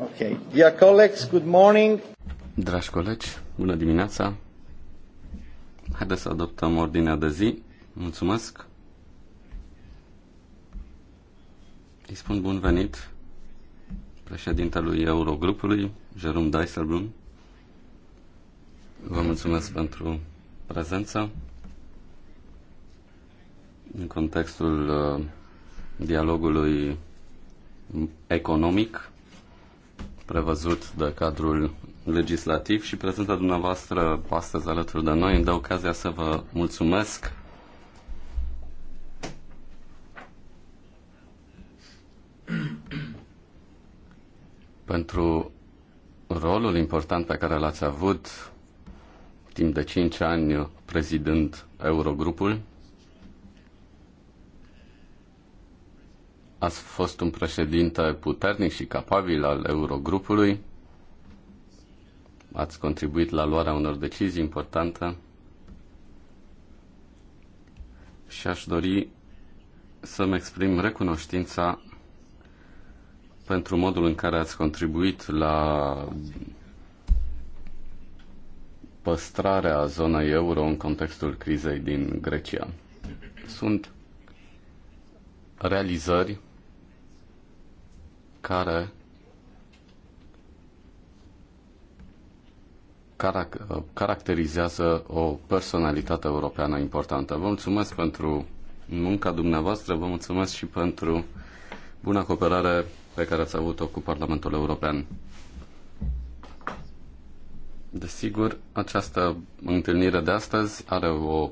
Okay. Dear colleagues, good morning. Dragi colegi, bună dimineața. Haideți să adoptăm ordinea de zi. Mulțumesc. Îi spun bun venit președintelui Eurogrupului, Jerome Dijsselbloem. Vă mulțumesc pentru prezență în contextul uh, dialogului economic prevăzut de cadrul legislativ și prezența dumneavoastră astăzi alături de noi îmi dă ocazia să vă mulțumesc pentru rolul important pe care l-ați avut timp de 5 ani prezidând Eurogrupul Ați fost un președinte puternic și capabil al Eurogrupului. Ați contribuit la luarea unor decizii importante. Și aș dori să-mi exprim recunoștința pentru modul în care ați contribuit la păstrarea zonei euro în contextul crizei din Grecia. Sunt realizări care caracterizează o personalitate europeană importantă. Vă mulțumesc pentru munca dumneavoastră, vă mulțumesc și pentru buna cooperare pe care ați avut-o cu Parlamentul European. Desigur, această întâlnire de astăzi are o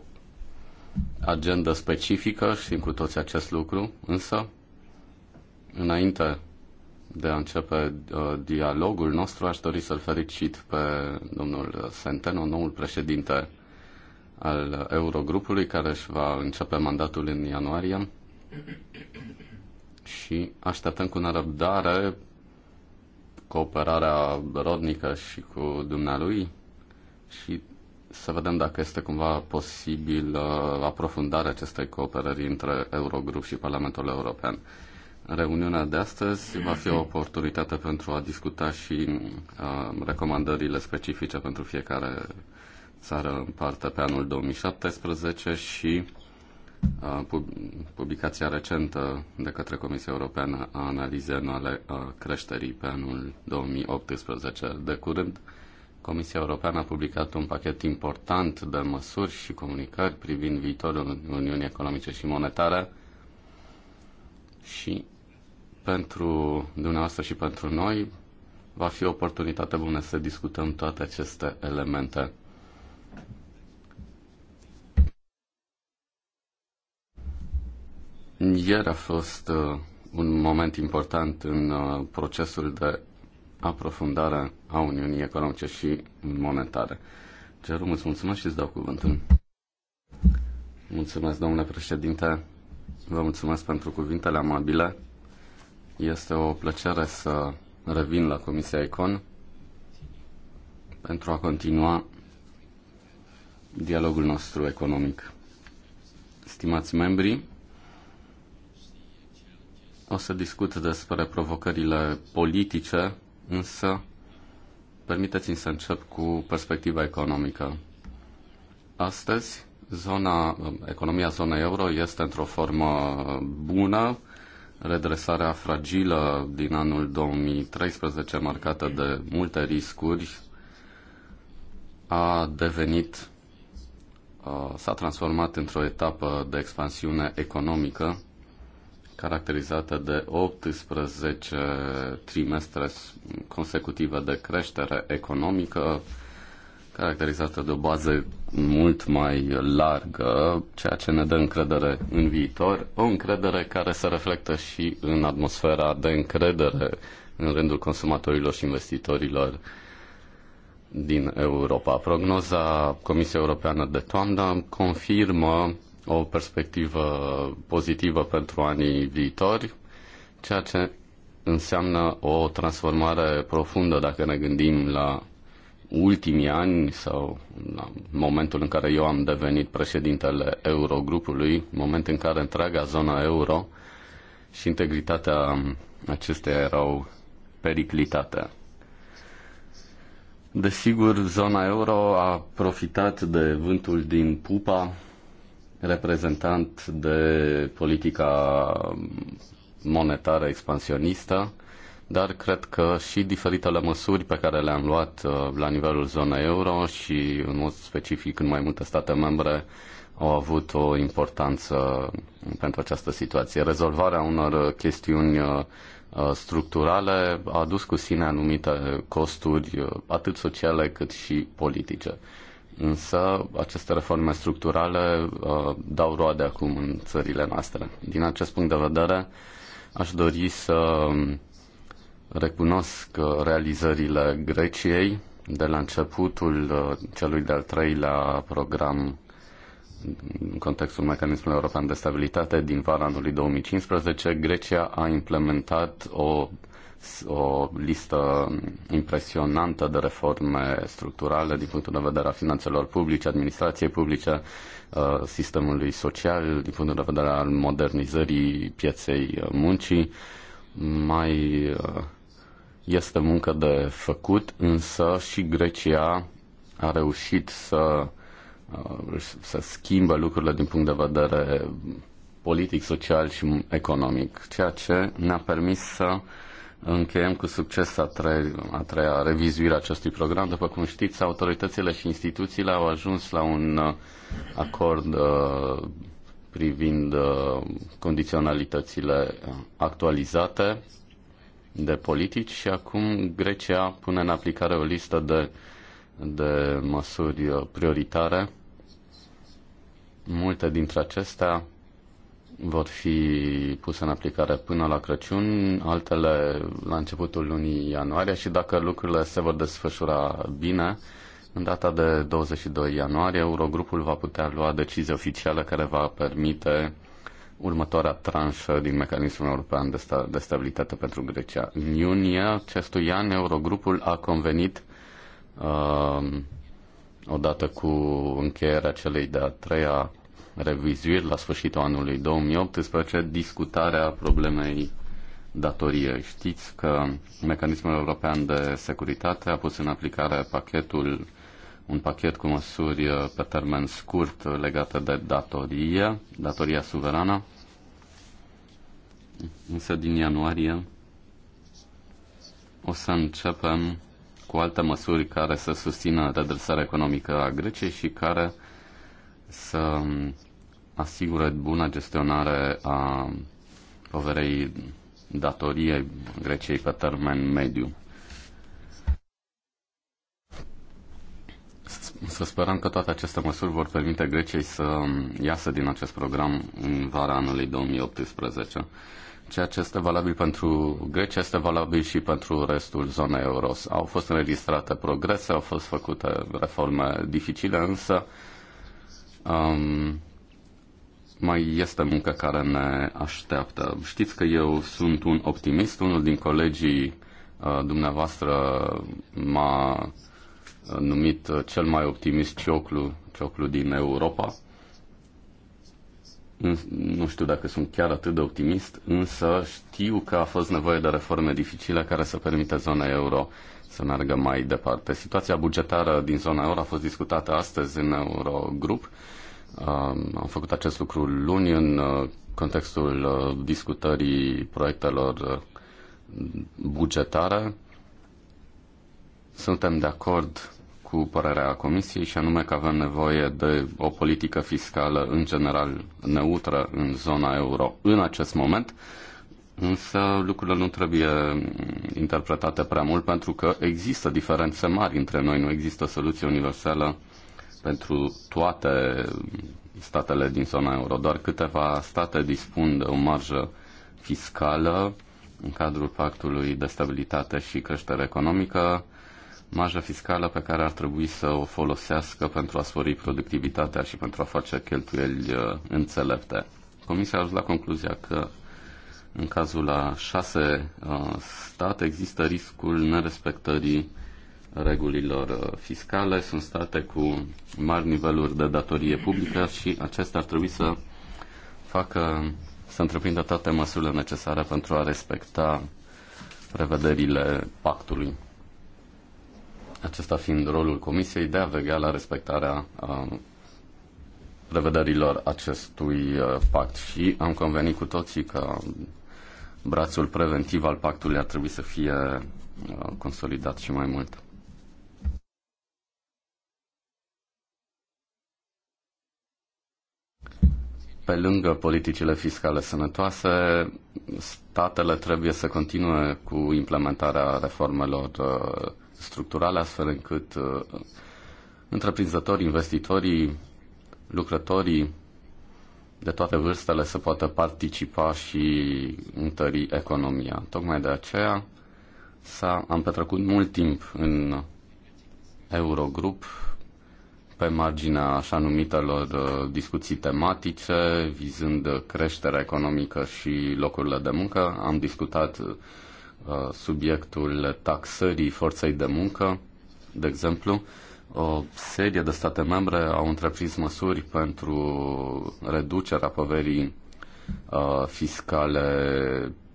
agendă specifică, știm cu toți acest lucru, însă, înainte de a începe uh, dialogul nostru, aș dori să-l fericit pe domnul Centeno, noul președinte al Eurogrupului, care își va începe mandatul în ianuarie și așteptăm cu nerăbdare cooperarea rodnică și cu dumnealui și să vedem dacă este cumva posibil uh, aprofundarea acestei cooperări între Eurogrup și Parlamentul European. Reuniunea de astăzi va fi o oportunitate pentru a discuta și uh, recomandările specifice pentru fiecare țară în parte pe anul 2017 și uh, publicația recentă de către Comisia Europeană a analizei anuale a uh, creșterii pe anul 2018. De curând, Comisia Europeană a publicat un pachet important de măsuri și comunicări privind viitorul Uniunii Economice și Monetare și pentru dumneavoastră și pentru noi va fi o oportunitate bună să discutăm toate aceste elemente. Ieri a fost uh, un moment important în uh, procesul de aprofundare a Uniunii Economice și Monetare. Cerum, îți mulțumesc și îți dau cuvântul. Mulțumesc, domnule președinte. Vă mulțumesc pentru cuvintele amabile. Este o plăcere să revin la Comisia Econ pentru a continua dialogul nostru economic. Stimați membri, o să discut despre provocările politice, însă permiteți-mi să încep cu perspectiva economică. Astăzi, zona, economia zonei euro este într-o formă bună, redresarea fragilă din anul 2013, marcată de multe riscuri, a devenit, s-a transformat într-o etapă de expansiune economică caracterizată de 18 trimestre consecutive de creștere economică, caracterizată de o bază mult mai largă, ceea ce ne dă încredere în viitor, o încredere care se reflectă și în atmosfera de încredere în rândul consumatorilor și investitorilor din Europa. Prognoza Comisiei Europeană de toamnă confirmă o perspectivă pozitivă pentru anii viitori, ceea ce înseamnă o transformare profundă dacă ne gândim la ultimii ani sau la momentul în care eu am devenit președintele Eurogrupului, moment în care întreaga zona euro și integritatea acesteia erau periclitate. Desigur, zona euro a profitat de vântul din pupa reprezentant de politica monetară expansionistă, dar cred că și diferitele măsuri pe care le-am luat uh, la nivelul zonei euro și în mod specific în mai multe state membre au avut o importanță pentru această situație. Rezolvarea unor chestiuni uh, uh, structurale a dus cu sine anumite costuri atât sociale cât și politice. Însă aceste reforme structurale uh, dau roade acum în țările noastre. Din acest punct de vedere, aș dori să Recunosc că realizările Greciei de la începutul uh, celui de-al treilea program în contextul mecanismului european de stabilitate din vara anului 2015, Grecia a implementat o, o listă impresionantă de reforme structurale din punctul de vedere a finanțelor publice, administrației publice, uh, sistemului social, din punctul de vedere al modernizării pieței muncii, mai uh, este muncă de făcut, însă și Grecia a reușit să, uh, să schimbe lucrurile din punct de vedere politic, social și economic, ceea ce ne-a permis să încheiem cu succes a, tre- a treia revizuire a acestui program. După cum știți, autoritățile și instituțiile au ajuns la un uh, acord uh, privind uh, condiționalitățile actualizate de politici și acum Grecia pune în aplicare o listă de, de măsuri prioritare. Multe dintre acestea vor fi puse în aplicare până la Crăciun, altele la începutul lunii ianuarie și dacă lucrurile se vor desfășura bine, în data de 22 ianuarie, Eurogrupul va putea lua decizie oficială care va permite următoarea tranșă din mecanismul european de, sta- de stabilitate pentru Grecia. În iunie acestui an, Eurogrupul a convenit uh, odată cu încheierea celei de-a treia revizuiri la sfârșitul anului 2018, discutarea problemei datorie. Știți că mecanismul european de securitate a pus în aplicare pachetul un pachet cu măsuri uh, pe termen scurt uh, legate de datorie, datoria suverană. Însă din ianuarie o să începem cu alte măsuri care să susțină redresarea economică a Greciei și care să um, asigure bună gestionare a poverei datoriei Greciei pe termen mediu. Să sperăm că toate aceste măsuri vor permite Greciei să iasă din acest program în vara anului 2018. Ceea ce este valabil pentru Grecia este valabil și pentru restul zonei euro. Au fost înregistrate progrese, au fost făcute reforme dificile, însă um, mai este muncă care ne așteaptă. Știți că eu sunt un optimist, unul din colegii uh, dumneavoastră m-a numit uh, cel mai optimist cioclu, cioclu din Europa. Nu știu dacă sunt chiar atât de optimist, însă știu că a fost nevoie de reforme dificile care să permită zona euro să meargă mai departe. Situația bugetară din zona euro a fost discutată astăzi în Eurogrup. Am făcut acest lucru luni în uh, contextul uh, discutării proiectelor bugetare. Suntem de acord cu părerea Comisiei și anume că avem nevoie de o politică fiscală în general neutră în zona euro în acest moment, însă lucrurile nu trebuie interpretate prea mult pentru că există diferențe mari între noi, nu există soluție universală pentru toate statele din zona euro, doar câteva state dispun de o marjă fiscală în cadrul pactului de stabilitate și creștere economică, marja fiscală pe care ar trebui să o folosească pentru a spori productivitatea și pentru a face cheltuieli uh, înțelepte. Comisia a ajuns la concluzia că în cazul a șase uh, state există riscul nerespectării regulilor uh, fiscale. Sunt state cu mari niveluri de datorie publică și acestea ar trebui să facă să întreprindă toate măsurile necesare pentru a respecta prevederile pactului acesta fiind rolul Comisiei de a vegea la respectarea prevederilor um, acestui uh, pact. Și am convenit cu toții că brațul preventiv al pactului ar trebui să fie uh, consolidat și mai mult. pe lângă politicile fiscale sănătoase, statele trebuie să continue cu implementarea reformelor uh, structurale, astfel încât uh, întreprinzătorii, investitorii, lucrătorii de toate vârstele să poată participa și întări economia. Tocmai de aceea s-a, am petrecut mult timp în Eurogrup pe marginea așa numitelor uh, discuții tematice, vizând creșterea economică și locurile de muncă. Am discutat uh, Uh, subiectul taxării forței de muncă, de exemplu, o serie de state membre au întreprins măsuri pentru reducerea poverii uh, fiscale,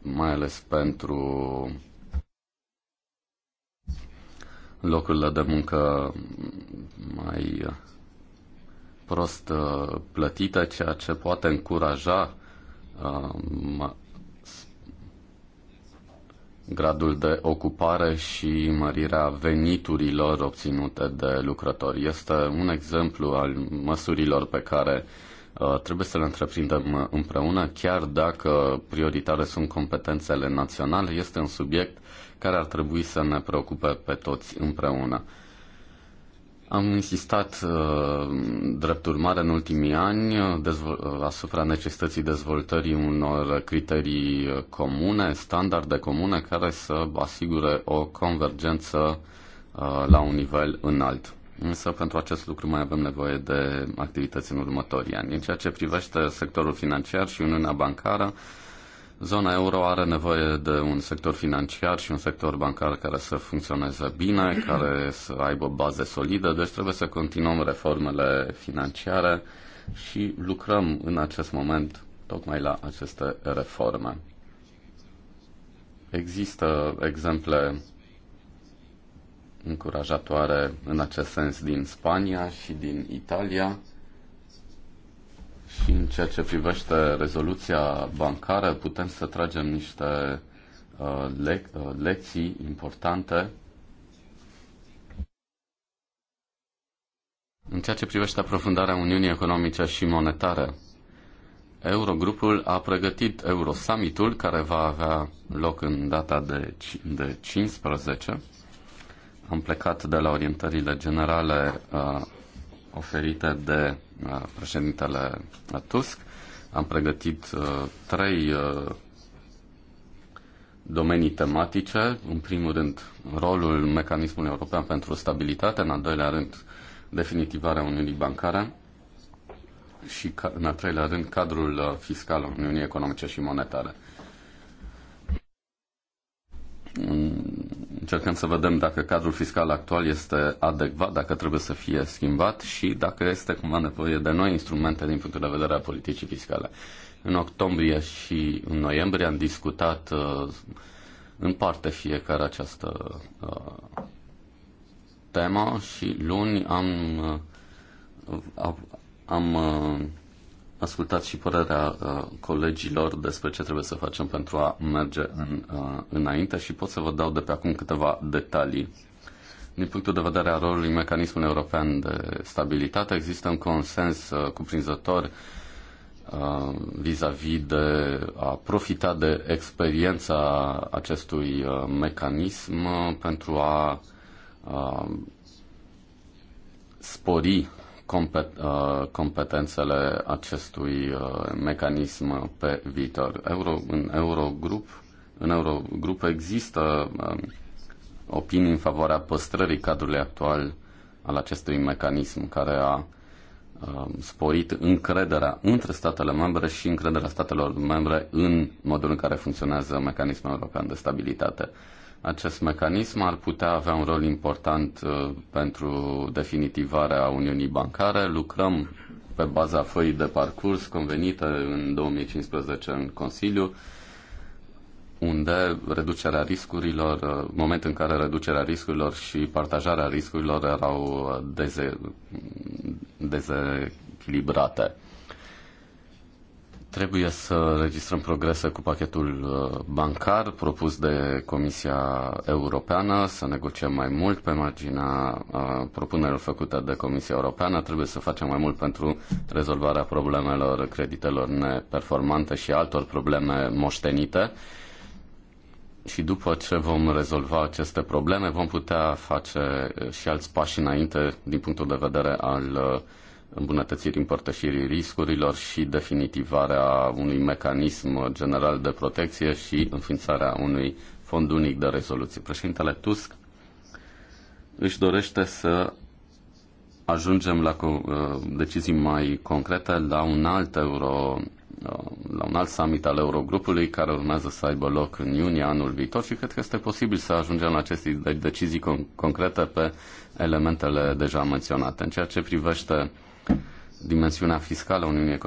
mai ales pentru locurile de muncă mai prost uh, plătite, ceea ce poate încuraja gradul de ocupare și mărirea veniturilor obținute de lucrători. Este un exemplu al măsurilor pe care uh, trebuie să le întreprindem împreună, chiar dacă prioritare sunt competențele naționale, este un subiect care ar trebui să ne preocupe pe toți împreună. Am insistat, uh, drept urmare, în ultimii ani uh, uh, asupra necesității dezvoltării unor criterii comune, standarde comune, care să asigure o convergență la un nivel înalt. Însă pentru acest lucru mai avem nevoie de activități în următorii ani. În ceea ce privește sectorul financiar și Uniunea Bancară, Zona euro are nevoie de un sector financiar și un sector bancar care să funcționeze bine, care să aibă baze solide, deci trebuie să continuăm reformele financiare și lucrăm în acest moment tocmai la aceste reforme. Există exemple încurajatoare în acest sens din Spania și din Italia și în ceea ce privește rezoluția bancară, putem să tragem niște uh, le- uh, lecții importante În ceea ce privește aprofundarea Uniunii Economice și Monetare, Eurogrupul a pregătit Eurosummitul, care va avea loc în data de, de 15. Am plecat de la orientările generale uh, oferite de uh, președintele Tusk. Am pregătit uh, trei uh, domenii tematice. În primul rând, rolul mecanismului european pentru stabilitate, în al doilea rând, definitivarea Uniunii Bancare și, în al treilea rând, cadrul fiscal al Uniunii Economice și Monetare încercăm să vedem dacă cadrul fiscal actual este adecvat, dacă trebuie să fie schimbat și dacă este cumva nevoie de noi instrumente din punctul de vedere a politicii fiscale. În octombrie și în noiembrie am discutat uh, în parte fiecare această uh, temă și luni am, uh, am ascultat și părerea uh, colegilor despre ce trebuie să facem pentru a merge în, uh, înainte și pot să vă dau de pe acum câteva detalii. Din punctul de vedere a rolului mecanismului european de stabilitate, există un consens uh, cuprinzător uh, vis-a-vis -vis de a profita de experiența acestui uh, mecanism uh, pentru a uh, spori Uh, competențele acestui uh, mecanism pe viitor. Euro, în Eurogrup, în Eurogrup există um, opinii în favoarea păstrării cadrului actual al acestui mecanism care a um, sporit încrederea între statele membre și încrederea statelor membre în modul în care funcționează mecanismul european de stabilitate. Acest mecanism ar putea avea un rol important uh, pentru definitivarea Uniunii Bancare. Lucrăm pe baza făii de parcurs convenită în 2015 în Consiliu, unde reducerea riscurilor, uh, moment în care reducerea riscurilor și partajarea riscurilor erau deze, dezechilibrate. Trebuie să registrăm progrese cu pachetul uh, bancar propus de Comisia Europeană, să negociem mai mult pe marginea uh, propunerilor făcute de Comisia Europeană. Trebuie să facem mai mult pentru rezolvarea problemelor creditelor neperformante și altor probleme moștenite. Și după ce vom rezolva aceste probleme, vom putea face uh, și alți pași înainte din punctul de vedere al uh, îmbunătățirii împărtășirii riscurilor și definitivarea unui mecanism general de protecție și înființarea unui fond unic de rezoluție. Președintele Tusk își dorește să ajungem la uh, decizii mai concrete la un alt euro uh, la un alt summit al Eurogrupului care urmează să aibă loc în iunie anul viitor și cred că este posibil să ajungem la aceste decizii concrete pe elementele deja menționate. În ceea ce privește dimensiunea fiscală a Uniunii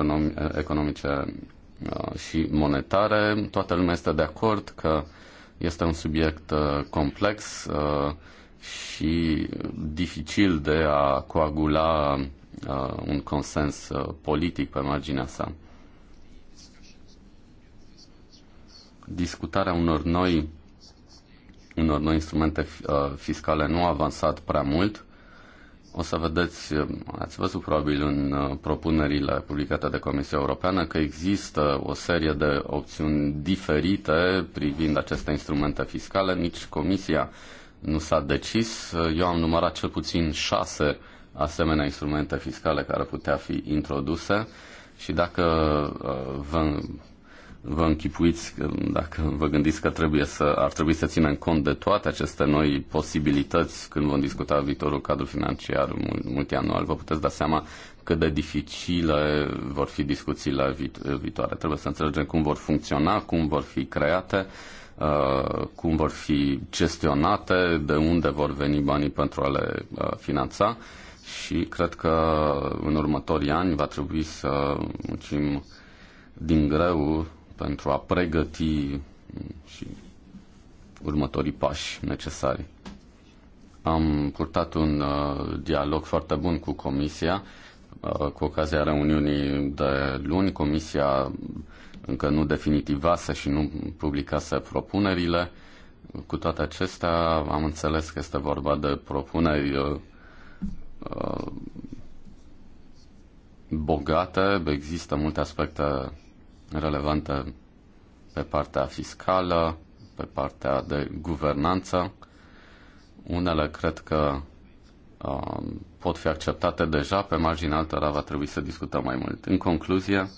Economice uh, și Monetare. Toată lumea este de acord că este un subiect uh, complex uh, și dificil de a coagula un consens politic pe marginea sa. Discutarea unor noi, unor noi instrumente fiscale nu a avansat prea mult o să vedeți, um, ați văzut probabil în uh, propunerile publicate de Comisia Europeană că există o serie de opțiuni diferite privind aceste instrumente fiscale. Nici Comisia nu s-a decis. Eu am numărat cel puțin șase asemenea instrumente fiscale care putea fi introduse și dacă uh, vă vă închipuiți, dacă vă gândiți că trebuie să, ar trebui să ținem cont de toate aceste noi posibilități când vom discuta viitorul cadru financiar multianual, vă puteți da seama cât de dificile vor fi discuțiile viitoare. Trebuie să înțelegem cum vor funcționa, cum vor fi create, uh, cum vor fi gestionate, de unde vor veni banii pentru a le uh, finanța și cred că în următorii ani va trebui să muncim din greu pentru a pregăti și următorii pași necesari. Am purtat un uh, dialog foarte bun cu Comisia. Uh, cu ocazia reuniunii de luni, Comisia încă nu definitivase și nu publicase propunerile. Cu toate acestea, am înțeles că este vorba de propuneri uh, uh bogate, există multe aspecte relevante pe partea fiscală, pe partea de guvernanță. Unele cred că um, pot fi acceptate deja, pe marginea altora va trebui să discutăm mai mult. În concluzie,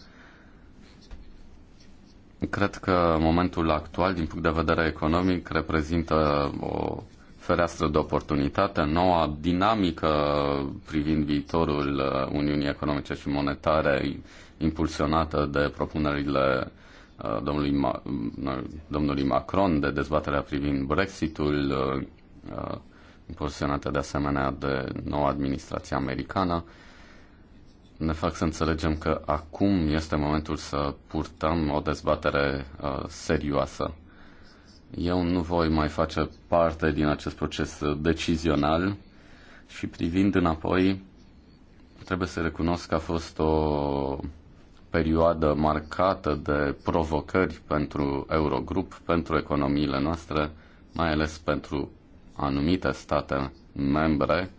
cred că momentul actual, din punct de vedere economic, reprezintă o fereastră de oportunitate, noua dinamică privind viitorul uh, Uniunii Economice și Monetare impulsionată de propunerile uh, domnului, Ma- mm, domnului Macron, de dezbaterea privind Brexitul, uh, uh, impulsionată de asemenea de noua administrație americană, ne fac să înțelegem că acum este momentul să purtăm o dezbatere serioasă. Eu nu voi mai face parte din acest proces decizional și privind înapoi, trebuie să recunosc că a fost o perioadă marcată de provocări pentru Eurogrup, pentru economiile noastre, mai ales pentru anumite state membre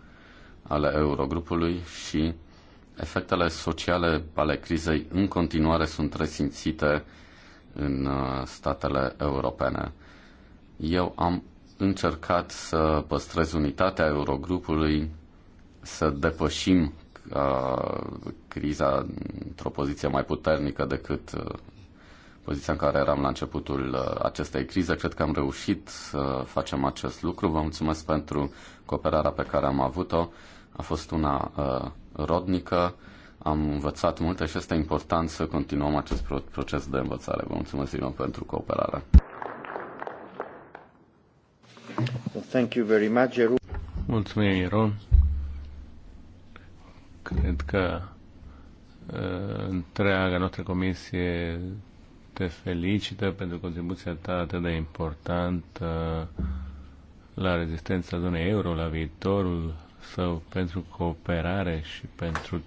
ale Eurogrupului și efectele sociale ale crizei în continuare sunt resimțite în uh, statele europene. Eu am încercat să păstrez unitatea Eurogrupului, să depășim Uh, criza într-o poziție mai puternică decât uh, poziția în care eram la începutul uh, acestei crize. Cred că am reușit să facem acest lucru. Vă mulțumesc pentru cooperarea pe care am avut-o. A fost una rodnică. Am învățat multe și este important să continuăm acest proces de învățare. Vă mulțumesc din nou pentru cooperare. thank you very much, Mulțumim, Ieron. Cred că ă, întreaga noastră comisie te felicită pentru contribuția ta atât de importantă la rezistența zonei euro, la viitorul său, pentru cooperare și pentru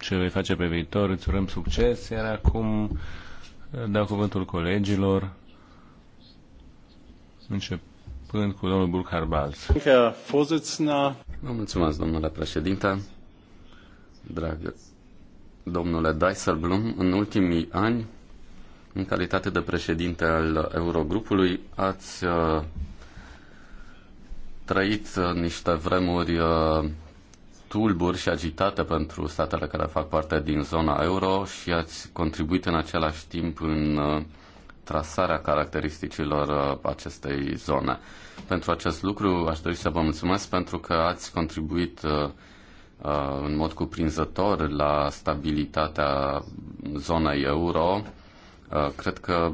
ce vei face pe viitor. Îți urăm succes, iar acum ă, dau cuvântul colegilor, începând cu domnul Burkhard Balz. Vă mulțumesc, domnule președinte dragă domnule Dijsselbloem, în ultimii ani, în calitate de președinte al Eurogrupului, ați uh, trăit uh, niște vremuri uh, tulburi și agitate pentru statele care fac parte din zona euro și ați contribuit în același timp în trasarea caracteristicilor acestei zone. Pentru acest lucru aș dori să vă mulțumesc pentru că ați contribuit Uh, în mod cuprinzător la stabilitatea zonei euro, uh, cred că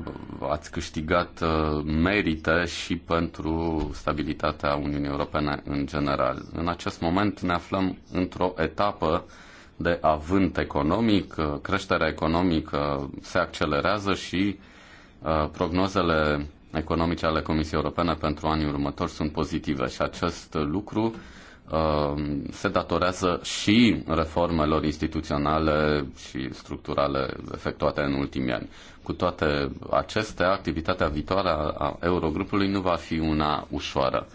ați câștigat uh, merite și pentru stabilitatea Uniunii Europene în general. În acest moment ne aflăm într-o etapă de avânt economic, creșterea economică se accelerează și prognozele economice ale Comisiei Europene pentru anii următori sunt pozitive și acest lucru Um, se datorează și reformelor instituționale și structurale efectuate în ultimii ani. Cu toate acestea, activitatea viitoare a Eurogrupului nu va fi una ușoară.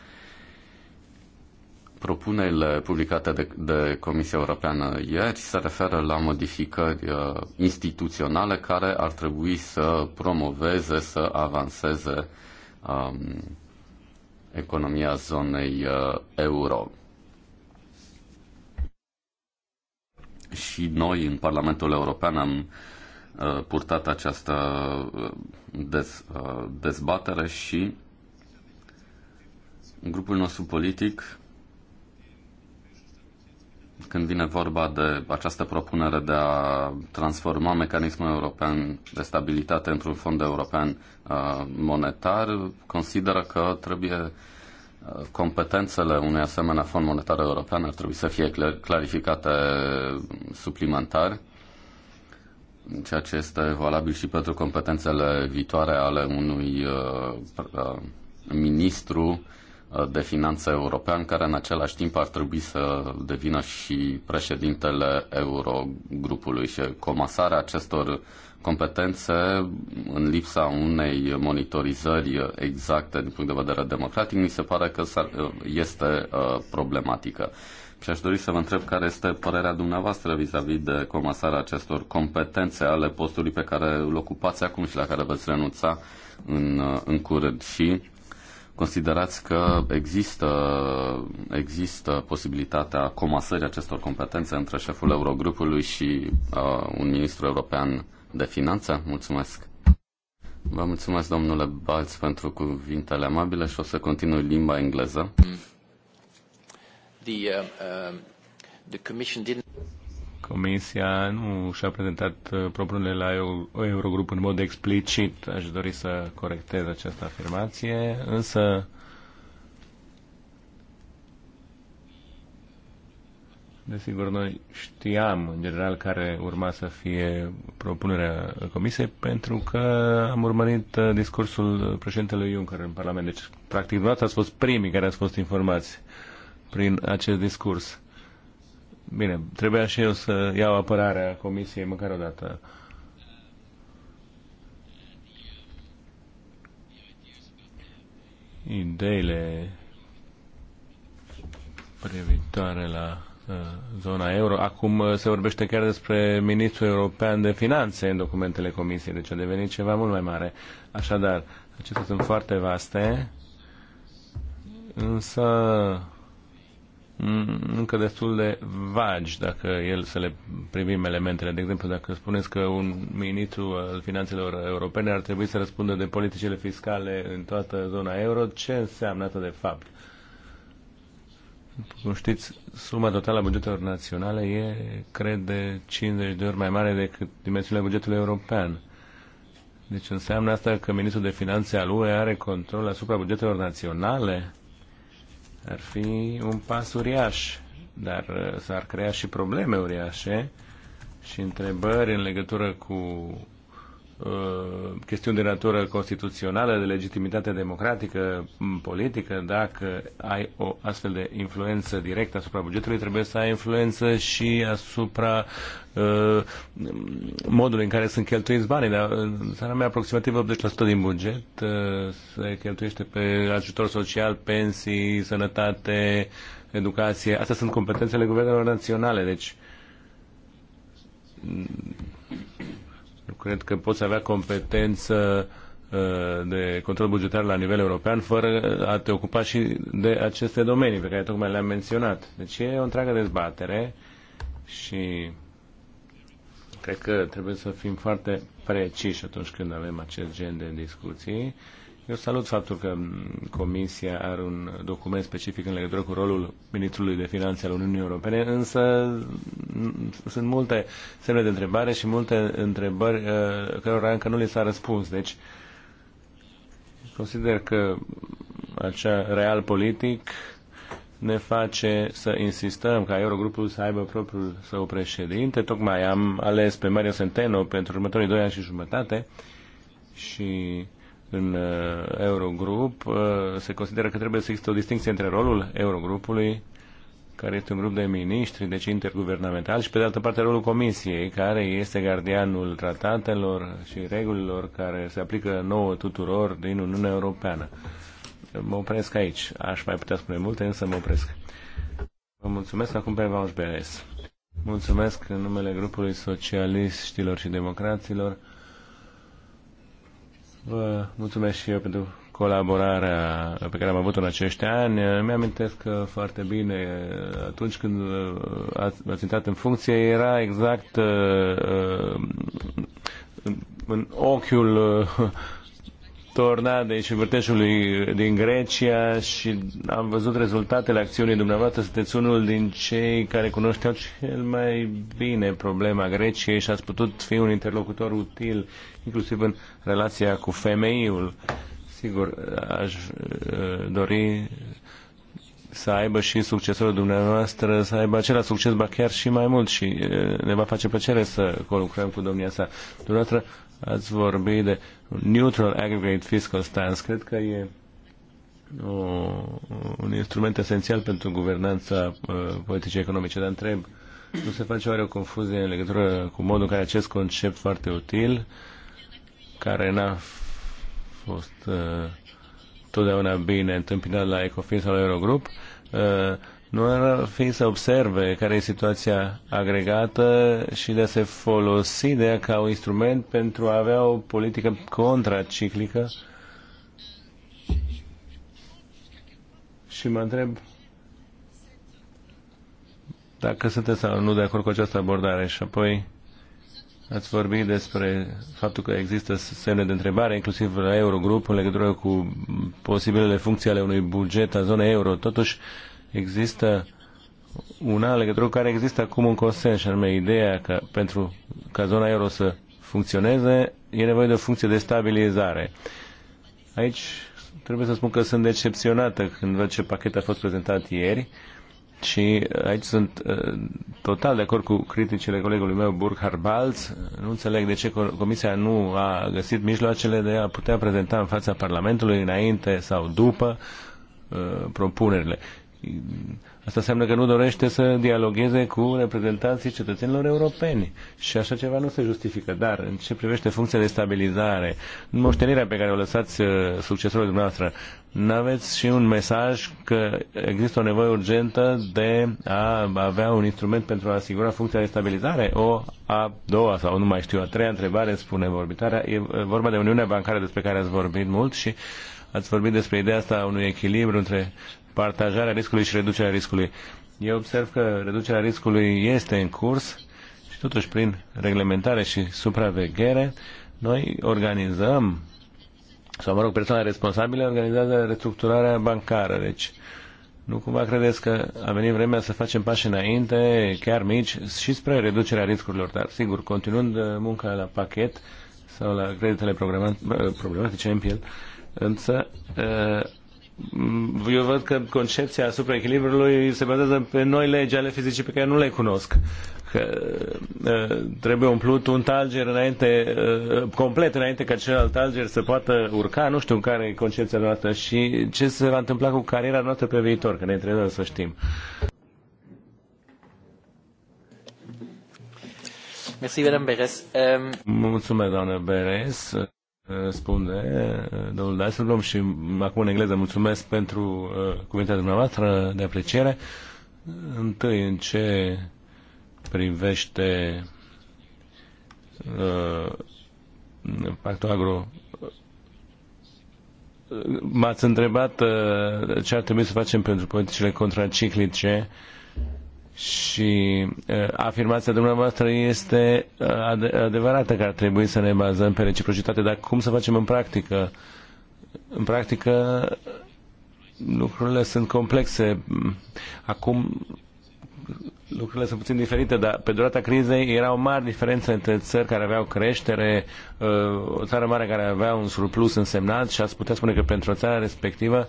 Propunerile publicate de, de Comisia Europeană ieri se referă la modificări uh, instituționale care ar trebui să promoveze, să avanseze um, economia zonei uh, euro și noi în Parlamentul European am uh, purtat această uh, dez, uh, dezbatere și grupul nostru politic, când vine vorba de această propunere de a transforma mecanismul european de stabilitate într-un fond european monetar, consideră că trebuie competențele unui asemenea fond monetar european ar trebui să fie clarificate suplimentar, ceea ce este valabil și pentru competențele viitoare ale unui uh, uh, ministru uh, de finanțe european, care în același timp ar trebui să devină și președintele Eurogrupului și comasarea acestor competențe în lipsa unei monitorizări exacte din punct de vedere democratic, mi se pare că este uh, problematică. Și aș dori să vă întreb care este părerea dumneavoastră vis-a-vis -vis de comasarea acestor competențe ale postului pe care îl ocupați acum și la care veți renunța în, uh, în curând. Și considerați că există, există posibilitatea comasării acestor competențe între șeful Eurogrupului și uh, un ministru european de Finanță. Mulțumesc! Vă mulțumesc, domnule Balț, pentru cuvintele amabile și o să continui limba engleză. The, uh, um, the commission didn't... Comisia nu și-a prezentat uh, propunerile la Eurogrup în mod explicit. Aș dori să corectez această afirmație, însă Desigur, noi știam în general care urma să fie propunerea Comisiei pentru că am urmărit uh, discursul președintelui Juncker în Parlament. Deci, practic, dumneavoastră ați fost primii care ați fost informați prin acest discurs. Bine, trebuia și eu să iau apărarea Comisiei măcar o dată. Ideile privitoare la Uh, zona euro. Acum uh, se vorbește chiar despre ministrul european de finanțe în documentele comisiei, deci a devenit ceva mult mai mare. Așadar, acestea sunt foarte vaste, însă mm, încă destul de vagi dacă el să le privim elementele. De exemplu, dacă spuneți că un ministru al finanțelor europene ar trebui să răspundă de politicile fiscale în toată zona euro, ce înseamnă atât de fapt? cum știți, suma totală a bugetelor naționale e, cred, de 50 de ori mai mare decât dimensiunea bugetului european. Deci înseamnă asta că ministrul de finanțe al UE are control asupra bugetelor naționale? Ar fi un pas uriaș, dar uh, s-ar crea și probleme uriașe și întrebări în legătură cu Uh, chestiuni de natură constituțională, de legitimitate democratică, politică, dacă ai o astfel de influență directă asupra bugetului, trebuie să ai influență și asupra modul uh, modului în care sunt cheltuiți banii. Dar uh, în țara mea, aproximativ 80% din buget se cheltuiește pe ajutor social, pensii, sănătate, educație. Astea sunt competențele guvernelor naționale, deci Cred că poți avea competență uh, de control bugetar la nivel european fără a te ocupa și de aceste domenii pe care tocmai le-am menționat. Deci e o întreagă dezbatere și cred că trebuie să fim foarte preciși atunci când avem acest gen de discuții eu salut faptul că Comisia are un document specific în legătură cu rolul Ministrului de Finanțe al Uniunii Europene, însă sunt multe semne de întrebare și multe întrebări uh, cărora încă nu li s-a răspuns. Deci, consider că acea real politic ne face să insistăm ca Eurogrupul să aibă propriul său președinte. Tocmai am ales pe Mario Centeno pentru următorii doi ani și jumătate și în uh, Eurogrup, uh, se consideră că trebuie să există o distinție între rolul Eurogrupului, care este un grup de miniștri, deci interguvernamental, și pe de altă parte rolul Comisiei, care este gardianul tratatelor și regulilor care se aplică nouă tuturor din Uniunea Europeană. Mă opresc aici. Aș mai putea spune multe, însă mă opresc. Vă mulțumesc acum pe Vange Mulțumesc în numele grupului socialiștilor și democraților. Vă mulțumesc și eu pentru colaborarea pe care am avut-o în acești ani. Mi-amintesc foarte bine atunci când ați, intrat în funcție, era exact uh, uh, în, în ochiul uh, tornadei și vârteșului din Grecia și am văzut rezultatele acțiunii dumneavoastră. Sunteți unul din cei care cunoșteau cel mai bine problema Greciei și ați putut fi un interlocutor util, inclusiv în relația cu femeiul. Sigur, aș uh, dori să aibă și succesorul dumneavoastră, să aibă același succes, ba chiar și mai mult și uh, ne va face plăcere să colucrăm cu domnia sa. Dumneavoastră ați vorbit de neutral aggregate fiscal stance. Cred că e o, un instrument esențial pentru guvernanța uh, politice economice, dar întreb, nu se face oare o confuzie în legătură cu modul în care acest concept foarte util, care n-a fost uh, totdeauna bine întâmpinat la Ecofin sau la Eurogrup, uh, nu ar fi să observe care e situația agregată și de a se folosi de ea ca un instrument pentru a avea o politică contraciclică? Și mă întreb dacă sunteți sau nu de acord cu această abordare și apoi ați vorbit despre faptul că există semne de întrebare, inclusiv la Eurogrup, în legătură cu posibilele funcții ale unui buget a zonei euro. Totuși, există una în legătură cu care există acum un consens, și anume ideea că pentru ca zona euro să funcționeze, e nevoie de o funcție de stabilizare. Aici trebuie să spun că sunt decepționată când văd ce pachet a fost prezentat ieri și aici sunt uh, total de acord cu criticile colegului meu Burkhard Balz. Nu înțeleg de ce Comisia nu a găsit mijloacele de a putea prezenta în fața Parlamentului înainte sau după uh, propunerile. Asta înseamnă că nu dorește să dialogueze cu reprezentanții cetățenilor europeni. Și așa ceva nu se justifică. Dar în ce privește funcția de stabilizare, moștenirea pe care o lăsați uh, succesorului dumneavoastră, n-aveți și un mesaj că există o nevoie urgentă de a avea un instrument pentru a asigura funcția de stabilizare? O a doua sau nu mai știu, a treia întrebare spune vorbitarea. E uh, vorba de Uniunea Bancară despre care ați vorbit mult și ați vorbit despre ideea asta a unui echilibru între partajarea riscului și reducerea riscului. Eu observ că reducerea riscului este în curs și totuși prin reglementare și supraveghere noi organizăm sau mă rog, persoana responsabilă organizează restructurarea bancară. Deci, nu cumva credeți că a venit vremea să facem pași înainte, chiar mici, și spre reducerea riscurilor, dar sigur, continuând uh, munca la pachet sau la creditele problematice uh, MPL, însă uh, Mm, eu văd că concepția asupra echilibrului se bazează pe noi legi ale fizicii pe care nu le cunosc. Că uh, trebuie umplut un talger înainte, uh, complet înainte ca celălalt talger să poată urca, nu știu care e concepția noastră și ce se va întâmpla cu cariera noastră pe viitor, că ne trebuie să știm. Mulțumesc, doamnă Beres. Mulțumesc, doamnă Beres spune domnul Dijsselbloem și acum în engleză mulțumesc pentru uh, cuvintele dumneavoastră de apreciere. Întâi în ce privește uh, pactul agro m-ați întrebat uh, ce ar trebui să facem pentru politicile contraciclice uh, și uh, afirmația dumneavoastră este ad- adevărată că ar trebui să ne bazăm pe reciprocitate, dar cum să facem în practică? În practică lucrurile sunt complexe. Acum lucrurile sunt puțin diferite, dar pe durata crizei erau mari diferențe între țări care aveau creștere, uh, o țară mare care avea un surplus însemnat și ați putea spune că pentru o țară respectivă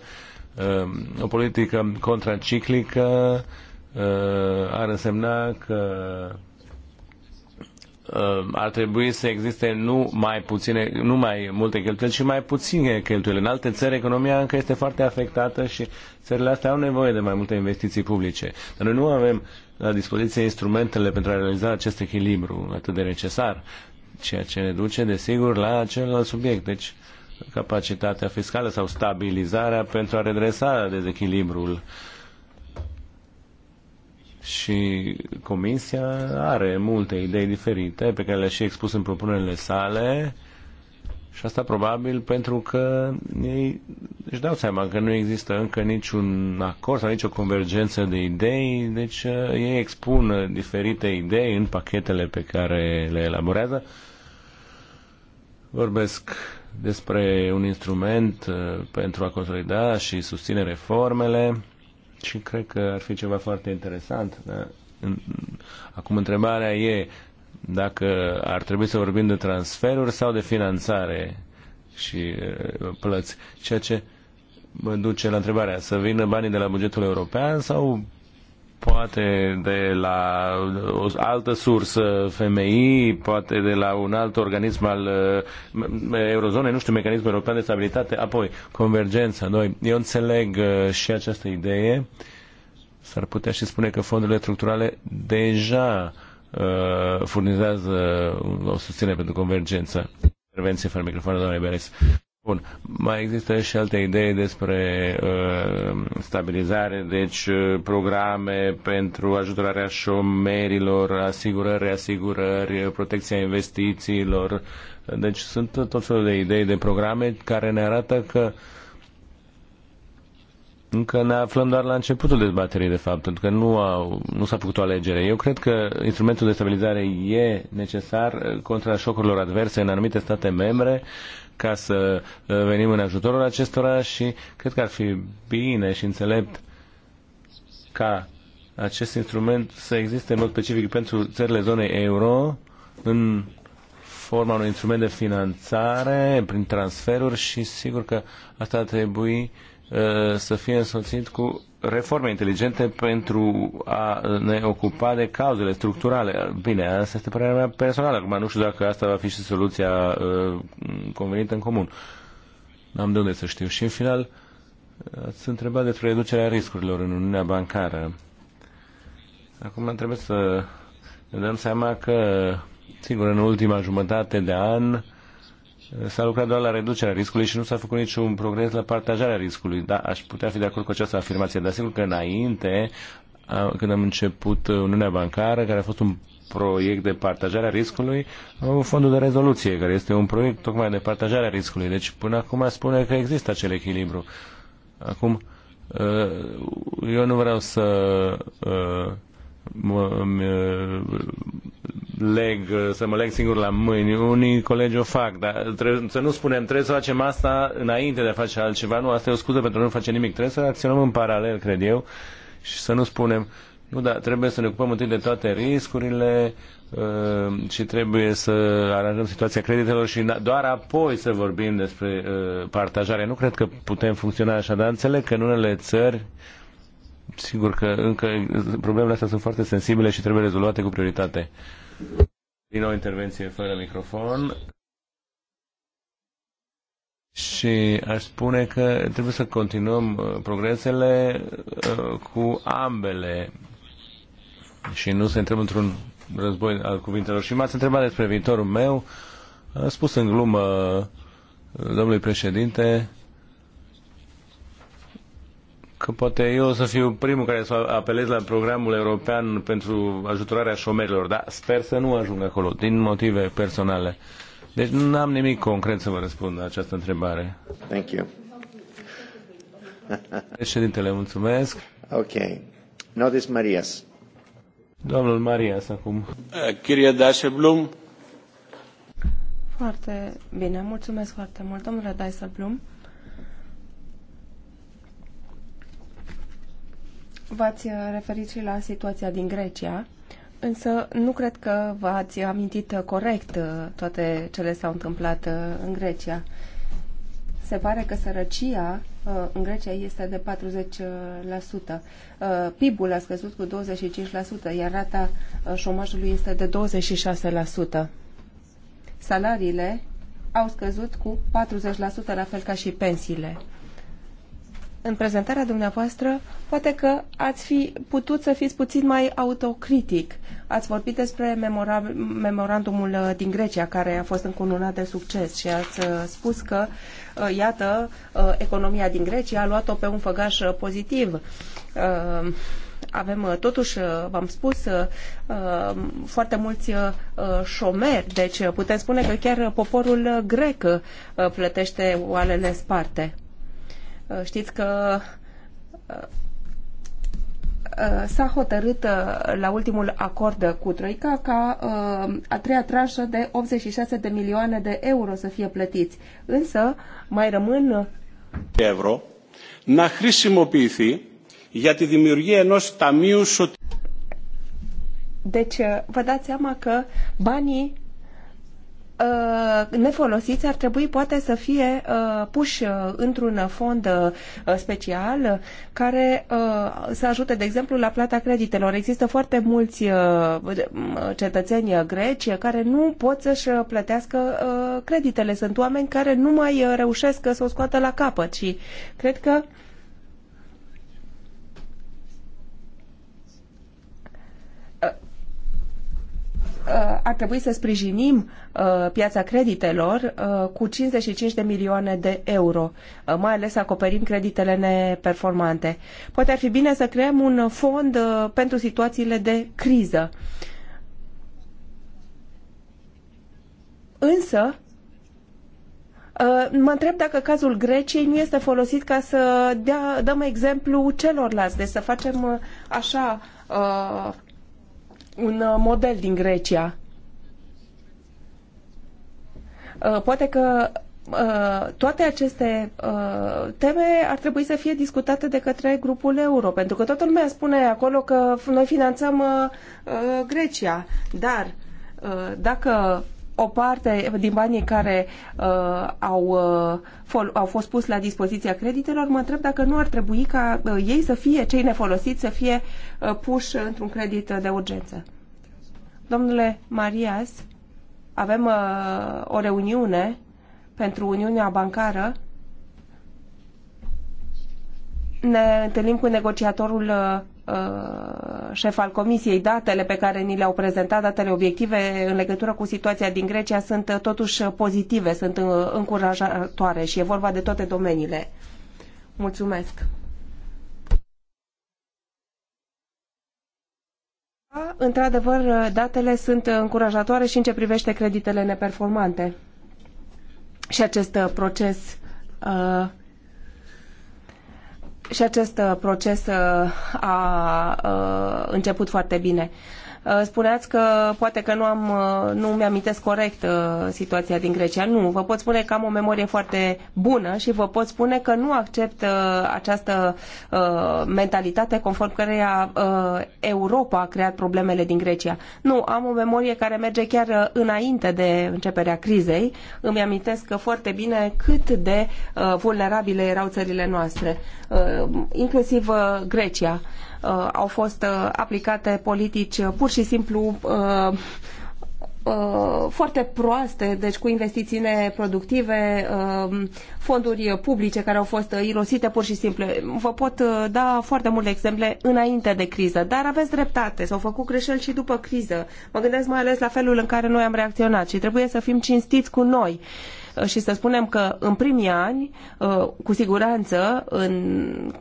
uh, o politică contraciclică uh, Uh, ar însemna că uh, ar trebui să existe nu mai puține, nu mai multe cheltuieli, ci mai puține cheltuieli. În alte țări economia încă este foarte afectată și țările astea au nevoie de mai multe investiții publice. Dar noi nu avem la dispoziție instrumentele pentru a realiza acest echilibru atât de necesar, ceea ce ne duce, desigur, la celălalt subiect. Deci, capacitatea fiscală sau stabilizarea pentru a redresa dezechilibrul și Comisia are multe idei diferite pe care le-a și expus în propunerile sale și asta probabil pentru că ei își dau seama că nu există încă niciun acord sau nicio convergență de idei, deci uh, ei expun diferite idei în pachetele pe care le elaborează. Vorbesc despre un instrument uh, pentru a consolida și susține reformele, și cred că ar fi ceva foarte interesant. Da? Acum întrebarea e dacă ar trebui să vorbim de transferuri sau de finanțare și uh, plăți, ceea ce mă duce la întrebarea să vină banii de la bugetul european sau poate de la o altă sursă, FMI, poate de la un alt organism al uh, eurozonei, nu știu, mecanismul european de stabilitate, apoi convergența. Noi, eu înțeleg uh, și această idee, s-ar putea și spune că fondurile structurale deja uh, furnizează o susținere pentru convergență. Intervenție fără microfon, doamne Beres. Bun. Mai există și alte idei despre uh, stabilizare, deci uh, programe pentru ajutorarea șomerilor, asigurări, reasigurări, protecția investițiilor. Deci sunt tot felul de idei, de programe care ne arată că încă ne aflăm doar la începutul dezbaterii, de fapt, pentru că nu, au, nu s-a făcut o alegere. Eu cred că instrumentul de stabilizare e necesar uh, contra șocurilor adverse în anumite state membre. Uh, ca să uh, venim în ajutorul acestora și cred că ar fi bine și înțelept ca acest instrument să existe în mod specific pentru țările zonei euro în forma unui instrument de finanțare prin transferuri și sigur că asta ar trebui uh, să fie însoțit cu reforme inteligente pentru a ne ocupa de cauzele structurale. Bine, asta este părerea mea personală. Acum nu știu dacă asta va fi și soluția uh, convenită în comun. N-am de unde să știu. Și în final, ați întrebat despre reducerea riscurilor în Uniunea Bancară. Acum trebuie să ne dăm seama că, sigur, în ultima jumătate de an, uh, s-a lucrat doar la reducerea riscului și nu s-a făcut niciun progres la partajarea riscului. Da, aș putea fi de acord cu această afirmație, dar sigur că înainte, când am început Uniunea Bancară, care a fost un proiect de partajare a riscului, fondul de rezoluție, care este un proiect tocmai de partajare a riscului. Deci până acum spune că există acel echilibru. Acum, eu nu vreau să leg, să mă leg singur la mâini. Unii colegi o fac, dar trebuie, să nu spunem, trebuie să facem asta înainte de a face altceva. Nu, asta e o scuză pentru a nu face nimic. Trebuie să acționăm în paralel, cred eu, și să nu spunem, nu, dar trebuie să ne ocupăm întâi de toate riscurile și trebuie să aranjăm situația creditelor și doar apoi să vorbim despre partajare. Nu cred că putem funcționa așa, dar înțeleg că în unele țări sigur că încă problemele astea sunt foarte sensibile și trebuie rezolvate cu prioritate. Din nou intervenție fără microfon. Și aș spune că trebuie să continuăm uh, progresele uh, cu ambele și nu să intrăm într-un război al cuvintelor. Și m-ați întrebat despre viitorul meu. A spus în glumă uh, domnului președinte că poate eu o să fiu primul care să apelez la programul european pentru ajutorarea șomerilor, dar sper să nu ajung acolo, din motive personale. Deci nu am nimic concret să vă răspund la această întrebare. Thank you. Președintele, mulțumesc. Ok. Notis Marias. Domnul Marias, acum. Chirie Dașeblum. Foarte bine, mulțumesc foarte mult, domnule Dijsselblum. Blum. V-ați uh, referit și la situația din Grecia, însă nu cred că v-ați amintit uh, corect uh, toate cele s-au întâmplat în Grecia. Se pare că sărăcia în Grecia este de 40%. PIB-ul a scăzut cu 25%, iar rata șomajului este de 26%. Salariile au scăzut cu 40%, la fel ca și pensiile în prezentarea dumneavoastră, poate că ați fi putut să fiți puțin mai autocritic. Ați vorbit despre memorandumul uh, din Grecia, care a fost încununat de succes și ați uh, spus că, uh, iată, economia din Grecia a luat-o pe un făgaș pozitiv avem totuși, v-am spus, foarte mulți șomeri, deci putem spune că chiar poporul grec plătește oalele sparte. Uh, știți că uh, uh, s-a hotărât la ultimul acord cu Troica ca a treia tranșă de 86 de milioane de euro să fie plătiți. Însă mai rămân euro να χρησιμοποιηθεί για τη δημιουργία ενός ταμείου Deci, vă dați seama că banii Uh, nefolosiți ar trebui poate să fie uh, puși uh, într-un fond special care să ajute, de exemplu, la plata creditelor. Există foarte mulți cetățeni greci care nu pot să-și plătească creditele. Sunt oameni care nu mai reușesc să o scoată la capăt și cred că Uh, ar trebui să sprijinim uh, piața creditelor uh, cu 55 de milioane de euro, mai ales acoperind creditele neperformante. Poate ar fi bine să creăm un fond pentru situațiile de criză. Însă, Mă întreb dacă cazul Greciei nu este folosit ca să dea, dăm exemplu celorlalți, deci să facem așa un uh, model din Grecia. Uh, poate că uh, toate aceste teme ar trebui să fie discutate de către grupul euro, pentru că toată lumea spune acolo că noi finanțăm Grecia, dar dacă o parte din banii care uh, au, uh, au fost pus la dispoziția creditelor, mă întreb dacă nu ar trebui ca uh, ei să fie cei nefolosiți, să fie uh, puși într-un credit de urgență. Domnule Marias, avem uh, o reuniune pentru Uniunea Bancară ne întâlnim cu negociatorul uh, uh, șef al Comisiei, datele pe care ni le-au prezentat, datele obiective în legătură cu situația din Grecia sunt uh, totuși pozitive, sunt încurajatoare și e vorba de toate domeniile. Mulțumesc! Da, într-adevăr, datele sunt încurajatoare și în ce privește creditele neperformante. Și acest proces uh, și acest uh, proces uh, a, a uh, început foarte bine. Uh, spuneați că poate că nu am, uh, nu mi-amintesc corect uh, situația din Grecia. Nu, vă pot spune că am o memorie foarte bună și vă pot spune că nu accept această mentalitate conform căreia Europa a creat problemele din Grecia. Nu, am o memorie care merge chiar înainte de începerea crizei. Îmi amintesc foarte bine cât de vulnerabile erau țările noastre, inclusiv Grecia uh, au fost uh, aplicate politici uh, pur și simplu uh, uh foarte proaste, deci cu investiții neproductive, uh, fonduri publice care au fost uh, irosite pur și simplu. Vă pot da foarte multe exemple înainte de criză, dar aveți dreptate, s-au făcut greșeli și după criză. Mă gândesc mai ales la felul în care noi am reacționat și trebuie să fim cinstiți cu noi și să spunem că în primii ani, uh, cu siguranță, în,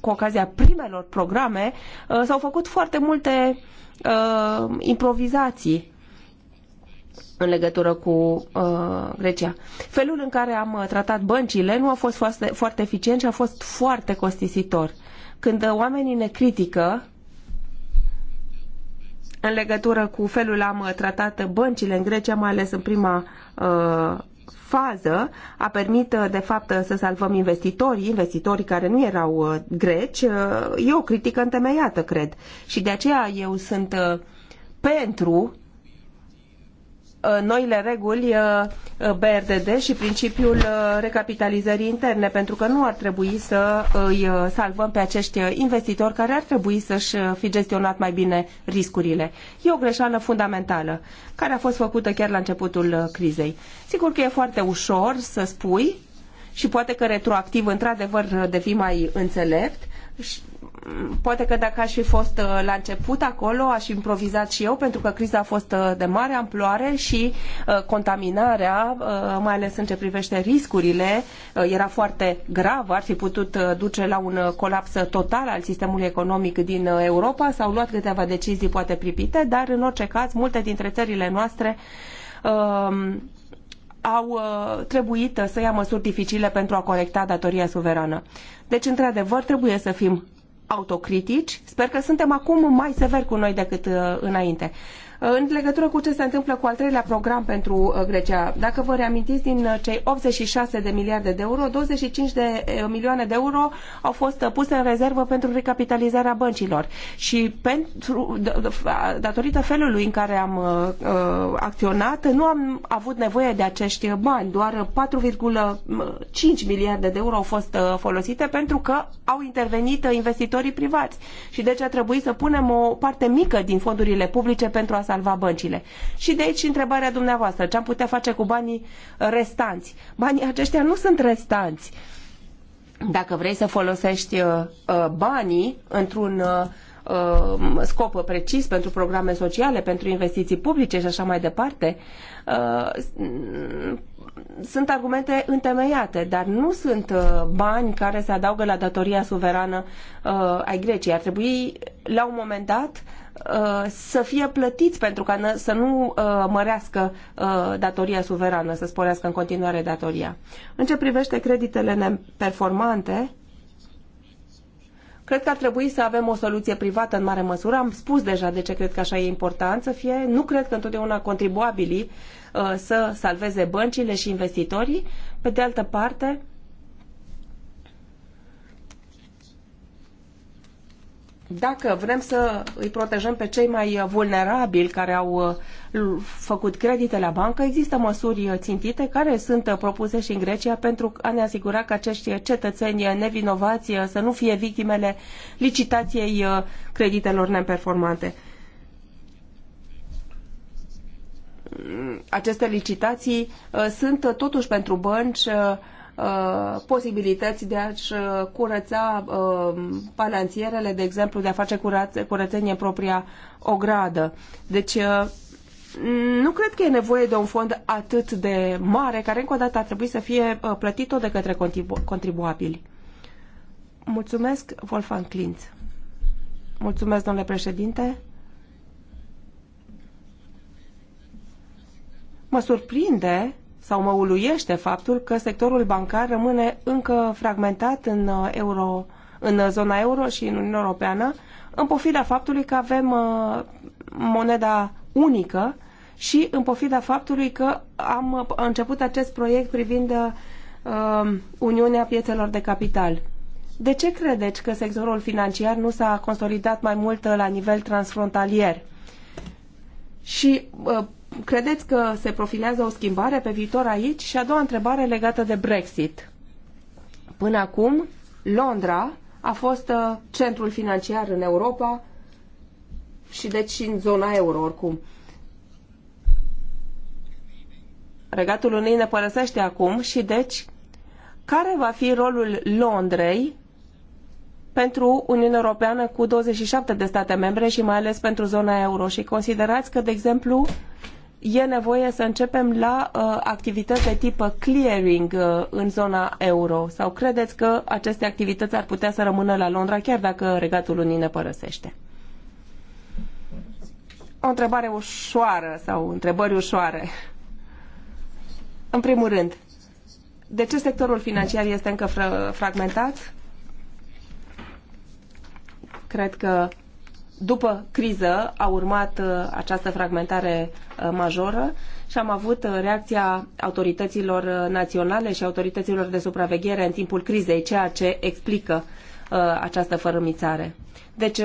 cu ocazia primelor programe, uh, s-au făcut foarte multe uh, improvizații în legătură cu uh, Grecia. Felul în care am tratat băncile nu a fost foarte, foarte eficient și a fost foarte costisitor. Când oamenii ne critică în legătură cu felul am tratat băncile în Grecia, mai ales în prima uh, fază a permit uh, de fapt uh, să salvăm investitorii, investitorii care nu erau uh, greci, e o critică întemeiată, cred. Și de aceea eu sunt pentru Uh, noile reguli uh, uh, BRDD și principiul recapitalizării interne, pentru că nu ar trebui să îi salvăm pe acești investitori care ar trebui să-și fi gestionat mai bine riscurile. E o greșeală fundamentală, care a fost făcută chiar la începutul crizei. Sigur că e foarte ușor să spui și poate că retroactiv într-adevăr devii mai înțelept, poate că dacă aș fi fost uh, la început acolo, aș improvizat și eu, pentru că criza a fost uh, de mare amploare și uh, contaminarea, mai ales în ce privește riscurile, era foarte gravă, ar fi putut duce la un colaps total al sistemului economic din Europa. S-au luat câteva decizii poate pripite, dar în orice caz, multe dintre țările noastre um, au trebuit să ia măsuri dificile pentru a corecta datoria suverană. Deci, într-adevăr, trebuie să fim autocritici. Sper că suntem acum mai severi cu noi decât uh, înainte. În legătură cu ce se întâmplă cu al treilea program pentru uh, Grecia, dacă vă reamintiți din uh, cei 86 de miliarde de euro, 25 de uh, milioane de euro au fost puse în rezervă pentru recapitalizarea băncilor și pentru, datorită felului în care am acționat, nu am avut nevoie de acești bani, doar 4,5 miliarde de euro au fost folosite pentru că au intervenit investitorii privați și deci a trebuit să punem o parte mică din fondurile publice pentru a salva băncile. Și de aici întrebarea dumneavoastră, ce am putea face cu banii restanți? Banii aceștia nu sunt restanți. Dacă vrei să folosești uh, uh, banii într-un uh, scop precis pentru programe sociale, pentru investiții publice și așa mai departe, sunt argumente întemeiate, dar nu sunt bani care se adaugă la datoria suverană a Greciei. Ar trebui, la un moment dat, Uh, să fie plătiți pentru ca să nu uh, mărească uh, datoria suverană, să sporească în continuare datoria. În ce privește creditele neperformante, Cred că ar trebui să avem o soluție privată în mare măsură. Am spus deja de ce cred că așa e important să fie. Nu cred că întotdeauna contribuabilii să salveze băncile și investitorii. Pe de altă parte, dacă vrem să îi protejăm pe cei mai vulnerabili care au uh, făcut credite la bancă, există măsuri uh, țintite care sunt uh, propuse și în Grecia pentru a ne asigura că acești cetățeni nevinovați să nu fie victimele licitației creditelor neperformante. Mm, aceste licitații sunt totuși pentru bănci Uh, posibilități de a-și uh, curăța uh, palanțierele, de exemplu, de a face curățenie în propria ogradă. Deci, nu cred că e nevoie de un fond atât de mare, care încă o dată ar trebui să fie plătit tot de către contribu- contribuabili. Mulțumesc, Wolfgang Klintz. Mulțumesc, domnule președinte. Mă surprinde sau mă uluiește faptul că sectorul bancar rămâne încă fragmentat în, uh, euro, în uh, zona euro și în Uniunea Europeană, în pofida faptului că avem uh, moneda unică și în pofida faptului că am început acest proiect privind um, Uniunea Piețelor de Capital. De ce credeți că sectorul financiar nu s-a consolidat mai mult la nivel transfrontalier? Și credeți că se profilează o schimbare pe viitor aici? Și a doua întrebare legată de Brexit. Până acum, Londra a fost uh, centrul financiar în Europa și deci și în zona euro oricum. Regatul Unii ne părăsește acum și deci care va fi rolul Londrei pentru Uniunea Europeană cu 27 de state membre și mai ales pentru zona euro și considerați că, de exemplu, e nevoie să începem la uh, activități de tip clearing uh, în zona euro? Sau credeți că aceste activități ar putea să rămână la Londra chiar dacă Regatul Unii ne părăsește? O întrebare ușoară sau întrebări ușoare. În primul rând, de ce sectorul financiar este încă fragmentat? Cred că după criză a urmat uh, această fragmentare uh, majoră și am avut uh, reacția autorităților naționale și autorităților de supraveghere în timpul crizei, ceea ce explică această fărâmițare. Deci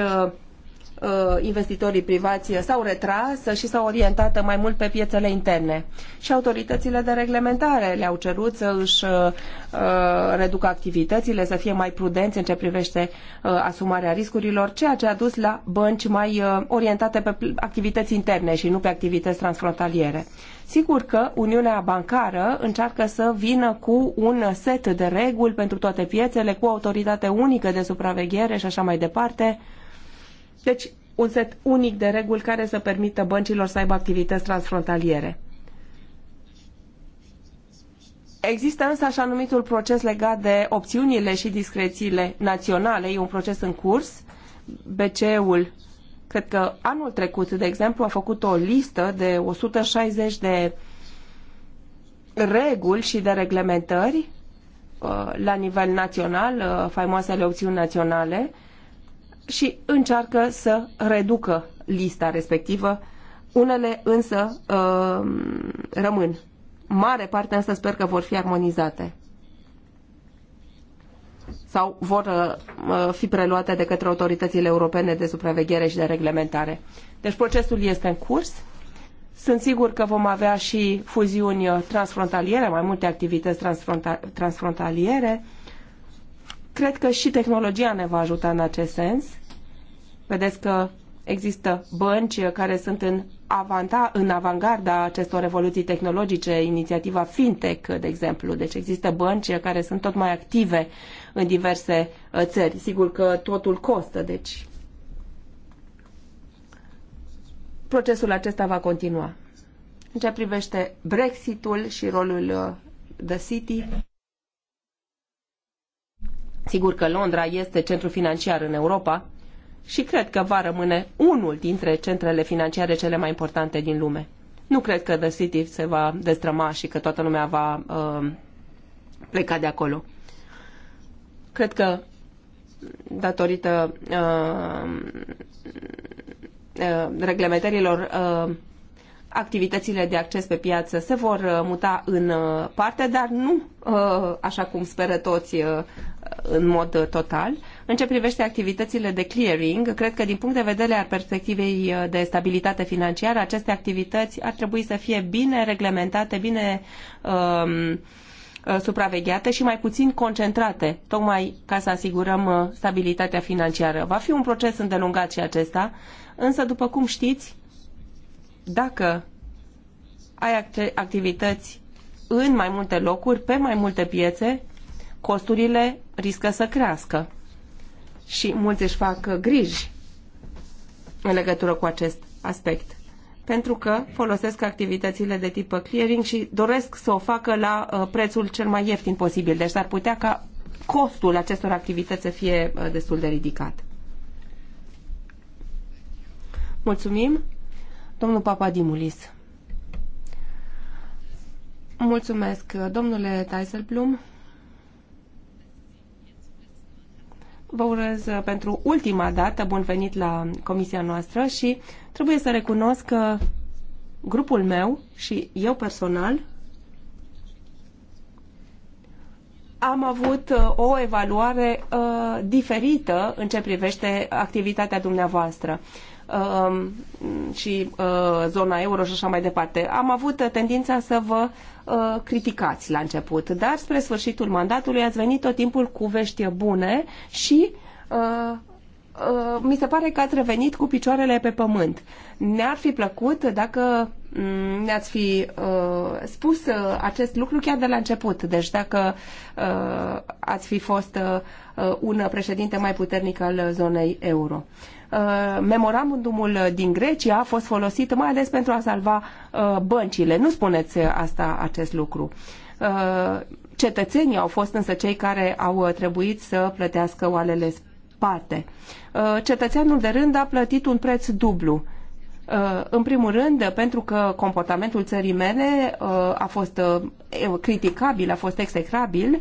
Uh, investitorii privați s-au retras și s-au orientat mai mult pe piețele interne. Și autoritățile de reglementare le-au cerut să își uh, uh, reducă activitățile, să fie mai prudenți în ce privește asumarea riscurilor, ceea ce a dus la bănci mai orientate pe activități interne și nu pe activități transfrontaliere. Sigur că Uniunea Bancară încearcă să vină cu un set de reguli pentru toate piețele, cu autoritate unică de supraveghere și așa mai departe, deci, un set unic de reguli care să permită băncilor să aibă activități transfrontaliere. Există însă așa numitul proces legat de opțiunile și discrețiile naționale. E un proces în curs. BCE-ul, cred că anul trecut, de exemplu, a făcut o listă de 160 de reguli și de reglementări uh, la nivel național, uh, faimoasele opțiuni naționale, și încearcă să reducă lista respectivă. Unele însă uh, rămân. Mare parte însă sper că vor fi armonizate sau vor uh, uh, fi preluate de către autoritățile europene de supraveghere și de reglementare. Deci procesul este în curs. Sunt sigur că vom avea și fuziuni transfrontaliere, mai multe activități transfrontaliere. Cred că și tehnologia ne va ajuta în acest sens. Vedeți că există bănci care sunt în, avanta, în avangarda acestor revoluții tehnologice, inițiativa FinTech, de exemplu. Deci există bănci care sunt tot mai active în diverse uh, țări. Sigur că totul costă, deci procesul acesta va continua. În ce privește Brexitul și rolul uh, The City, sigur că Londra este centru financiar în Europa, și cred că va rămâne unul dintre centrele financiare cele mai importante din lume. Nu cred că The City se va destrăma și că toată lumea va uh, pleca de acolo. Cred că datorită uh, uh, reglementărilor uh, activitățile de acces pe piață se vor uh, muta în uh, parte, dar nu uh, așa cum speră toți în mod total. În ce privește activitățile de clearing, cred că din punct de vedere al perspectivei uh, de stabilitate financiară, aceste activități ar trebui să fie bine reglementate, bine um, uh, supravegheate și mai puțin concentrate, tocmai ca să asigurăm uh, stabilitatea financiară. Va fi un proces îndelungat și acesta, însă, după cum știți, dacă ai activități în mai multe locuri, pe mai multe piețe, costurile riscă să crească și mulți își fac griji în legătură cu acest aspect pentru că folosesc activitățile de tip clearing și doresc să o facă la uh, prețul cel mai ieftin posibil. Deci ar putea ca costul acestor activități să fie uh, destul de ridicat. Mulțumim. Domnul Papadimulis. Mulțumesc, domnule Taiselblum. vă urez uh, pentru ultima dată bun venit la comisia noastră și trebuie să recunosc că grupul meu și eu personal am avut uh, o evaluare uh, diferită în ce privește activitatea dumneavoastră. Uh, Um, și uh, zona euro și așa mai departe. Am avut uh, tendința să vă uh, criticați la început, dar spre sfârșitul mandatului ați venit tot timpul cu vești bune și mi se pare că ați revenit cu picioarele pe pământ. Ne-ar fi plăcut dacă mm, ne-ați fi uh, spus uh, acest lucru chiar de la început. Deci dacă uh, ați fi fost uh, un președinte mai puternic al zonei euro. Uh, Uh, memorandumul din Grecia a fost folosit mai ales pentru a salva uh, băncile. Nu spuneți asta acest lucru. Uh, cetățenii au fost însă cei care au trebuit să plătească oalele spate. Cetățeanul de rând a plătit un preț dublu în primul rând, pentru că comportamentul țării mele a fost criticabil, a fost execrabil,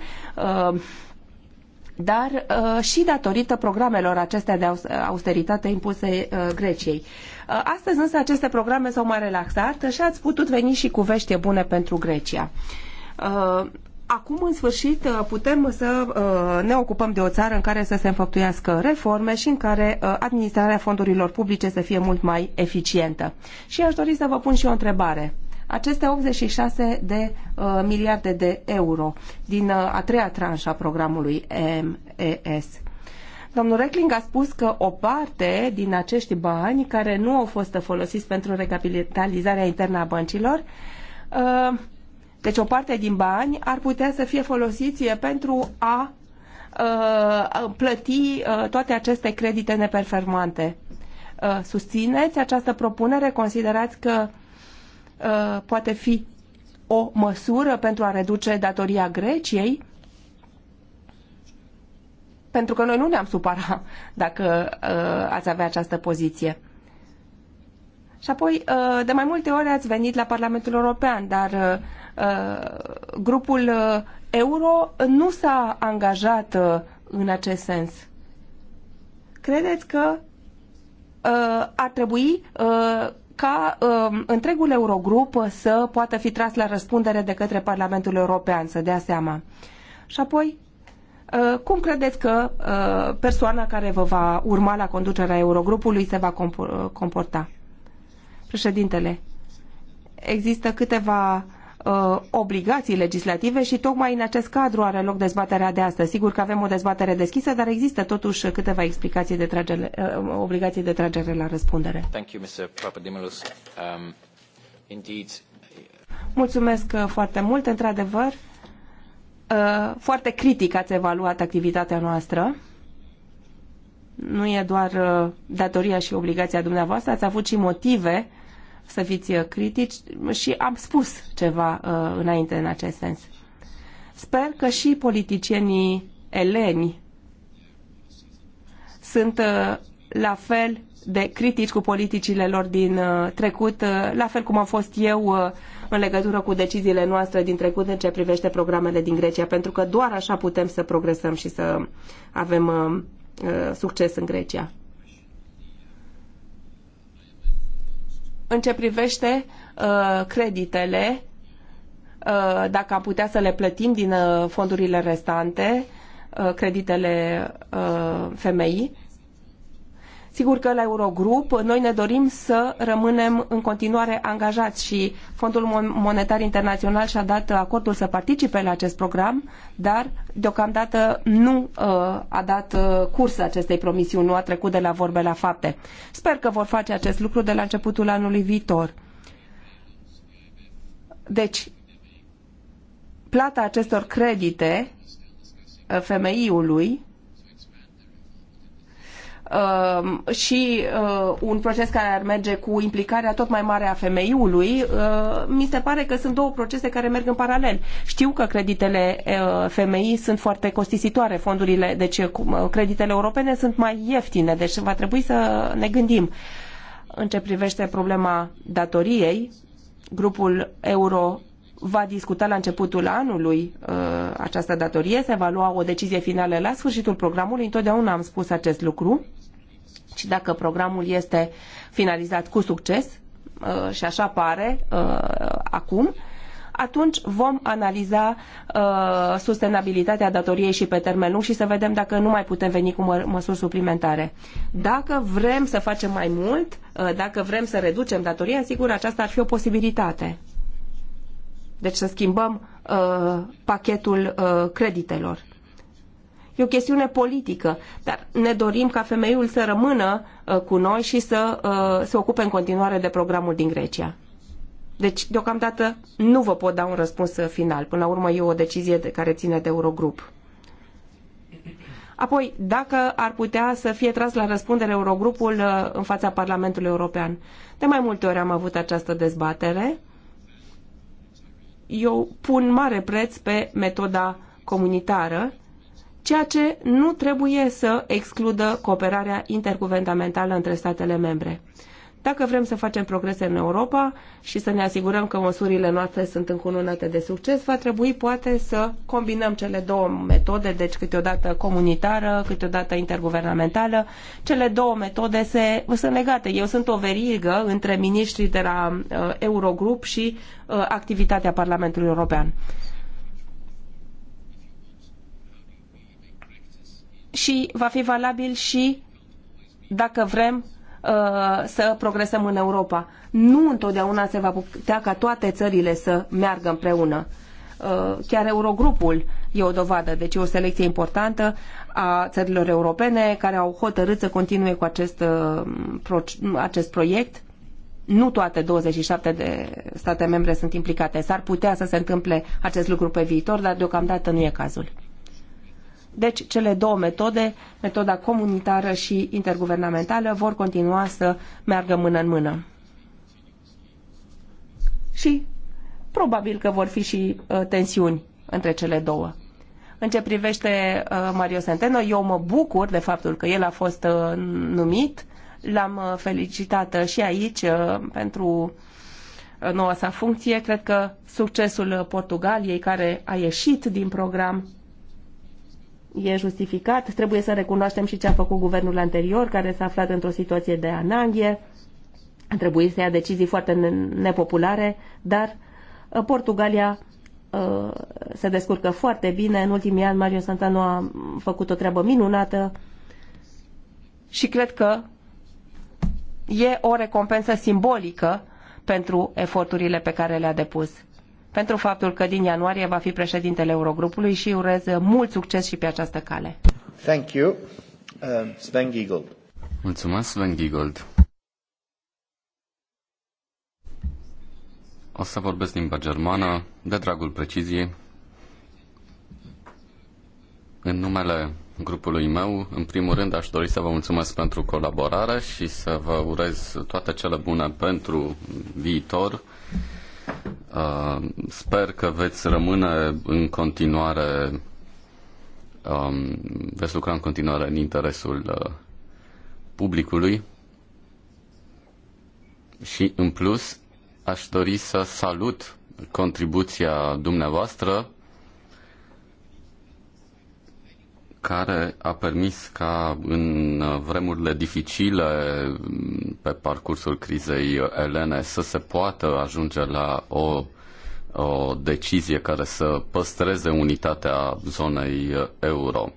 dar uh, și datorită programelor acestea de austeritate impuse uh, Greciei. Uh, astăzi însă aceste programe s-au mai relaxat și ați putut veni și cu vești bune pentru Grecia. Uh, acum, în sfârșit, uh, putem să uh, ne ocupăm de o țară în care să se înfăptuiască reforme și în care administrarea fondurilor publice să fie mult mai eficientă. Și aș dori să vă pun și o întrebare aceste 86 de uh, miliarde de euro din uh, a treia tranșă a programului MES. Domnul Reckling a spus că o parte din acești bani care nu au fost folosiți pentru recapitalizarea internă a băncilor uh, deci o parte din bani ar putea să fie folosiți pentru a uh, plăti uh, toate aceste credite neperformante. susțineți această propunere? Considerați că Uh, poate fi o măsură pentru a reduce datoria Greciei? Pentru că noi nu ne-am supăra dacă uh, ați avea această poziție. Și apoi, uh, de mai multe ori ați venit la Parlamentul European, dar uh, uh grupul uh, euro nu s-a angajat uh, în acest sens. Credeți că uh, ar trebui uh, ca uh, întregul Eurogrup să poată fi tras la răspundere de către Parlamentul European, să dea seama. Și apoi, uh, cum credeți că uh, persoana care vă va urma la conducerea Eurogrupului se va comporta? Președintele, există câteva Uh, obligații legislative și tocmai în acest cadru are loc dezbaterea de astăzi. Sigur că avem o dezbatere deschisă, dar există totuși câteva explicații de tragere, uh, obligații de tragere la răspundere. Um, uh, Mulțumesc foarte mult, într-adevăr. Foarte critic ați evaluat activitatea noastră. Nu e doar datoria și obligația dumneavoastră, ați avut și motive uh, să fiți uh, critici și am spus ceva uh, înainte în acest sens. Sper că și politicienii eleni sunt uh, la fel de critici cu politicile lor din trecut, la fel cum am fost eu în legătură cu deciziile noastre din trecut în ce privește programele din Grecia, pentru că doar așa putem să progresăm și să avem succes în Grecia. în ce privește uh, creditele, uh, dacă am putea să le plătim din uh, fondurile restante, uh, creditele uh, femeii, Sigur că la Eurogrup noi ne dorim să rămânem în continuare angajați și Fondul Monetar Internațional și-a dat acordul să participe la acest program, dar deocamdată nu uh, a dat uh, curs acestei promisiuni, nu a trecut de la vorbe la fapte. Sper că vor face acest lucru de la începutul anului viitor. Deci, plata acestor credite uh, femeiului Um, și uh, un proces care ar merge cu implicarea tot mai mare a femeiului, uh, mi se pare că sunt două procese care merg în paralel. Știu că creditele uh, femeii sunt foarte costisitoare, fondurile, deci uh, uh, creditele europene sunt mai ieftine, deci va trebui să ne gândim în ce privește problema datoriei. Grupul euro va discuta la începutul anului uh, această datorie, se va lua o decizie finală la sfârșitul programului. Întotdeauna am spus acest lucru și dacă programul este finalizat cu succes, uh, și așa pare uh, acum, atunci vom analiza uh, sustenabilitatea datoriei și pe termen lung și să vedem dacă nu mai putem veni cu mă măsuri suplimentare. Dacă vrem să facem mai mult, uh, dacă vrem să reducem datoria, sigur, aceasta ar fi o posibilitate. Deci să schimbăm uh, pachetul uh, creditelor. E o chestiune politică, dar ne dorim ca femeiul să rămână uh, cu noi și să uh, se ocupe în continuare de programul din Grecia. Deci, deocamdată, nu vă pot da un răspuns uh, final. Până la urmă, e o decizie de care ține de Eurogrup. Apoi, dacă ar putea să fie tras la răspundere Eurogrupul în fața Parlamentului European. De mai multe ori am avut această dezbatere. Eu pun mare preț pe metoda comunitară ceea ce nu trebuie să excludă cooperarea interguvernamentală între statele membre. Dacă vrem să facem progrese în Europa și să ne asigurăm că măsurile noastre sunt încununate de succes, va trebui poate să combinăm cele două metode, deci câteodată comunitară, câteodată interguvernamentală. Cele două metode se, sunt legate. Eu sunt o verigă între miniștrii de la uh, Eurogrup și uh, activitatea Parlamentului European. Uh, și va fi valabil și dacă vrem uh, să progresăm în Europa. Nu întotdeauna se va putea ca toate țările să meargă împreună. Uh, chiar Eurogrupul e o dovadă, deci e o selecție importantă a țărilor europene care au hotărât să continue cu acest, uh, acest proiect. Nu toate 27 de state membre sunt implicate. S-ar putea să se întâmple acest lucru pe viitor, dar deocamdată nu e cazul. Deci, cele două metode, metoda comunitară și interguvernamentală, vor continua să meargă mână în mână. Și probabil că vor fi și uh, tensiuni între cele două. În ce privește uh, Mario Centeno, eu mă bucur de faptul că el a fost uh, numit. L-am uh, felicitat uh, și aici uh, pentru uh, noua sa funcție. Cred că succesul uh, Portugaliei, care a ieșit din program, e justificat. Trebuie să recunoaștem și ce a făcut guvernul anterior, care s-a aflat într-o situație de ananghie. A trebuit să ia decizii foarte nepopulare, dar uh, Portugalia uh, se descurcă foarte bine. În ultimii ani Mario Santano a făcut o treabă minunată și cred că e o recompensă simbolică pentru eforturile pe care le-a depus pentru faptul că din ianuarie va fi președintele Eurogrupului și urez mult succes și pe această cale. Thank you. Uh, Sven Giegold. Mulțumesc, Sven Giegold. O să vorbesc limba germană, de dragul preciziei. În numele grupului meu, în primul rând aș dori să vă mulțumesc pentru colaborare și să vă urez toate cele bune pentru viitor. Uh, sper că veți rămâne în continuare, um, veți lucra în continuare în interesul uh, publicului și, în plus, aș dori să salut contribuția dumneavoastră care a permis ca în vremurile dificile pe parcursul crizei elene să se poată ajunge la o, o decizie care să păstreze unitatea zonei euro.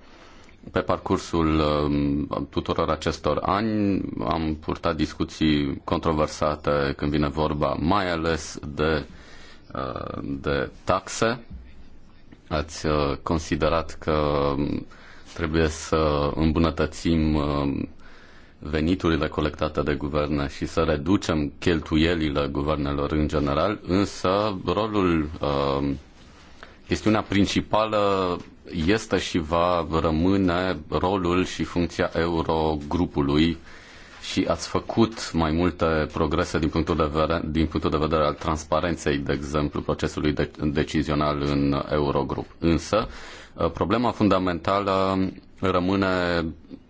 Pe parcursul um, tuturor acestor ani am purtat discuții controversate când vine vorba mai ales de, uh, de taxe. Ați uh, considerat că um, Trebuie să îmbunătățim uh, veniturile colectate de guverne și să reducem cheltuielile guvernelor în general, însă rolul, uh, chestiunea principală este și va rămâne rolul și funcția Eurogrupului și ați făcut mai multe progrese din punctul de vedere, din punctul de vedere al transparenței, de exemplu, procesului de, decizional în Eurogrup. Însă, Uh, problema fundamentală rămâne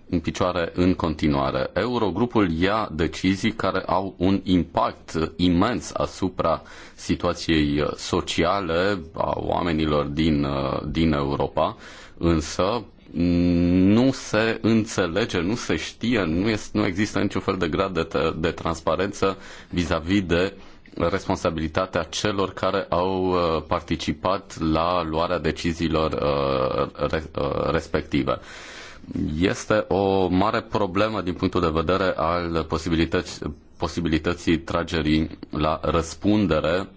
în picioare în continuare. Eurogrupul ia decizii care au un impact imens asupra situației sociale a oamenilor din, uh, din Europa, însă nu se înțelege, nu se știe, nu, este, nu există niciun fel de grad de, de transparență vis-a-vis -vis de uh, responsabilitatea celor care au uh, participat la luarea deciziilor uh, uh, respective. Este o mare problemă din punctul de vedere al posibilității, posibilității tragerii la răspundere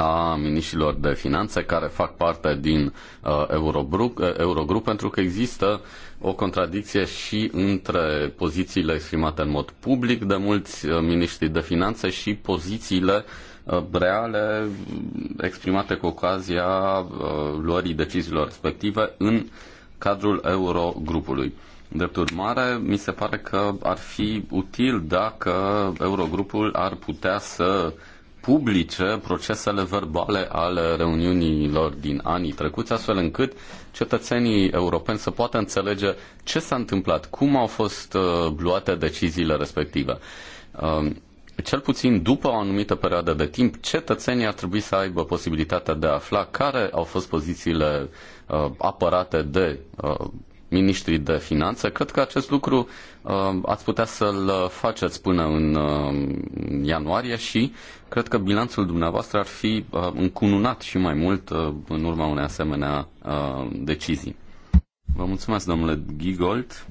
a miniștilor de finanțe care fac parte din uh, Eurogrup, uh, Eurogrup, pentru că există o contradicție și între pozițiile exprimate în mod public de mulți uh, miniștri de finanțe și pozițiile uh, reale exprimate cu ocazia uh, luării deciziilor respective în cadrul Eurogrupului. Drept urmare, mi se pare că ar fi util dacă Eurogrupul ar putea să publice procesele verbale ale reuniunilor din anii trecuți, astfel încât cetățenii europeni să poată înțelege ce s-a întâmplat, cum au fost uh, luate deciziile respective. Uh, cel puțin după o anumită perioadă de timp, cetățenii ar trebui să aibă posibilitatea de a afla care au fost pozițiile uh, apărate de uh, miniștrii de finanțe. Cred că acest lucru uh, ați putea să-l uh, faceți până uh, în ianuarie și cred că bilanțul dumneavoastră ar fi încununat și mai mult în urma unei asemenea decizii. Vă mulțumesc, domnule Gigold.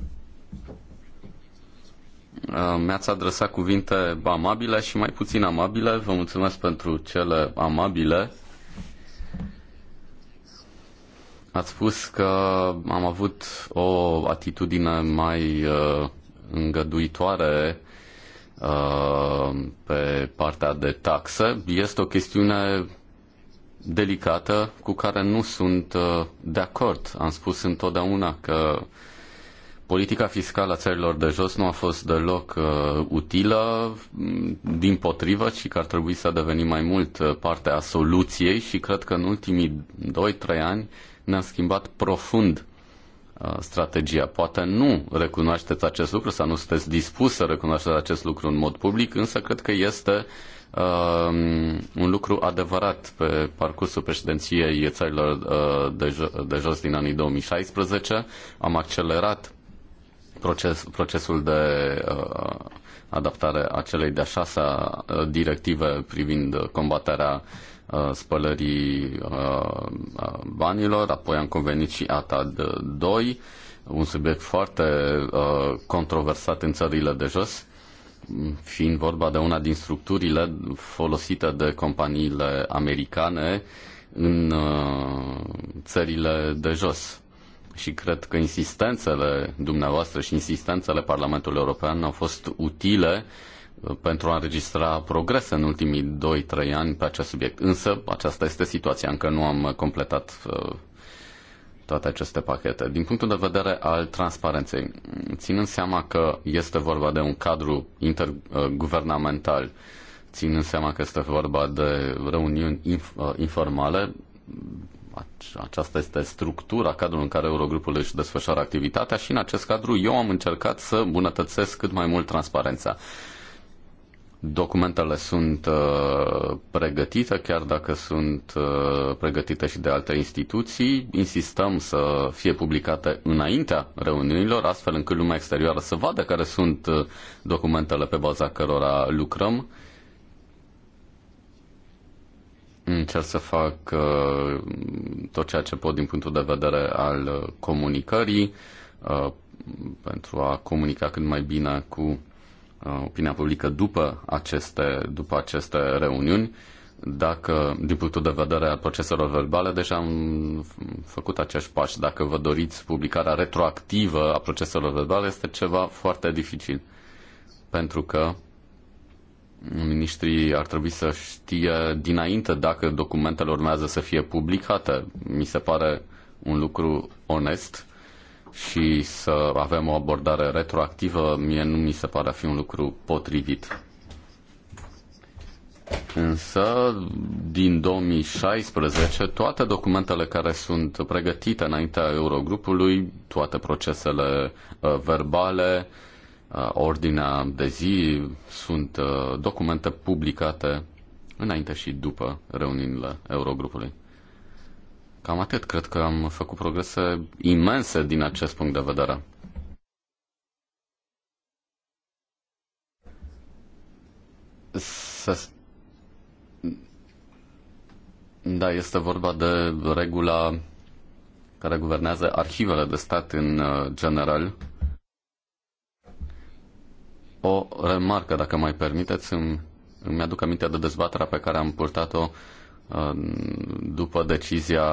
Mi-ați adresat cuvinte amabile și mai puțin amabile. Vă mulțumesc pentru cele amabile. Ați spus că am avut o atitudine mai uh, îngăduitoare uh, pe partea de taxe. Este o chestiune delicată cu care nu sunt uh, de acord. Am spus întotdeauna că politica fiscală a țărilor de jos nu a fost deloc uh, utilă, mm, din potrivă, ci că ar trebui să devenim mai mult uh, parte a soluției și cred că în ultimii 2-3 ani ne-am schimbat profund uh, strategia. Poate nu recunoașteți acest lucru sau nu sunteți dispus să recunoașteți acest lucru în mod public, însă cred că este uh, un lucru adevărat pe parcursul președinției țărilor uh, de, jo- de jos din anii 2016. Am accelerat proces, procesul de uh, adaptare a celei de-a șasea uh, directive privind combaterea uh, Uh, spălării uh, banilor, apoi am convenit și ATAD 2, un subiect foarte uh, controversat în țările de jos, fiind vorba de una din structurile folosite de companiile americane în țările de jos. Și cred că insistențele dumneavoastră și insistențele Parlamentului European au fost utile uh, pentru a înregistra progrese în ultimii 2-3 ani pe acest subiect. Însă, aceasta este situația. Încă nu am completat uh, toate aceste pachete. Din punctul de vedere al transparenței, ținând seama că este vorba de un cadru interguvernamental, ținând seama că este vorba de reuniuni inf- uh, informale, aceasta este structura, cadrul în care Eurogrupul își desfășoară activitatea și în acest cadru eu am încercat să bunătățesc cât mai mult transparența. Documentele sunt uh, pregătite, chiar dacă sunt uh, pregătite și de alte instituții. Insistăm să fie publicate înaintea reuniunilor, astfel încât lumea exterioară să vadă care sunt uh, documentele pe baza cărora lucrăm. Încerc să fac tot ceea ce pot din punctul de vedere al comunicării, pentru a comunica cât mai bine cu Uh, opinia publică după aceste, după aceste reuniuni. Dacă, din punctul de vedere al proceselor verbale, deja am făcut acești pași. Dacă vă doriți publicarea retroactivă a proceselor verbale, este ceva foarte dificil. Pentru că ministrii ar trebui să știe dinainte dacă documentele urmează să fie publicate. Mi se pare un lucru onest și să avem o abordare retroactivă, mie nu mi se pare a fi un lucru potrivit. Însă, din 2016, toate documentele care sunt pregătite înaintea Eurogrupului, toate procesele uh, verbale, uh, ordinea de zi, sunt uh, documente publicate înainte și după reuniunile Eurogrupului. Cam atât. Cred că am făcut progrese imense din acest punct de vedere. Să... Da, este vorba de regula care guvernează arhivele de stat în uh, general. O remarcă, dacă mai permiteți, îmi, îmi aduc aminte de dezbaterea pe care am purtat-o după decizia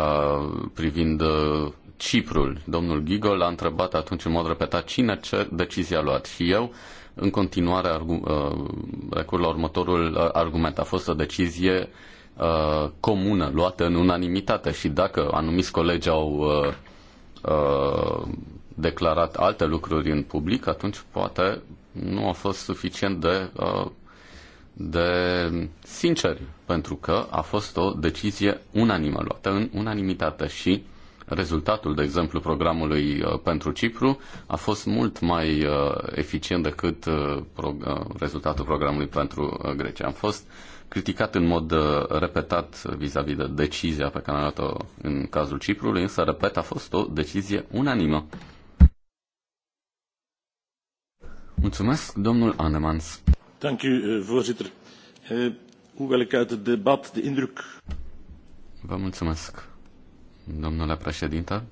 privind uh, Ciprul. Domnul Gigol a întrebat atunci în mod repetat cine ce decizia a luat și eu în continuare uh, recur la următorul uh, argument. A fost o decizie comună, luată în unanimitate și dacă anumiți colegi au declarat alte lucruri în public, atunci poate nu a fost suficient de de sinceri, pentru că a fost o decizie unanimă luată în unanimitate și rezultatul, de exemplu, programului uh, pentru Cipru a fost mult mai uh, eficient decât uh, rezultatul programului pentru Grecia. Am fost criticat în mod repetat vis-a-vis -vis de decizia pe care am luat-o în cazul Ciprului, însă, repet, a fost o decizie unanimă. Mulțumesc, domnul Anemans. Eh, voorzitter. Eh, Hoewel ik uit het debat de indruk... domnule președinte.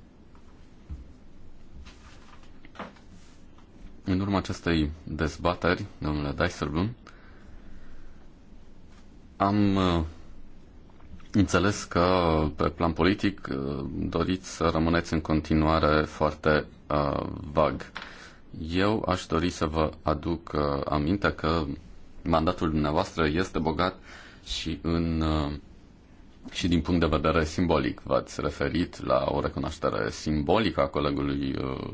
În urma acestei dezbateri, domnule Dijsselbloem, am eh, înțeles că pe plan politic doriți să rămâneți în continuare foarte vag. Eu aș dori să vă aduc uh, aminte că mandatul dumneavoastră este bogat și în uh, și din punct de vedere simbolic. V-ați referit la o recunoaștere simbolică a colegului uh,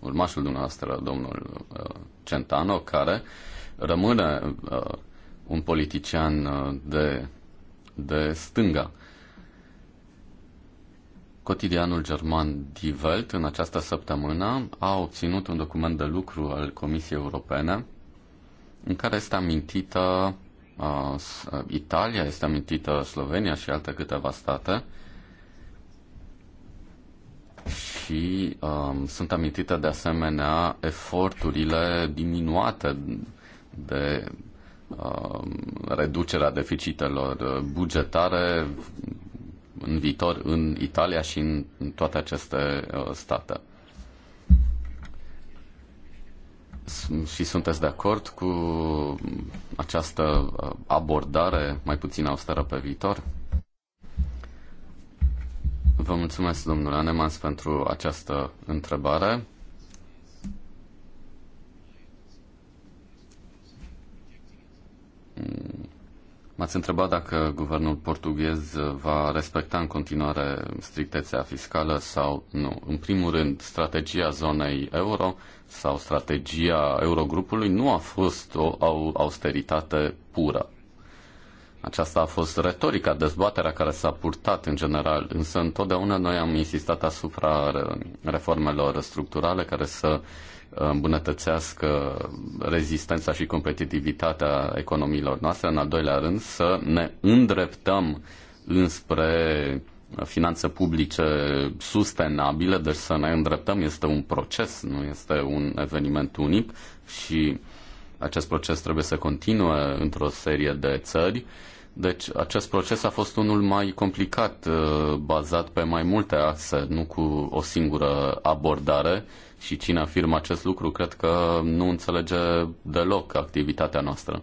urmașul dumneavoastră, domnul Centano, care rămâne un politician de, de stânga. Cotidianul german Die Welt în această săptămână a obținut un document de lucru al Comisiei Europene în care este amintită uh, uh Italia, este amintită Slovenia și alte câteva state și um, sunt amintite de asemenea eforturile diminuate de uh, reducerea deficitelor bugetare în viitor în Italia și în, în toate aceste uh, state. Și sunteți de acord cu această uh, abordare mai puțin austeră pe viitor? Vă mulțumesc, domnule Anemans, pentru această întrebare. Mm M-ați întrebat dacă guvernul portughez va respecta în continuare strictețea fiscală sau nu. În primul rând, strategia zonei euro sau strategia Eurogrupului nu a fost o austeritate pură. Aceasta a fost retorica, dezbaterea care s-a purtat în general, însă întotdeauna noi am insistat asupra reformelor structurale care să uh, îmbunătățească rezistența și competitivitatea economiilor noastre, în al doilea rând să ne îndreptăm înspre finanțe publice sustenabile, deci să ne îndreptăm este un proces, nu este un eveniment unic și acest proces trebuie să continue într-o serie de țări deci acest proces a fost unul mai complicat, uh, bazat pe mai multe axe, nu cu o singură abordare și cine afirmă acest lucru cred că nu înțelege deloc activitatea noastră.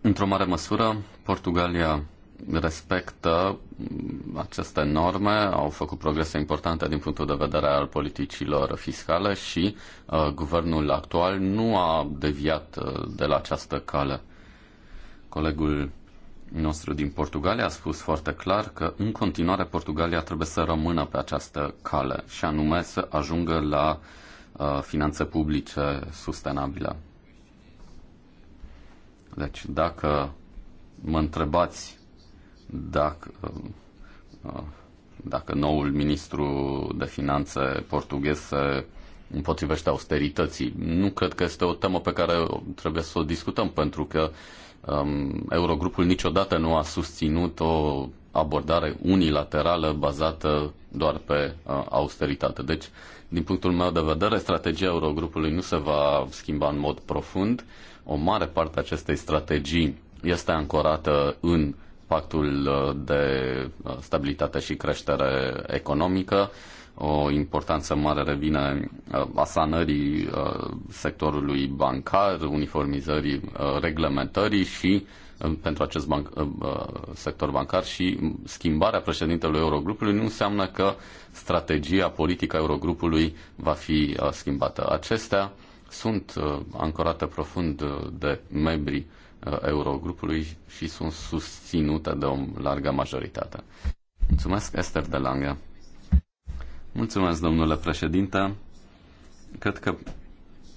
Într-o mare măsură, Portugalia respectă mm, aceste norme, au făcut progrese importante din punctul de vedere al politicilor fiscale și uh, guvernul actual nu a deviat uh, de la această cale. Colegul nostru din Portugalia a spus foarte clar că în continuare Portugalia trebuie să rămână pe această cale și anume să ajungă la uh, finanțe publice sustenabile. Deci dacă mă întrebați dacă, uh, uh, dacă noul ministru de finanțe portughez se împotrivește austerității, nu cred că este o temă pe care trebuie să o discutăm pentru că um, Eurogrupul niciodată nu a susținut o abordare unilaterală bazată doar pe uh, austeritate. Deci, din punctul meu de vedere, strategia Eurogrupului nu se va schimba în mod profund. O mare parte a acestei strategii este ancorată în pactul uh, de uh, stabilitate și creștere economică. Uh, o importanță mare revine uh, asanării uh, sectorului bancar, uniformizării uh, reglementării și pentru acest banc, sector bancar și schimbarea președintelui Eurogrupului nu înseamnă că strategia politică a Eurogrupului va fi schimbată. Acestea sunt ancorate profund de membrii Eurogrupului și sunt susținute de o largă majoritate. Mulțumesc, Esther de Lange. Mulțumesc, domnule președinte. Cred că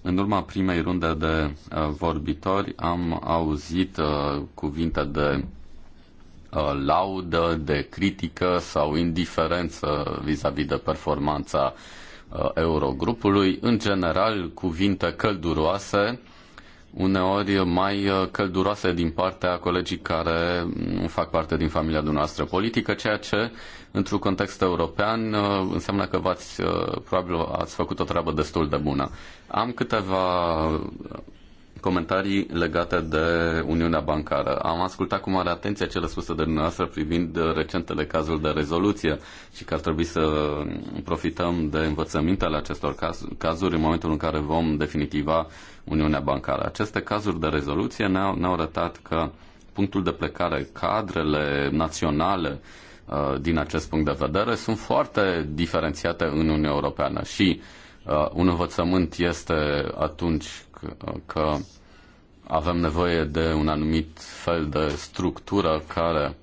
în urma primei runde de uh, vorbitori am auzit uh, cuvinte de uh, laudă, de critică sau indiferență vis-a-vis -vis de performanța uh, Eurogrupului. În general, cuvinte călduroase uh, uneori mai uh, călduroase din partea colegii care nu fac parte din familia dumneavoastră politică, ceea ce, într-un context european, uh, înseamnă că v-ați, uh, probabil ați făcut o treabă destul de bună. Am câteva comentarii legate de Uniunea Bancară. Am ascultat cu mare atenție cele spuse de dumneavoastră privind recentele cazuri de rezoluție și că ar trebui să profităm de învățămintele acestor cazuri în momentul în care vom definitiva Uniunea Bancară. Aceste cazuri de rezoluție ne-au, ne-au arătat că punctul de plecare, cadrele naționale uh, din acest punct de vedere sunt foarte diferențiate în Uniunea Europeană și uh, un învățământ este atunci că avem nevoie de un anumit fel de structură care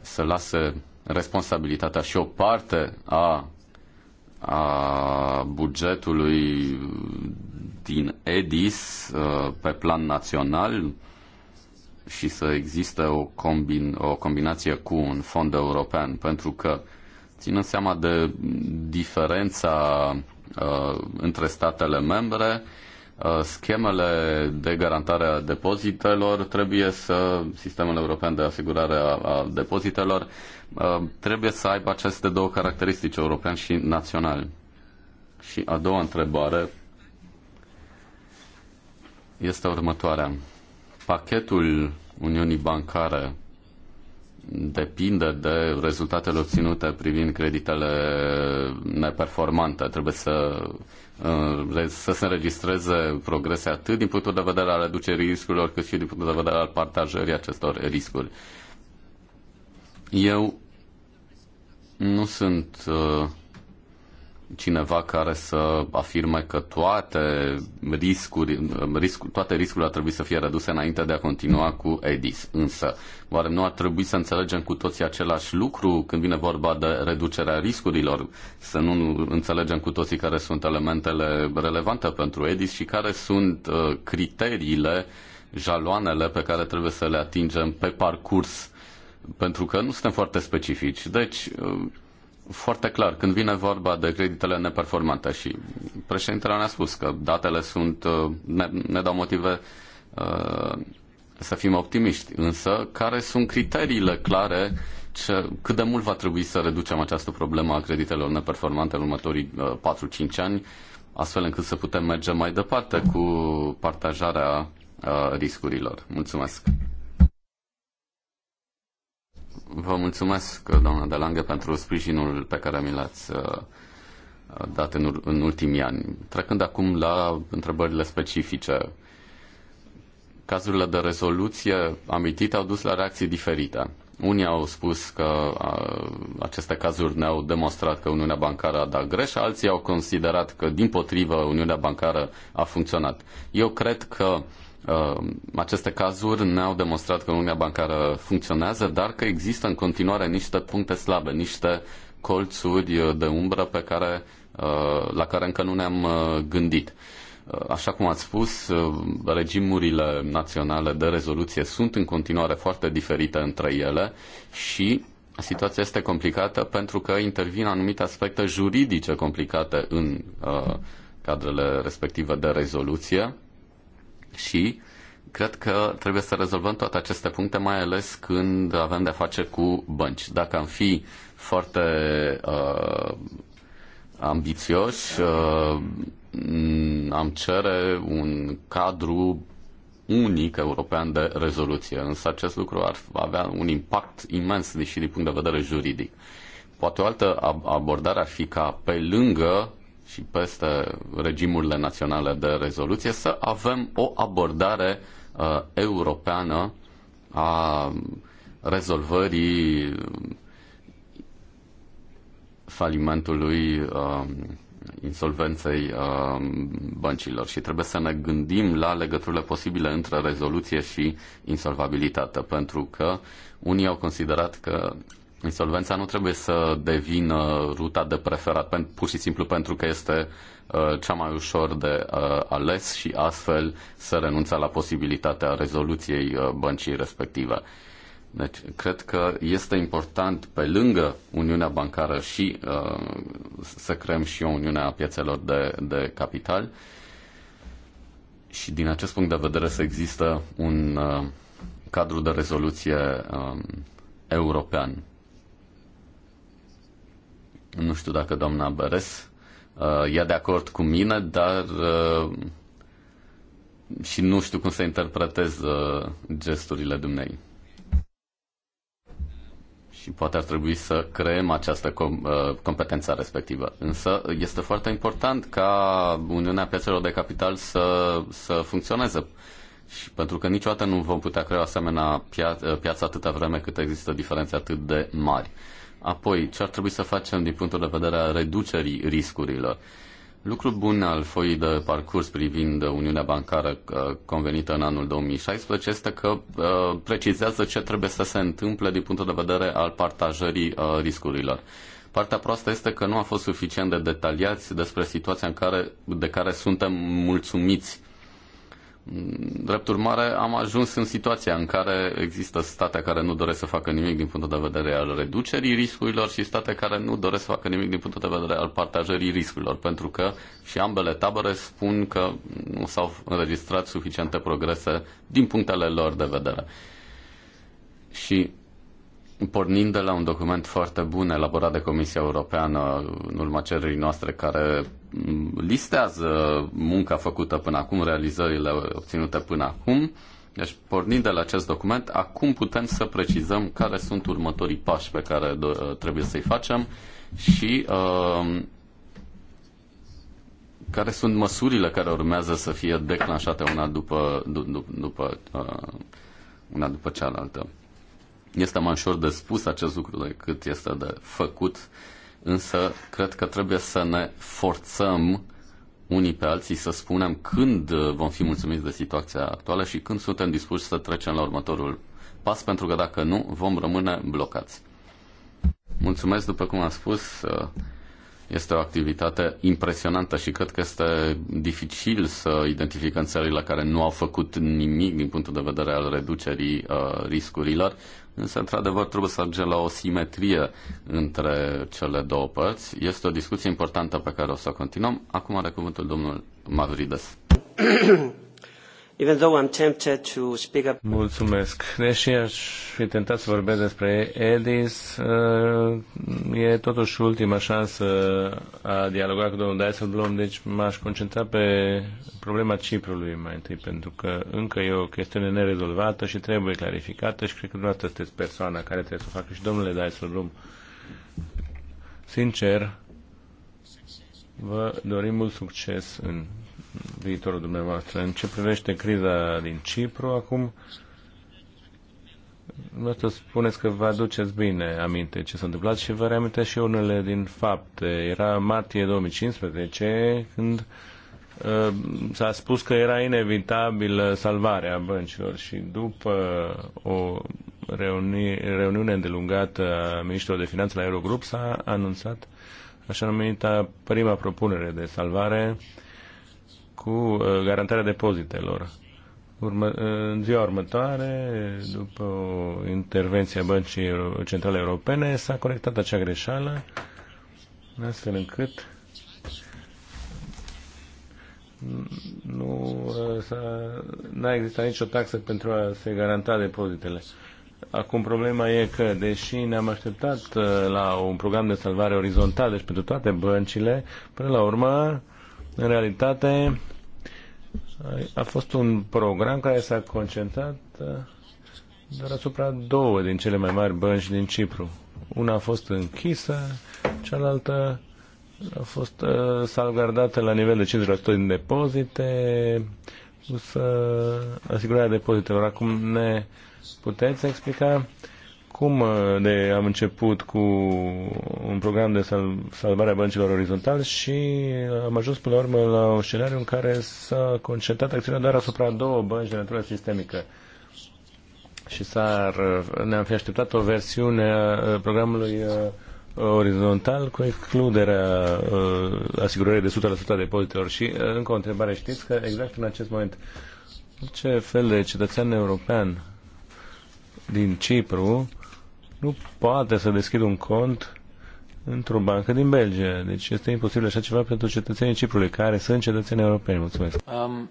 să lase responsabilitatea și o parte a a bugetului din EDIS pe plan național și să existe o, combin, o combinație cu un fond european, pentru că ținând seama de diferența uh, între statele membre, uh, Uh, schemele de garantare a depozitelor, trebuie să sistemul european de asigurare a, a depozitelor uh, trebuie să aibă aceste două caracteristici, european și național. Și a doua întrebare este următoarea. Pachetul Uniunii Bancare depinde de rezultatele obținute privind creditele neperformante. Trebuie să Uh, să se înregistreze progrese atât din punctul de vedere al reducerii riscurilor, cât și din punctul de vedere al partajării acestor riscuri. Eu nu sunt uh, cineva care să afirme că toate, riscuri, risc, toate riscurile ar trebui să fie reduse înainte de a continua cu EDIS. Însă, oare nu ar trebui să înțelegem cu toții același lucru când vine vorba de reducerea riscurilor? Să nu înțelegem cu toții care sunt elementele relevante pentru EDIS și care sunt uh, criteriile, jaloanele pe care trebuie să le atingem pe parcurs pentru că nu suntem foarte specifici. Deci, uh, foarte clar când vine vorba de creditele neperformante și președintele ne-a spus că datele sunt, uh, ne, ne dau motive uh, să fim optimiști, însă care sunt criteriile clare ce, cât de mult va trebui să reducem această problemă a creditelor neperformante în următorii uh, 4-5 ani, astfel încât să putem merge mai departe cu partajarea uh, riscurilor. Mulțumesc! Vă mulțumesc, doamna de Lange, pentru sprijinul pe care mi l-ați uh, dat în, în ultimii ani. Trecând acum la întrebările specifice, cazurile de rezoluție amintite au dus la reacții diferite. Unii au spus că a, aceste cazuri ne-au demonstrat că Uniunea Bancară a dat greș, alții au considerat că, din potrivă, Uniunea Bancară a funcționat. Eu cred că a, aceste cazuri ne-au demonstrat că Uniunea Bancară funcționează, dar că există în continuare niște puncte slabe, niște colțuri de umbră pe care, a, la care încă nu ne-am gândit. Uh, așa cum ați spus, uh, regimurile naționale de rezoluție sunt în continuare foarte diferite între ele și situația este complicată pentru că intervin anumite aspecte juridice complicate în uh, cadrele respective de rezoluție și cred că trebuie să rezolvăm toate aceste puncte, mai ales când avem de-a face cu bănci. Dacă am fi foarte uh, ambițios, uh, am cere un cadru unic european de rezoluție, însă acest lucru ar avea un impact imens și din punct de vedere juridic. Poate o altă abordare ar fi ca pe lângă și peste regimurile naționale de rezoluție să avem o abordare uh, europeană a rezolvării falimentului, uh, insolvenței uh, băncilor și trebuie să ne gândim la legăturile posibile între rezoluție și insolvabilitate, pentru că unii au considerat că insolvența nu trebuie să devină ruta de preferat, pur și simplu pentru că este uh, cea mai ușor de uh, ales și astfel să renunța la posibilitatea rezoluției uh, băncii respective. Uh, deci, cred că este important, pe lângă Uniunea Bancară, și uh, să creăm și o Uniune a piețelor de, de capital. Și din acest punct de vedere să există un uh, cadru de rezoluție um, european. Nu știu dacă doamna Beres uh, e de acord cu mine, dar uh, și nu știu cum să interpretez uh, gesturile dumneavoastră și poate ar trebui să creăm această com- uh, competență respectivă. Însă este foarte important ca Uniunea Piețelor de Capital să, să funcționeze. Și pentru că niciodată nu vom putea crea asemenea pia- uh, piață atâta vreme cât există diferențe atât de mari. Apoi, ce ar trebui să facem din punctul de vedere a reducerii riscurilor? Uh, Lucru bun al foii de parcurs privind Uniunea Bancară uh, convenită în anul 2016 este că uh, precizează ce trebuie să se întâmple din punctul de vedere al partajării uh, riscurilor. Partea proastă este că nu a fost suficient de detaliați despre situația în care, de care suntem mulțumiți Drept urmare, am ajuns în situația în care există state care nu doresc să facă nimic din punctul de vedere al reducerii riscurilor și state care nu doresc să facă nimic din punctul de vedere al partajării riscurilor, pentru că și ambele tabere spun că nu s-au înregistrat suficiente progrese din punctele lor de vedere. Și pornind de la un document foarte bun elaborat de Comisia Europeană în urma cererii noastre care listează munca făcută până acum, realizările obținute până acum. Deci, pornind de la acest document, acum putem să precizăm care sunt următorii pași pe care trebuie să-i facem și uh, care sunt măsurile care urmează să fie declanșate una după, după, după, uh, una după cealaltă. Este mai ușor de spus acest lucru decât este de făcut, însă cred că trebuie să ne forțăm unii pe alții să spunem când vom fi mulțumiți de situația actuală și când suntem dispuși să trecem la următorul pas, pentru că dacă nu, vom rămâne blocați. Mulțumesc, după cum am spus, este o activitate impresionantă și cred că este dificil să identificăm țările care nu au făcut nimic din punctul de vedere al reducerii uh, riscurilor însă, într-adevăr, trebuie să ajungem la o simetrie între cele două părți. Este o discuție importantă pe care o să o continuăm. Acum are cuvântul domnul Mavrides. even though I'm tempted to speak up. Mulțumesc. Deși aș fi tentat să vorbesc despre Edis, eh, e totuși ultima șansă a dialoga cu domnul Dijsselbloem, deci m-aș concentra pe problema Ciprului mai întâi, pentru că încă e o chestiune nerezolvată și trebuie clarificată și cred că dumneavoastră sunteți persoana care trebuie să o facă și domnule Dijsselbloem. Sincer, vă dorim mult succes în viitorul dumneavoastră. În ce privește criza din Cipru acum, să spuneți că vă aduceți bine aminte ce s-a întâmplat și vă reamintesc și unele din fapte. Era martie 2015 când uh, s-a spus că era inevitabil salvarea băncilor și după o reuni- reuniune îndelungată a ministrului de finanțe la Eurogrup s-a anunțat așa numită prima propunere de salvare uh, cu uh, garantarea depozitelor. Urmă, uh, în ziua următoare, după o intervenție a Băncii Centrale Europene, s-a corectat acea greșeală, astfel încât nu uh, n-a existat nicio taxă pentru a se garanta depozitele. Acum problema e că, deși ne-am așteptat la un program de salvare orizontal, deci pentru toate băncile, până la urmă, în realitate, a fost un program care s-a concentrat uh, doar asupra două din cele mai mari bănci din Cipru. Una a fost închisă, cealaltă a fost uh, salvgardată la nivel de 50% din depozite, să asigurarea depozitelor. Acum ne puteți explica Acum uh, de am început cu un program de sal- salvare a băncilor orizontal și uh, am ajuns până la urmă la un scenariu în care s-a concentrat acțiunea doar asupra două bănci de natură sistemică. Și s-ar, uh, ne-am fi așteptat o versiune a programului orizontal cu excluderea asigurării de 100% a depozitelor. Și încă o întrebare, știți că exact în acest moment ce fel de cetățean european din Cipru nu poate să deschidă un cont într-o bancă din Belgia. Deci este imposibil așa ceva pentru cetățenii Ciprului, care sunt cetățeni europeni. Mulțumesc. Um,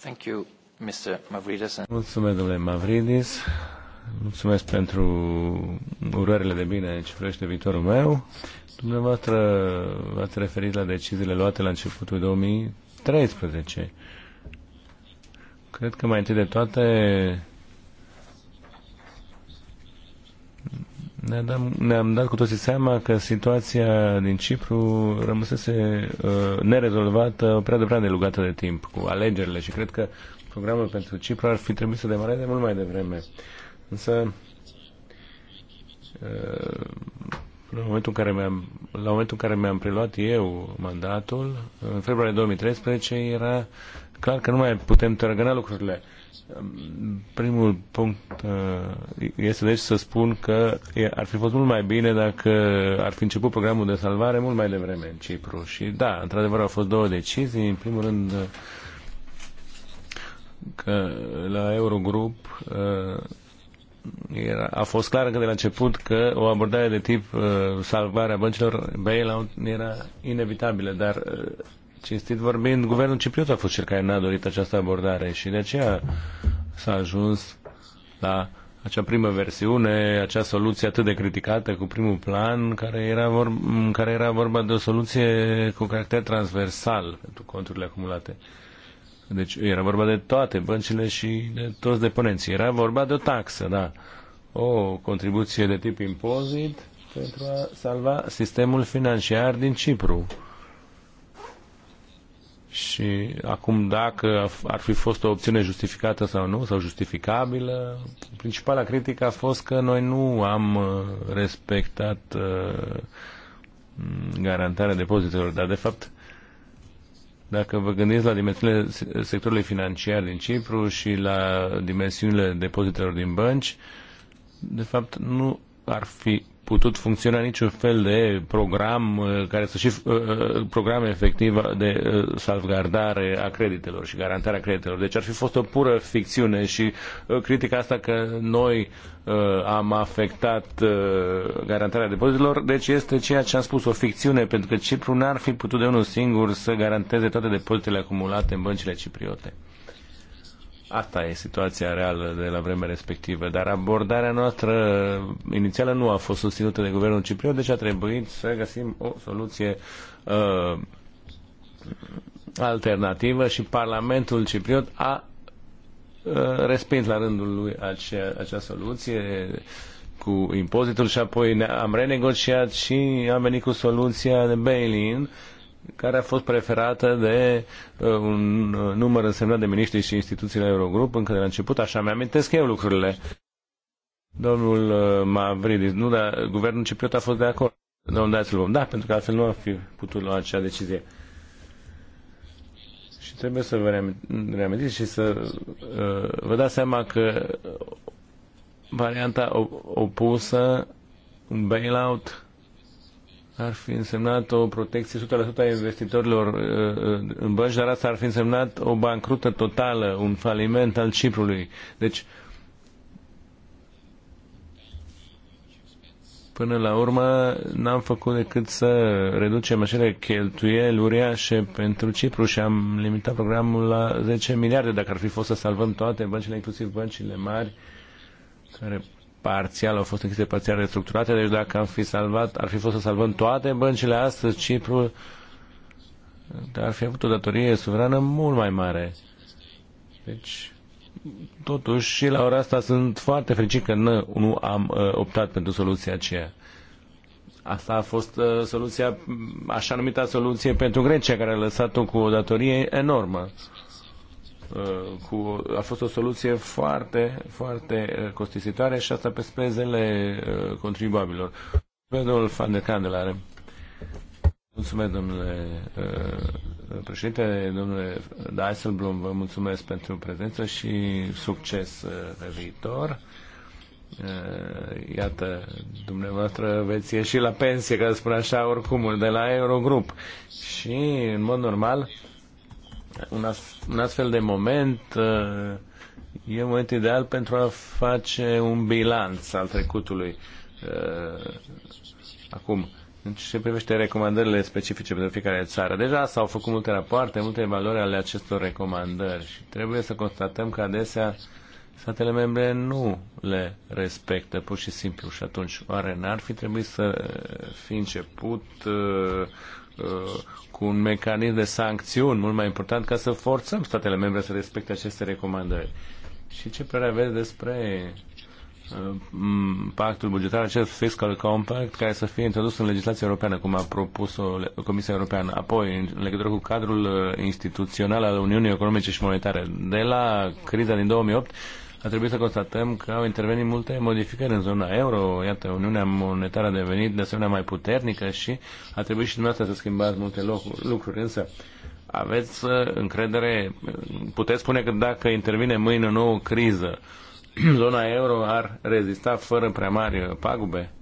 thank you, Mr. Mavridis. Mulțumesc, domnule Mavridis. Mulțumesc pentru urările de bine ce privește viitorul meu. Dumneavoastră v-ați referit la deciziile luate la începutul 2013. Cred că mai întâi de toate ne-am dat, ne dat cu toții seama că situația din Cipru rămăsese uh, nerezolvată o perioadă prea delugată de timp cu alegerile și cred că programul pentru Cipru ar fi trebuit să demareze mult mai devreme. Însă uh, la momentul în care mi-am, la momentul în care mi-am preluat eu mandatul, în februarie 2013, era clar că nu mai putem tărăgâna lucrurile. Uh, primul punct uh, este deci să spun că ar fi fost mult mai bine dacă ar fi început programul de salvare mult mai devreme în Cipru. Și da, într-adevăr au fost două decizii. În primul rând uh, că la Eurogrup uh, era, a fost clar că de la început că o abordare de tip uh, salvarea băncilor bailout era inevitabilă, dar uh, cinstit vorbind, guvernul cipriot a fost cel care n-a dorit această abordare și de aceea s-a ajuns la acea primă versiune, acea soluție atât de criticată cu primul plan, care era, vorba, care era vorba de o soluție cu caracter transversal pentru conturile acumulate. Deci era vorba de toate băncile și de toți deponenții. Era vorba de o taxă, da. O contribuție de tip impozit pentru a salva sistemul financiar din Cipru și acum dacă ar fi fost o opțiune justificată sau nu, sau justificabilă, principala critică a fost că noi nu am uh, respectat uh, garantarea depozitelor. Dar, de fapt, dacă vă gândiți la dimensiunile sectorului financiar din Cipru și la dimensiunile depozitelor din bănci, de fapt nu ar fi putut funcționa niciun fel de program uh, care să și uh, uh, program efectiv de salvgardare a creditelor și garantarea creditelor. Deci ar fi fost o pură ficțiune și critica asta că noi am afectat garantarea depozitelor, deci este ceea ce am spus, o ficțiune, pentru că Cipru n-ar fi putut de unul singur să garanteze toate depozitele acumulate în băncile cipriote. Asta e situația reală de la vremea respectivă, dar abordarea noastră inițială nu a fost susținută de guvernul cipriot, deci a trebuit să găsim o soluție uh, alternativă și Parlamentul cipriot a uh, respins la rândul lui acea, acea soluție cu impozitul și apoi am renegociat și am venit cu soluția de bail-in uh, care a fost preferată de uh, un uh, număr însemnat de miniștri și instituțiile Eurogrup încă de la început, așa mi-amintesc eu lucrurile. Domnul uh, Mavridis, nu, dar guvernul cipriot a fost de acord. Domnul Dațilom, da, pentru că altfel nu ar fi putut lua acea decizie. Și trebuie să vă reamintiți și să uh, vă dați seama că varianta opusă, un bailout, ar fi însemnat o protecție 100% a investitorilor uh, uh, în bănci, dar asta ar fi însemnat o bancrută totală, un faliment al Ciprului. Deci, până la urmă, n-am făcut decât să reducem acele cheltuieli uriașe pentru Cipru și am limitat programul la 10 miliarde, dacă ar fi fost să salvăm toate băncile, inclusiv băncile mari, care parțial, au fost închise parțial restructurate, deci dacă am fi salvat, ar fi fost să salvăm toate băncile astăzi, Cipru ar fi avut o datorie suverană mult mai mare. Deci, totuși, și la ora asta sunt foarte fericit că nu am uh, optat pentru soluția aceea. Asta a fost uh, soluția, așa numită soluție pentru Grecia, care a lăsat-o cu o datorie enormă. Uh, Uh, cu, a fost o soluție foarte, foarte uh, costisitoare și asta pe spezele uh, contribuabilor. Domnul Van de Candelare. Mulțumesc, domnule președinte, domnule Dijsselblom, vă mulțumesc pentru prezență și succes pe viitor. Iată, dumneavoastră veți ieși la pensie, ca să spun așa, oricum, de la Eurogrup. Și, în mod normal, un, as, un astfel de moment uh, e un moment ideal pentru a face un bilanț al trecutului. Uh, acum, în ce privește recomandările specifice pentru fiecare țară, deja s-au făcut multe rapoarte, multe valori ale acestor recomandări și trebuie să constatăm că adesea statele membre nu le respectă pur și simplu și atunci oare n-ar fi trebuit să fi început uh, Uh, cu un mecanism de sancțiuni mult mai important ca să forțăm statele membre să respecte aceste recomandări. Și ce părere aveți despre uh, pactul bugetar, acest fiscal compact care să fie introdus în legislația europeană, cum a propus-o Comisia Europeană, apoi în legătură cu cadrul uh, instituțional al Uniunii Economice și Monetare. De la criza din 2008 a trebuit să constatăm că au intervenit multe modificări în zona euro. Iată, Uniunea Monetară a devenit de asemenea mai puternică și a trebuit și dumneavoastră să schimbați multe lucruri. Însă, aveți uh, încredere, puteți spune că dacă intervine mâine o nouă criză, zona euro ar rezista fără prea mari uh, pagube?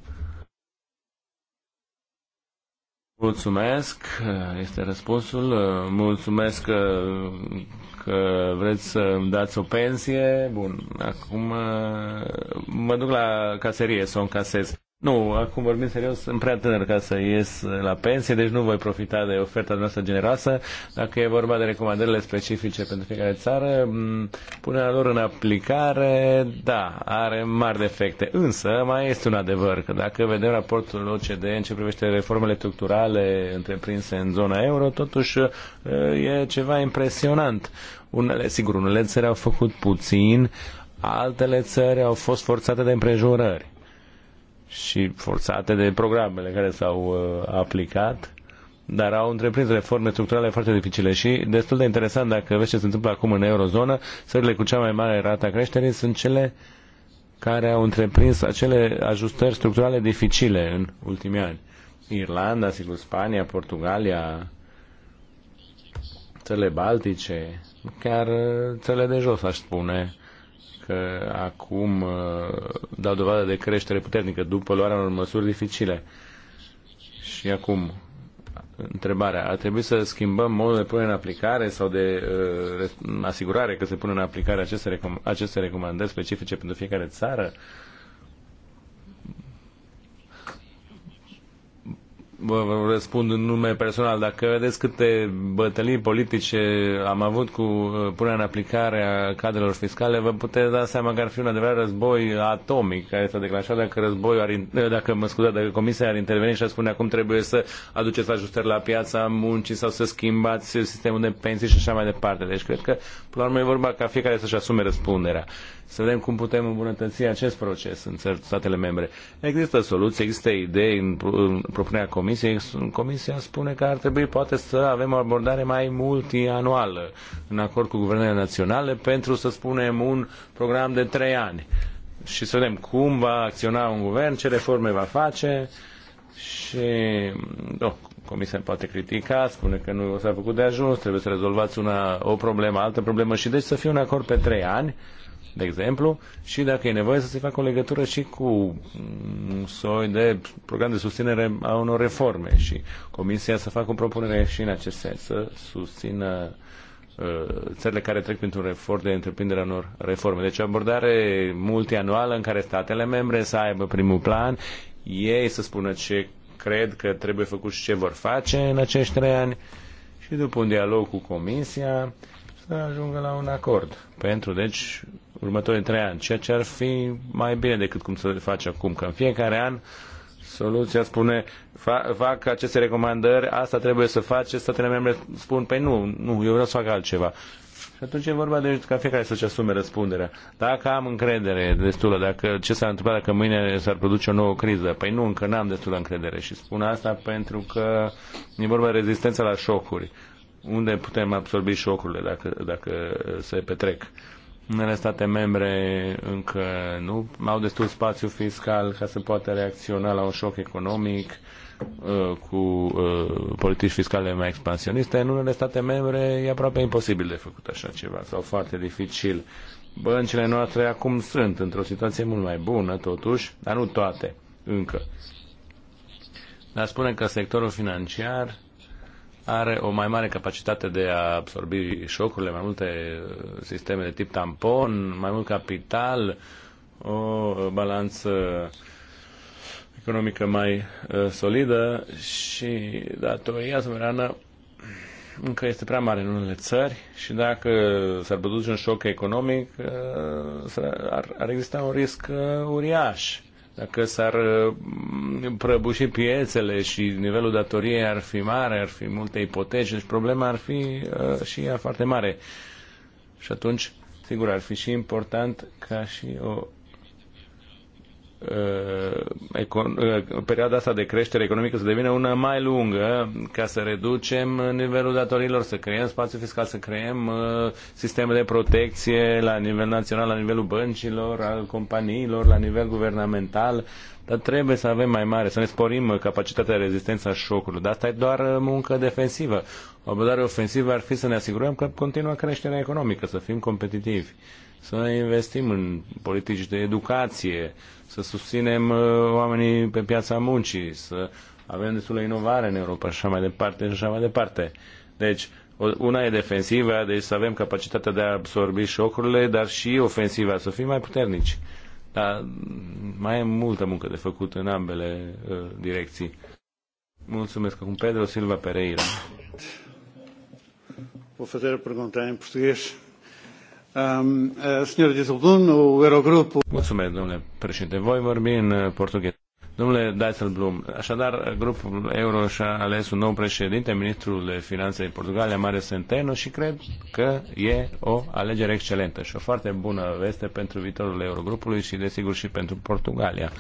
Mulțumesc, uh, este răspunsul. Mulțumesc că vreți să îmi dați o pensie, bun, acum uh, mă duc la caserie să o încasez. Nu, acum vorbim serios, sunt prea tânăr ca să ies la pensie, deci nu voi profita de oferta noastră generoasă. Dacă e vorba de recomandările specifice pentru fiecare țară, punerea lor în aplicare, da, are mari defecte. Însă, mai este un adevăr, că dacă vedem raportul OCDE în ce privește reformele structurale întreprinse în zona euro, totuși e ceva impresionant. Unele, sigur, unele țări au făcut puțin, altele țări au fost forțate de împrejurări și forțate de programele care s-au uh, aplicat, dar au întreprins reforme structurale foarte dificile și destul de interesant dacă vezi ce se întâmplă acum în eurozonă, țările cu cea mai mare rată a creșterii sunt cele care au întreprins acele ajustări structurale dificile în ultimii ani. Irlanda, sigur, Spania, Portugalia, țările baltice, chiar uh, țările de jos, aș spune, că acum uh, dau dovadă de creștere puternică după luarea unor măsuri dificile. Și acum, întrebarea, ar trebui să schimbăm modul de punere în aplicare sau de uh, asigurare că se pune în aplicare aceste, recom- aceste recomandări specifice pentru fiecare țară? Uh, vă răspund în nume personal. Dacă vedeți câte bătălii politice am avut cu uh, punerea în aplicare a cadrelor fiscale, vă puteți da seama că ar fi un adevărat război atomic care s-a declanșat dacă războiul ar, uh, dacă, mă scuze, dacă comisia ar interveni și ar spune acum trebuie să aduceți ajustări la piața muncii sau să schimbați sistemul de pensii și așa mai departe. Deci cred că, până la urmă, e vorba ca fiecare să-și asume răspunderea. Să vedem cum putem îmbunătăți acest proces în statele membre. Există soluții, există idei în, în propunerea comisiei Comisiei. Comisia spune că ar trebui poate să avem o abordare mai multianuală în acord cu guvernele naționale pentru, să spunem, un program de trei ani. Și să vedem cum va acționa un guvern, ce reforme va face și do, oh, Comisia poate critica, spune că nu s-a făcut de ajuns, trebuie să rezolvați una, o problemă, altă problemă și deci să fie un acord pe trei ani de exemplu, și dacă e nevoie să se facă o legătură și cu un soi de program de susținere a unor reforme și Comisia să facă o propunere și în acest sens, să susțină uh, țările care trec printr-un efort de întreprindere unor reforme. Deci o abordare multianuală în care statele membre să aibă primul plan, ei să spună ce cred că trebuie făcut și ce vor face în acești trei ani și după un dialog cu Comisia să ajungă la un acord pentru, deci, următorii trei ani, ceea ce ar fi mai bine decât cum se face acum, că în fiecare an soluția spune fac aceste recomandări, asta trebuie să faci statele membre spun, păi nu, nu, eu vreau să fac altceva. Și atunci e vorba de ca fiecare să-și asume răspunderea. Dacă am încredere destulă, dacă ce s-ar întâmpla dacă mâine s-ar produce o nouă criză, păi nu, încă n-am destulă încredere. Și spun asta pentru că e vorba de rezistența la șocuri. Unde putem absorbi șocurile dacă, dacă se petrec? Unele state membre încă nu au destul spațiu fiscal ca să poată reacționa la un șoc economic uh, cu uh, politici fiscale mai expansioniste. În unele state membre e aproape imposibil de făcut așa ceva sau foarte dificil. Băncile noastre acum sunt într-o situație mult mai bună, totuși, dar nu toate încă. Dar spune că sectorul financiar are o mai mare capacitate de a absorbi șocurile, mai multe uh, sisteme de tip tampon, mai mult capital, o uh, balanță economică mai uh, solidă și datoria suverană încă este prea mare în unele țări și dacă s-ar produce un șoc economic, ar, ar exista un risc uriaș dacă s-ar mm, prăbuși piețele și nivelul datoriei ar fi mare, ar fi multe ipoteci, deci problema ar fi uh, și ea foarte mare. Și atunci, sigur, ar fi și important ca și o Uh, uh, perioada asta de creștere economică să devină una mai lungă ca să reducem nivelul datorilor, să creăm spațiu fiscal, să creăm uh, sisteme de protecție la nivel național, la nivelul băncilor, al companiilor, la nivel guvernamental. Dar trebuie să avem mai mare, să ne sporim capacitatea de rezistență a șocului. Dar asta e doar muncă defensivă. O abordare ofensivă ar fi să ne asigurăm că continuă creșterea economică, să fim competitivi, să investim în politici de educație, să susținem uh, oamenii pe piața muncii, să avem de inovare în Europa și așa mai departe și așa mai departe. Deci, una e defensivă, deci să avem capacitatea de a absorbi șocurile, dar și ofensiva, să fim mai puternici. Dar mai e multă muncă de făcut în ambele uh, direcții. Mulțumesc. Acum Pedro Silva Pereira. Vou fazer a pergunta em português. Um, uh, Mulțumesc, domnule președinte. Voi vorbi în uh, portugheză. Domnule Dijsselbloem, așadar, grupul euro și-a ales un nou președinte, ministrul de finanțe din Portugalia, Mare Centeno, și cred că e o alegere excelentă și o foarte bună veste pentru viitorul Eurogrupului și, desigur, și pentru Portugalia.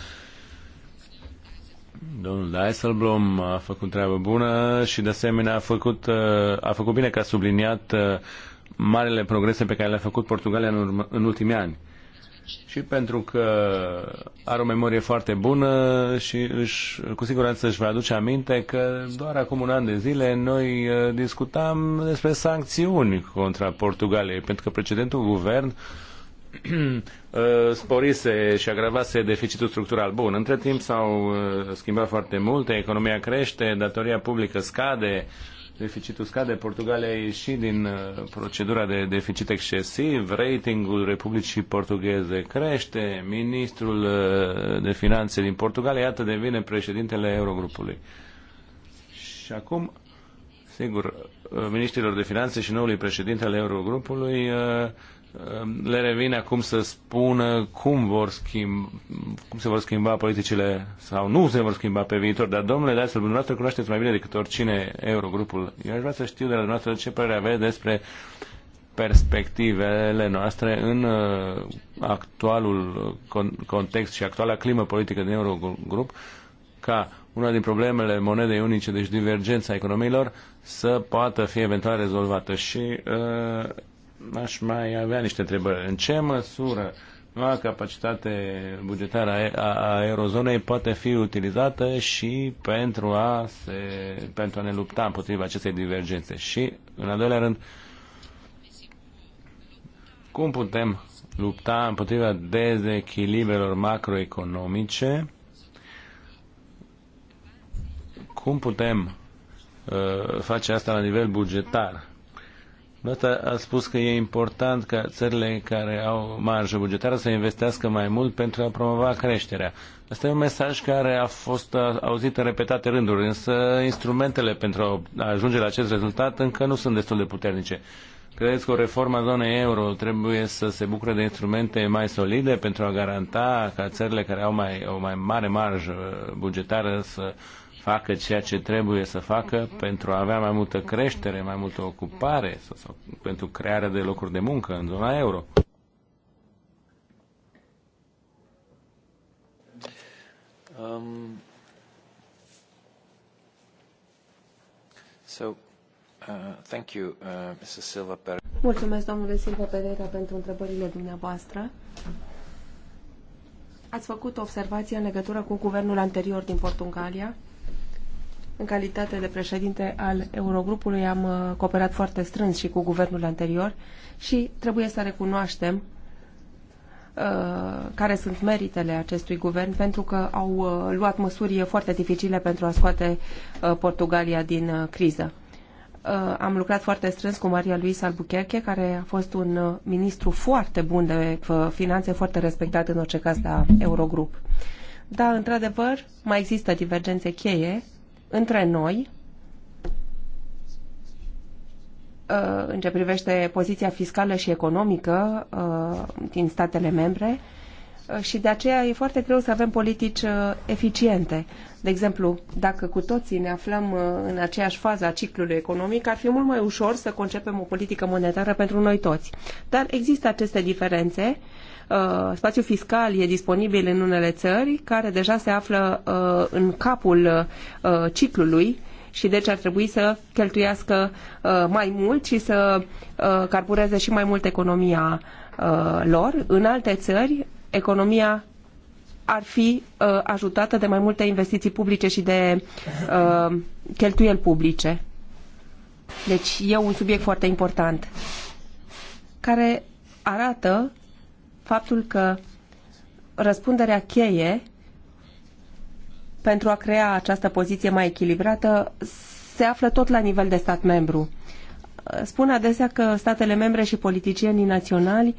Domnul Dijsselbloem a făcut treabă bună și, de asemenea, a făcut, uh, a făcut bine că a subliniat marele progrese pe care le-a făcut Portugalia în, urmă, în ultimii ani. Și pentru că are o memorie foarte bună și își, cu siguranță își va aduce aminte că doar acum un an de zile noi uh, discutam despre sancțiuni contra Portugaliei, pentru că precedentul guvern uh, sporise și agravase deficitul structural. Bun, între timp s-au uh, schimbat foarte multe, economia crește, datoria publică scade, deficitul scade, Portugalia a ieșit din uh, procedura de deficit excesiv, ratingul Republicii Portugheze crește, ministrul uh, de finanțe din Portugalia, iată, devine președintele Eurogrupului. Și acum, sigur, uh, ministrilor de finanțe și noului președinte al Eurogrupului Ehm, le revine acum să spună cum vor schimba, cum se vor schimba politicile sau nu se vor schimba pe viitor. Dar, domnule de astfel, dumneavoastră cunoașteți mai bine decât oricine Eurogrupul. Eu aș vrea să știu de la dumneavoastră ce părere aveți despre perspectivele noastre în uh, actualul context și actuala climă politică din Eurogrup ca una din problemele monedei unice, deci divergența economiilor, să poată fi eventual rezolvată. Și uh, aș mai avea niște întrebări. În ce măsură noua capacitate bugetară a aerozonei poate fi utilizată și pentru a, se, pentru a ne lupta împotriva acestei divergențe? Și, în al doilea rând, cum putem lupta împotriva dezechilibrelor macroeconomice? Cum putem uh, face asta la nivel bugetar? Dumneavoastră a spus că e important ca țările care au marjă bugetară să investească mai mult pentru a promova creșterea. Asta e un mesaj care a fost auzit în repetate rânduri, însă instrumentele pentru a ajunge la acest rezultat încă nu sunt destul de puternice. Credeți că o reformă a zonei euro trebuie să se bucure de instrumente mai solide pentru a garanta ca țările care au mai, o mai mare marjă bugetară să facă ceea ce trebuie să facă pentru a avea mai multă creștere, mai multă ocupare sau, sau pentru crearea de locuri de muncă în zona euro. Um, so, uh, thank you, uh, Mrs. Silva Mulțumesc, domnule Silva Pereira, pentru întrebările dumneavoastră. Ați făcut observație în legătură cu guvernul anterior din Portugalia? În calitate de președinte al Eurogrupului am uh, cooperat foarte strâns și cu guvernul anterior și trebuie să recunoaștem uh, care sunt meritele acestui guvern pentru că au uh, luat măsuri foarte dificile pentru a scoate Portugalia din criză. Am lucrat foarte strâns cu Maria Luisa Albuquerque, care a fost un ministru foarte bun de finanțe, foarte respectat în orice caz la Eurogrup. Da, într-adevăr, mai există divergențe cheie între noi uh, în ce privește poziția fiscală și economică uh, din statele membre uh, și de aceea e foarte greu să avem politici eficiente. De exemplu, dacă cu toții ne aflăm în aceeași fază a ciclului economic, ar fi mult mai ușor să concepem o politică monetară pentru noi toți. Dar există aceste diferențe Uh, spațiu fiscal e disponibil în unele țări care deja se află uh, în capul uh, ciclului și deci ar trebui să cheltuiască mai mult și să carbureze și mai mult economia lor. În alte țări, economia ar fi ajutată de mai multe investiții publice și de uh, cheltuieli publice. Deci e un subiect foarte important care arată faptul că răspunderea cheie pentru a crea această poziție mai echilibrată se află tot la nivel de stat membru. Spun adesea că statele membre și politicienii naționali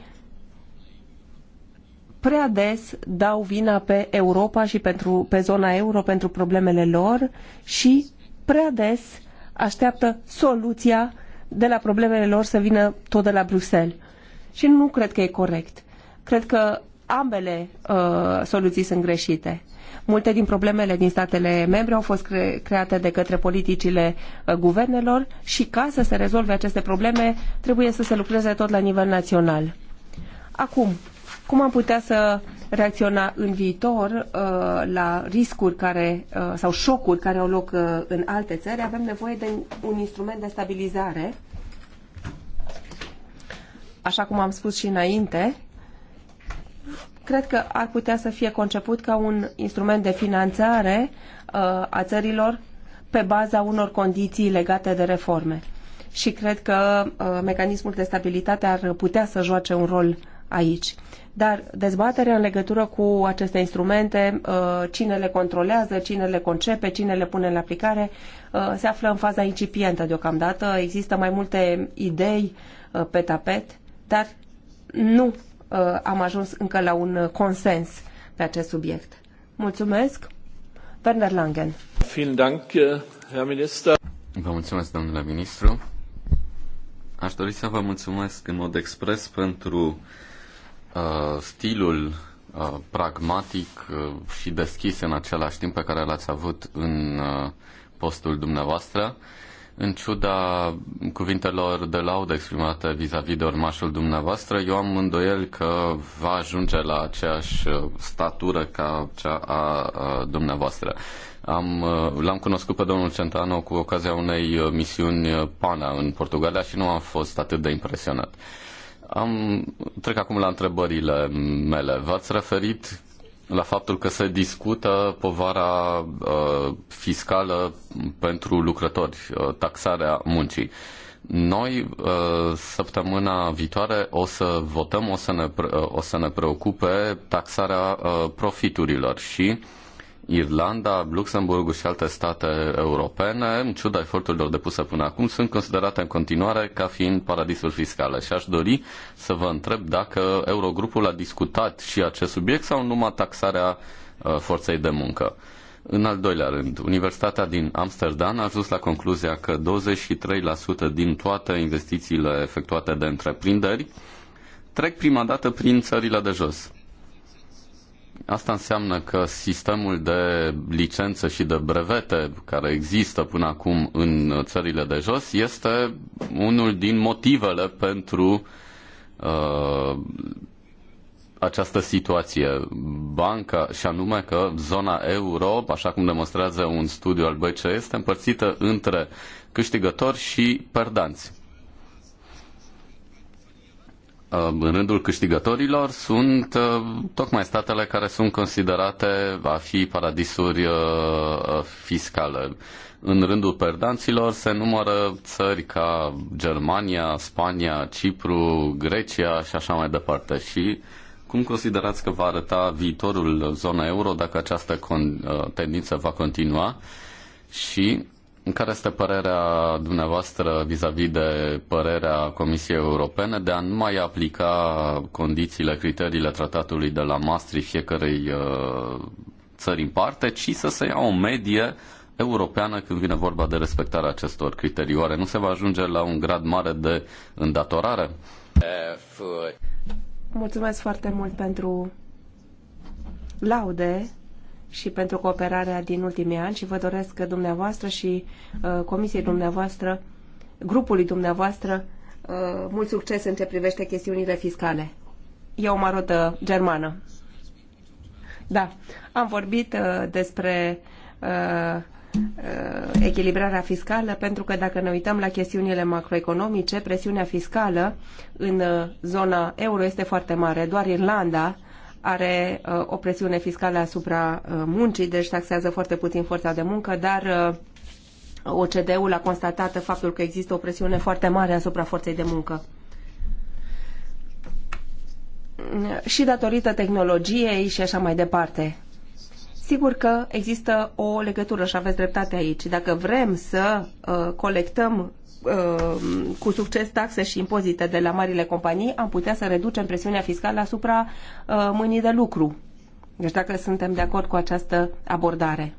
prea des dau vina pe Europa și pentru, pe zona euro pentru problemele lor și prea des așteaptă soluția de la problemele lor să vină tot de la Bruxelles. Și nu cred că e corect. Cred că ambele uh, soluții sunt greșite. Multe din problemele din statele membre au fost cre create de către politicile uh, guvernelor și ca să se rezolve aceste probleme trebuie să se lucreze tot la nivel național. Acum, cum am putea să reacționa în viitor uh, la riscuri care, uh, sau șocuri care au loc uh, în alte țări? Avem nevoie de un instrument de stabilizare. Așa cum am spus și înainte, cred că ar putea să fie conceput ca un instrument de finanțare uh, a țărilor pe baza unor condiții legate de reforme. Și cred că uh, mecanismul de stabilitate ar putea să joace un rol aici. Dar dezbaterea în legătură cu aceste instrumente, uh, cine le controlează, cine le concepe, cine le pune în aplicare, se află în faza incipientă deocamdată. Există mai multe idei pe tapet, dar nu Uh, am ajuns încă la un uh, consens pe acest subiect. Mulțumesc. Werner Langen. Vielen Dank, uh, Herr Minister. Vă mulțumesc, domnule ministru. Aș dori să vă mulțumesc în mod expres pentru uh, stilul uh, pragmatic uh, și deschis în același timp pe care l-ați avut în uh, postul dumneavoastră. Uh, în ciuda cuvintelor de laudă exprimate vis-a-vis -vis de urmașul dumneavoastră, eu am îndoiel că va ajunge la aceeași uh, statură ca cea a, a dumneavoastră. Am, uh, l-am cunoscut pe domnul Centano cu ocazia unei uh, misiuni PANA în Portugalia și nu am fost atât de impresionat. Am, trec acum la întrebările mele. V-ați referit la faptul că se discută povara uh, fiscală pentru lucrători, uh, taxarea muncii. Noi, uh, săptămâna viitoare, o să votăm, o să ne, uh, o să ne preocupe taxarea uh, profiturilor și uh, Irlanda, Luxemburgul și alte state europene, în ciuda eforturilor depuse până acum, sunt considerate în continuare ca fiind paradisuri fiscale. Și aș dori să vă întreb dacă Eurogrupul a discutat și acest subiect sau numai taxarea uh, forței de muncă. În al doilea rând, Universitatea din Amsterdam a ajuns la concluzia că 23% din toate investițiile efectuate de întreprinderi trec prima dată prin țările de jos. Asta înseamnă că sistemul de licență și de brevete care există până acum în țările de jos este unul din motivele pentru uh, această situație. Banca, și anume că zona euro, așa cum demonstrează un studiu al BCE, este împărțită între câștigători și perdanți. Uh, în rândul câștigătorilor sunt uh, tocmai statele care sunt considerate a fi paradisuri uh, fiscale. În rândul perdanților se numără țări ca Germania, Spania, Cipru, Grecia și așa mai departe. Și cum considerați că va arăta viitorul zona euro dacă această tendință va continua? Și care este părerea dumneavoastră vis-a-vis de părerea Comisiei Europene de a nu mai aplica condițiile, criteriile tratatului de la Maastricht fiecărei uh, țări în parte, ci să se ia o medie europeană când vine vorba de respectarea acestor criterii? Oare nu se va ajunge la un grad mare de îndatorare? Mulțumesc foarte mult pentru laude și pentru cooperarea din ultimii ani și vă doresc dumneavoastră și uh, comisiei dumneavoastră, grupului dumneavoastră, uh, mult succes în ce privește chestiunile fiscale. Eu mă arăt uh, germană. Da, am vorbit uh, despre uh, uh, echilibrarea fiscală, pentru că dacă ne uităm la chestiunile macroeconomice, presiunea fiscală în uh, zona euro este foarte mare. Doar Irlanda are uh, o presiune fiscală asupra uh, muncii, deci taxează foarte puțin forța de muncă, dar uh, OCDE-ul a constatat faptul că există o presiune foarte mare asupra forței de muncă. Și datorită tehnologiei și așa mai departe. Sigur că există o legătură și aveți dreptate aici. Dacă vrem să colectăm Uh, cu succes taxe și impozite de la marile companii, am putea să reducem presiunea fiscală asupra uh, mâinii de lucru. Deci dacă suntem de acord cu această abordare.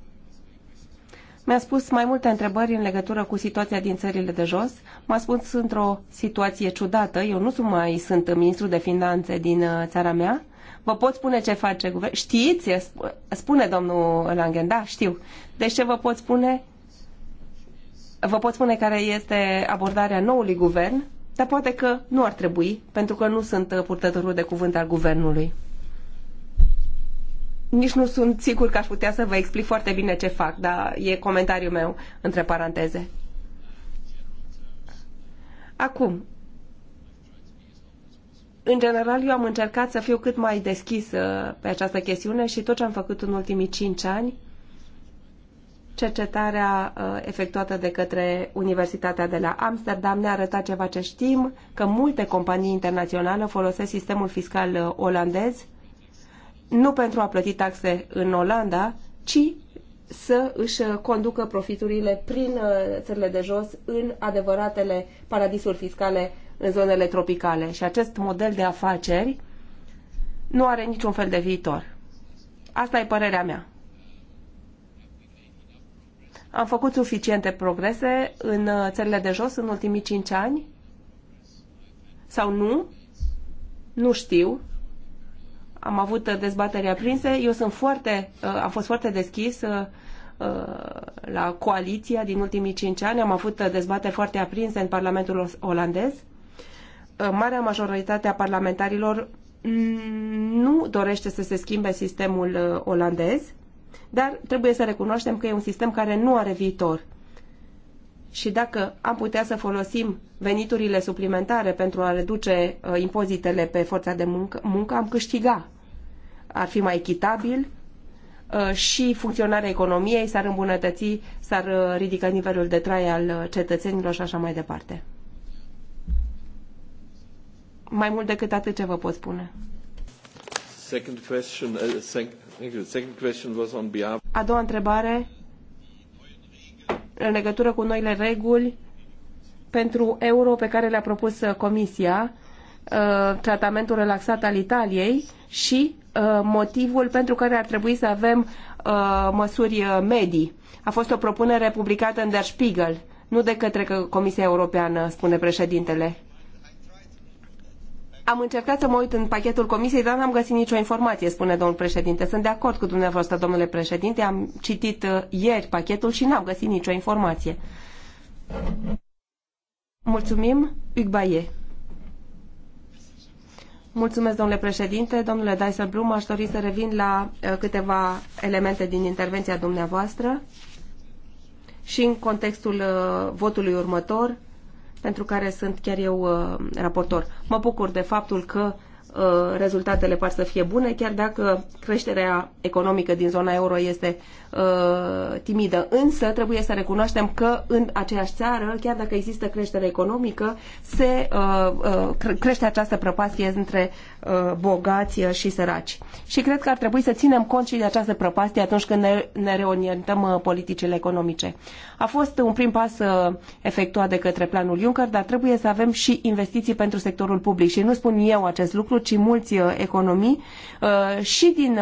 Mi-a spus mai multe întrebări în legătură cu situația din țările de jos. M-a spus într-o situație ciudată. Eu nu sunt mai sunt ministru de finanțe din uh, țara mea. Vă pot spune ce face guvernul? Știți? Spune domnul Langen. Da, știu. Deci ce vă pot spune? vă pot spune care este abordarea noului guvern, dar poate că nu ar trebui, pentru că nu sunt uh, purtătorul de cuvânt al guvernului. Nici nu sunt sigur că aș putea să vă explic foarte bine ce fac, dar e comentariul meu, între paranteze. Acum, în general, eu am încercat să fiu cât mai deschis uh, pe această chestiune și tot ce am făcut în ultimii cinci ani cercetarea uh, efectuată de către Universitatea de la Amsterdam ne-a arătat ceva ce știm, că multe companii internaționale folosesc sistemul fiscal uh, olandez nu pentru a plăti taxe în Olanda, ci să își uh, conducă profiturile prin țările de jos în adevăratele paradisuri fiscale în zonele tropicale. Și acest model de afaceri nu are niciun fel de viitor. Asta e părerea mea. Am făcut suficiente progrese în uh, țările de jos în ultimii cinci ani? Sau nu? Nu știu. Am avut uh, dezbateri aprinse. Eu sunt foarte, uh, am fost foarte deschis la coaliția din ultimii cinci ani. Am avut dezbateri foarte aprinse în Parlamentul olandez. Marea majoritate a parlamentarilor nu dorește să se schimbe sistemul olandez dar trebuie să recunoaștem că e un sistem care nu are viitor. Și dacă am putea să folosim veniturile suplimentare pentru a reduce uh, impozitele pe forța de muncă, muncă, am câștiga. Ar fi mai echitabil uh, și funcționarea economiei s-ar îmbunătăți, s-ar uh, ridica nivelul de trai al uh, cetățenilor și așa mai departe. Mai mult decât atât ce vă pot spune. Second question, uh, a doua întrebare în legătură cu noile reguli pentru euro pe care le-a propus uh, Comisia, uh, tratamentul relaxat al Italiei și uh, motivul pentru care ar trebui să avem măsuri medii. A fost o propunere publicată în Der Spiegel, nu de către Comisia Europeană, spune președintele. Am încercat să mă uit în pachetul comisiei, dar n-am găsit nicio informație, spune domnul președinte. Sunt de acord cu dumneavoastră, domnule președinte. Am citit uh, ieri pachetul și n-am găsit nicio informație. Mulțumim, Ugbaie. Mulțumesc, domnule președinte. Domnule Dijsselbloem, aș dori să revin la uh, câteva elemente din intervenția dumneavoastră și în contextul uh, votului următor pentru care sunt chiar eu uh, raportor. Mă bucur de faptul că uh, rezultatele par să fie bune, chiar dacă creșterea economică din zona euro este Uh, timidă. Însă trebuie să recunoaștem că în aceeași țară, chiar dacă există creștere economică, se uh, uh, crește această prăpastie între uh, bogați și săraci. Și cred că ar trebui să ținem cont și de această prăpastie atunci când ne, ne reorientăm uh, politicile economice. A fost un prim pas uh, efectuat de către planul Juncker, dar trebuie să avem și investiții pentru sectorul public. Și nu spun eu acest lucru, ci mulți economii și din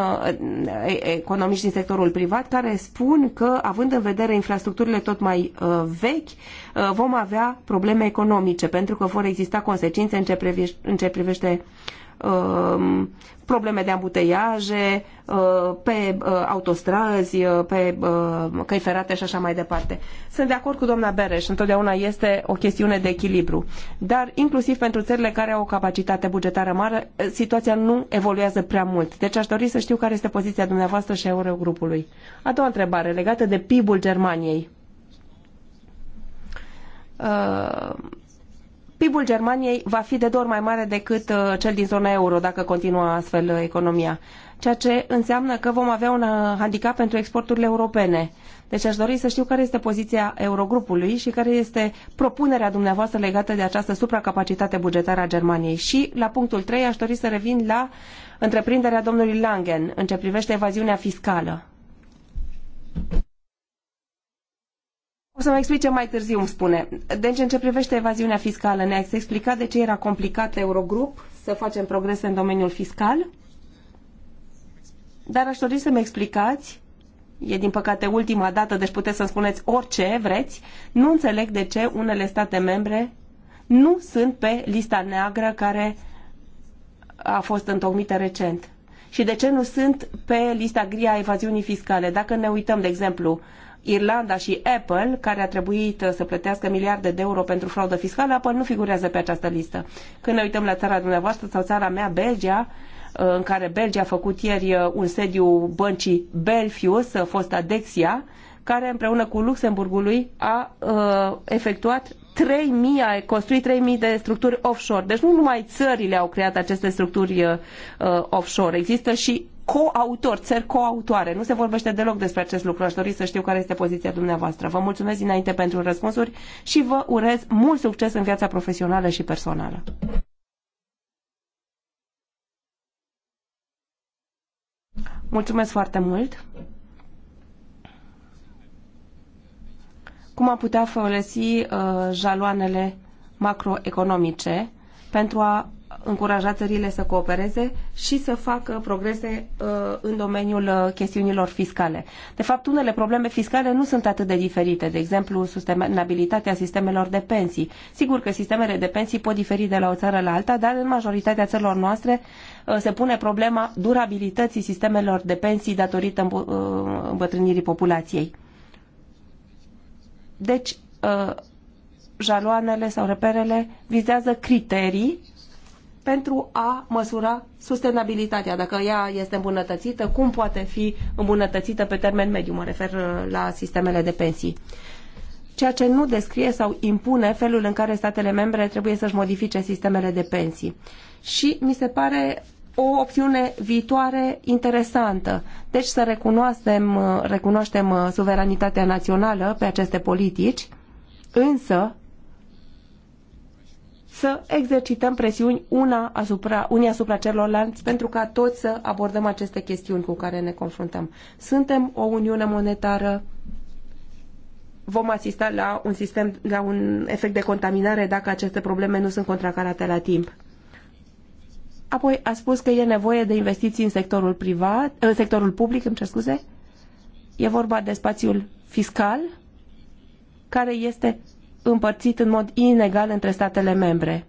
economiști din sectorul privat care spun că, având în vedere infrastructurile tot mai uh, vechi, uh, vom avea probleme economice, pentru că vor exista consecințe în ce, în ce privește Um, probleme de ambuteiaje uh, pe uh, autostrăzi, uh, pe căi ferate și așa mai departe. Sunt de acord cu doamna Bereș, întotdeauna este o chestiune de echilibru. Dar inclusiv pentru țările care au o capacitate bugetară mare, situația nu evoluează prea mult. Deci aș dori să știu care este poziția dumneavoastră și a Eurogrupului. A doua întrebare, legată de PIB-ul Germaniei PIB-ul Germaniei va fi de două ori mai mare decât uh, cel din zona euro dacă continuă astfel uh, economia, ceea ce înseamnă că vom avea un uh, handicap pentru exporturile europene. Deci aș dori să știu care este poziția Eurogrupului și care este propunerea dumneavoastră legată de această supracapacitate bugetară a Germaniei. Și la punctul 3 aș dori să revin la întreprinderea domnului Langen în ce privește evaziunea fiscală. O să mă explice mai târziu, îmi spune. Deci, în ce privește evaziunea fiscală, ne-ați explicat de ce era complicat Eurogrup să facem progrese în domeniul fiscal? Dar aș dori să-mi explicați, e din păcate ultima dată, deci puteți să-mi spuneți orice vreți, nu înțeleg de ce unele state membre nu sunt pe lista neagră care a fost întocmită recent. Și de ce nu sunt pe lista gri a evaziunii fiscale? Dacă ne uităm, de exemplu, Irlanda și Apple, care a trebuit uh, să plătească miliarde de euro pentru fraudă fiscală, Apple nu figurează pe această listă. Când ne uităm la țara dumneavoastră sau țara mea, Belgia, uh, în care Belgia a făcut ieri uh, un sediu băncii Belfius, fost Dexia, care împreună cu Luxemburgului a uh, efectuat 3000, a construit 3000 de structuri offshore. Deci nu numai țările au creat aceste structuri uh, offshore, există și coautor, țări coautoare. Nu se vorbește deloc despre acest lucru. Aș dori să știu care este poziția dumneavoastră. Vă mulțumesc dinainte pentru răspunsuri și vă urez mult succes în viața profesională și personală. Mulțumesc foarte mult! Cum am putea folosi uh, jaloanele macroeconomice pentru a încuraja țările să coopereze și să facă progrese uh, în domeniul uh, chestiunilor fiscale. De fapt, unele probleme fiscale nu sunt atât de diferite, de exemplu, sustenabilitatea sistemelor de pensii. Sigur că sistemele de pensii pot diferi de la o țară la alta, dar în majoritatea țărilor noastre uh, se pune problema durabilității sistemelor de pensii datorită îmbătrânirii populației. Deci, jaloanele sau reperele vizează criterii pentru a măsura sustenabilitatea, dacă ea este îmbunătățită, cum poate fi îmbunătățită pe termen mediu, mă refer uh, la sistemele de pensii. Ceea ce nu descrie sau impune felul în care statele membre trebuie să-și modifice sistemele de pensii. Și mi se pare o opțiune viitoare interesantă. Deci să recunoaștem, uh, recunoaștem uh, suveranitatea națională pe aceste politici, însă să exercităm presiuni una asupra, unii asupra celorlalți pentru ca toți să abordăm aceste chestiuni cu care ne confruntăm. Suntem o uniune monetară, vom asista la un sistem, la un efect de contaminare dacă aceste probleme nu sunt contracarate la timp. Apoi a spus că e nevoie de investiții în sectorul privat, în sectorul public, îmi cer scuze. E vorba de spațiul fiscal, care este împărțit în mod inegal între statele membre.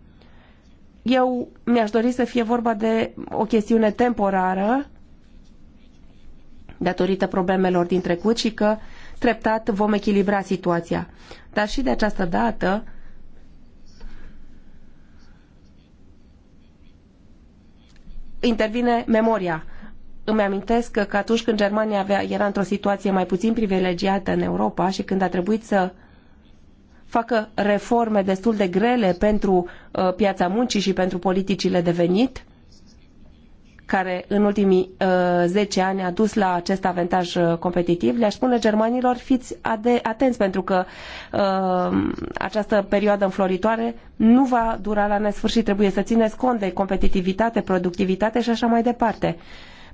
Eu mi-aș dori să fie vorba de o chestiune temporară datorită problemelor din trecut și că treptat vom echilibra situația. Dar și de această dată intervine memoria. Îmi amintesc că atunci când Germania avea, era într-o situație mai puțin privilegiată în Europa și când a trebuit să facă reforme destul de grele pentru uh, piața muncii și pentru politicile de venit, care în ultimii uh, zece ani a dus la acest avantaj uh, competitiv, le-aș spune germanilor fiți ade- atenți pentru că uh, această perioadă înfloritoare nu va dura la nesfârșit, trebuie să țineți cont de competitivitate, productivitate și așa mai departe.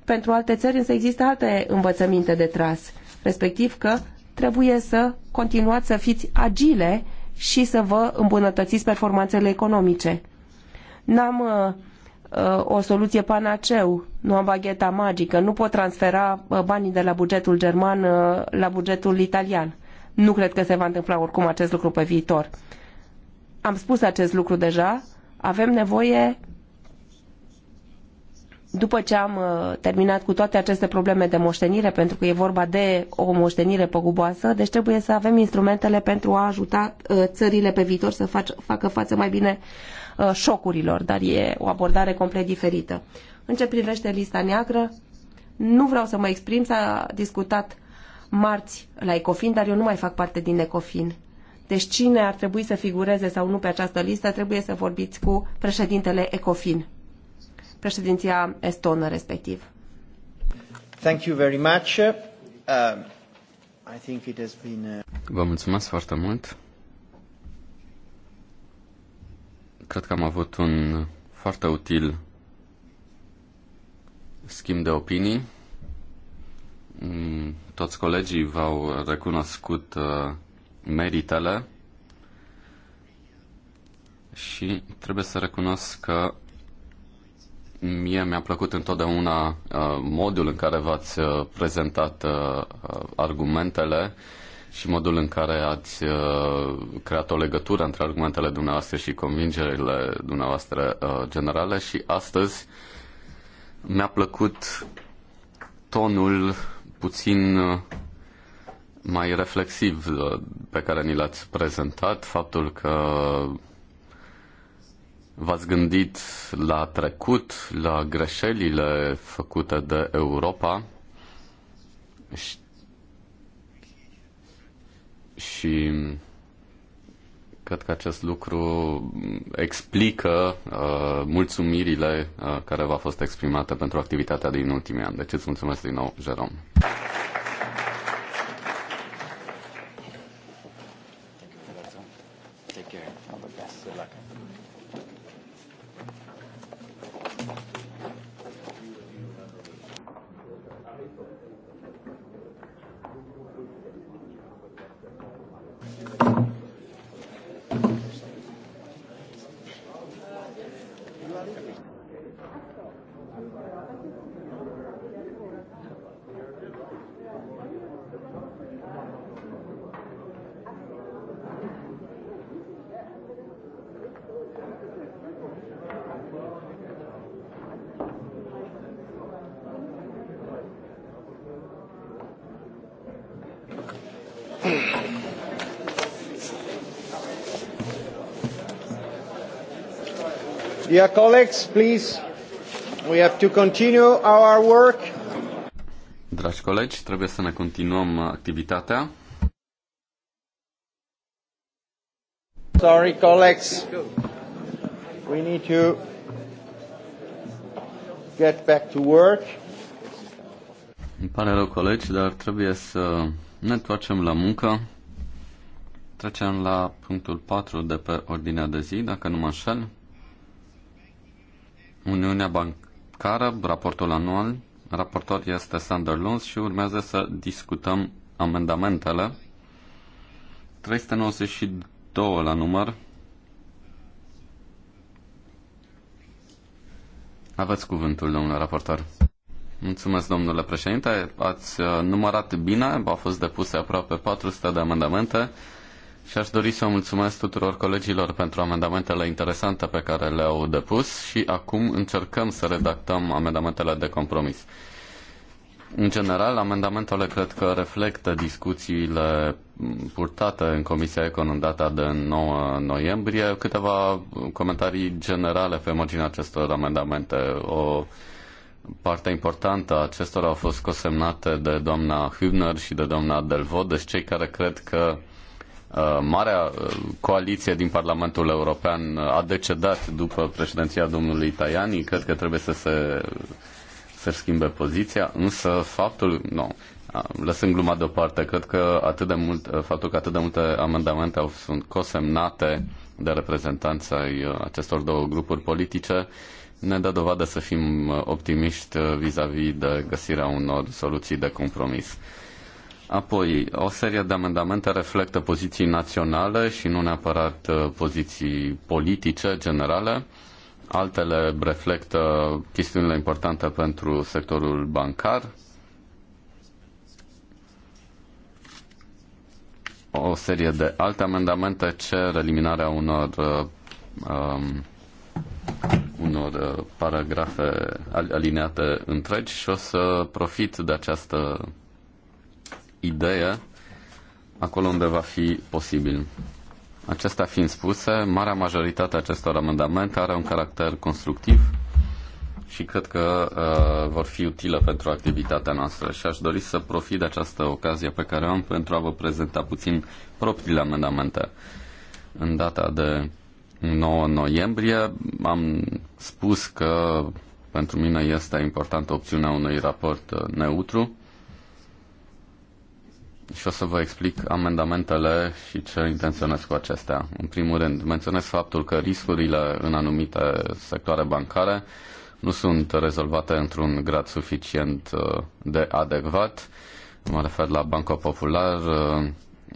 Pentru alte țări însă există alte învățăminte de tras, respectiv că trebuie să continuați să fiți agile și să vă îmbunătățiți performanțele economice. N-am uh, uh o soluție panaceu, nu am bagheta magică, nu pot transfera uh, banii de la bugetul german uh, la bugetul italian. Nu cred că se va întâmpla oricum acest lucru pe viitor. Am spus acest lucru deja, avem nevoie după ce am uh, terminat cu toate aceste probleme de moștenire, pentru că e vorba de o moștenire păguboasă, deci trebuie să avem instrumentele pentru a ajuta uh, țările pe viitor să facă față mai bine uh, șocurilor, dar e o abordare complet diferită. În ce privește lista neagră, nu vreau să mă exprim, s-a discutat marți la Ecofin, dar eu nu mai fac parte din Ecofin. Deci cine ar trebui să figureze sau nu pe această listă, trebuie să vorbiți cu președintele Ecofin președinția estonă respectiv. Thank you very much. Uh, I think it has been, uh... Vă mulțumesc foarte mult. Cred că am avut un foarte util schimb de opinii. Mm, toți colegii v-au recunoscut uh, meritele și trebuie să recunosc că Mie mi-a plăcut întotdeauna uh, modul în care v-ați uh, prezentat uh, argumentele și modul în care ați creat o legătură între argumentele dumneavoastră și convingerile dumneavoastră generale și astăzi mi-a plăcut tonul puțin mai reflexiv pe care ni l-ați prezentat, faptul că V-ați gândit la trecut, la greșelile făcute de Europa și, și cred că acest lucru explică uh, mulțumirile uh, care v-au fost exprimate pentru activitatea din ultimii ani. Deci îți mulțumesc din nou, Jerome. Dear colleagues, please, we have to continue our work. Dragi colegi, trebuie să ne continuăm activitatea. Sorry, colleagues. We need to get back to work. Îmi pare rău, colegi, dar trebuie să ne întoarcem la muncă. Trecem la punctul 4 de pe ordinea de zi, dacă nu mă înșel. Uniunea Bancară, raportul anual. Raportor este Sander Luns și urmează să discutăm amendamentele. 392 la număr. Aveți cuvântul, domnule raportor. Mulțumesc, domnule președinte. Ați uh, numărat bine, au fost depuse aproape 400 de amendamente. Și aș dori să mulțumesc tuturor colegilor pentru amendamentele interesante pe care le-au depus și acum încercăm să redactăm amendamentele de compromis. În general, amendamentele cred că reflectă discuțiile purtate în Comisia Econ în data de 9 noiembrie. Câteva comentarii generale pe marginea acestor amendamente. O parte importantă a acestora au fost cosemnate de doamna Hübner și de doamna Delvo, deci cei care cred că Uh, marea uh, coaliție din Parlamentul European uh, a decedat după președinția domnului Tajani. Cred că trebuie să se să schimbe poziția, însă faptul, nu, lăsând gluma deoparte, cred că atât de mult, faptul că atât de multe amendamente au, sunt cosemnate de reprezentanța acestor două grupuri politice, ne dă dovadă să fim optimiști vis-a-vis -vis de găsirea unor soluții de compromis. Apoi, o serie de amendamente reflectă poziții naționale și nu neapărat uh, poziții politice generale. Altele reflectă chestiunile importante pentru sectorul bancar. O serie de alte amendamente cer eliminarea unor uh, um, unor uh, paragrafe alineate întregi și o să profit de această idee acolo unde va fi posibil. Acestea fiind spuse, marea majoritate a acestor amendamente are un caracter constructiv și cred că uh, vor fi utile pentru activitatea noastră și aș dori să profit de această ocazie pe care o am pentru a vă prezenta puțin propriile amendamente. În data de 9 noiembrie am spus că pentru mine este importantă opțiunea unui raport uh, neutru și o să vă explic amendamentele și ce intenționez cu acestea. În primul rând, menționez faptul că riscurile în anumite sectoare bancare nu sunt rezolvate într-un grad suficient uh, de adecvat. Mă refer la Banca Popular uh,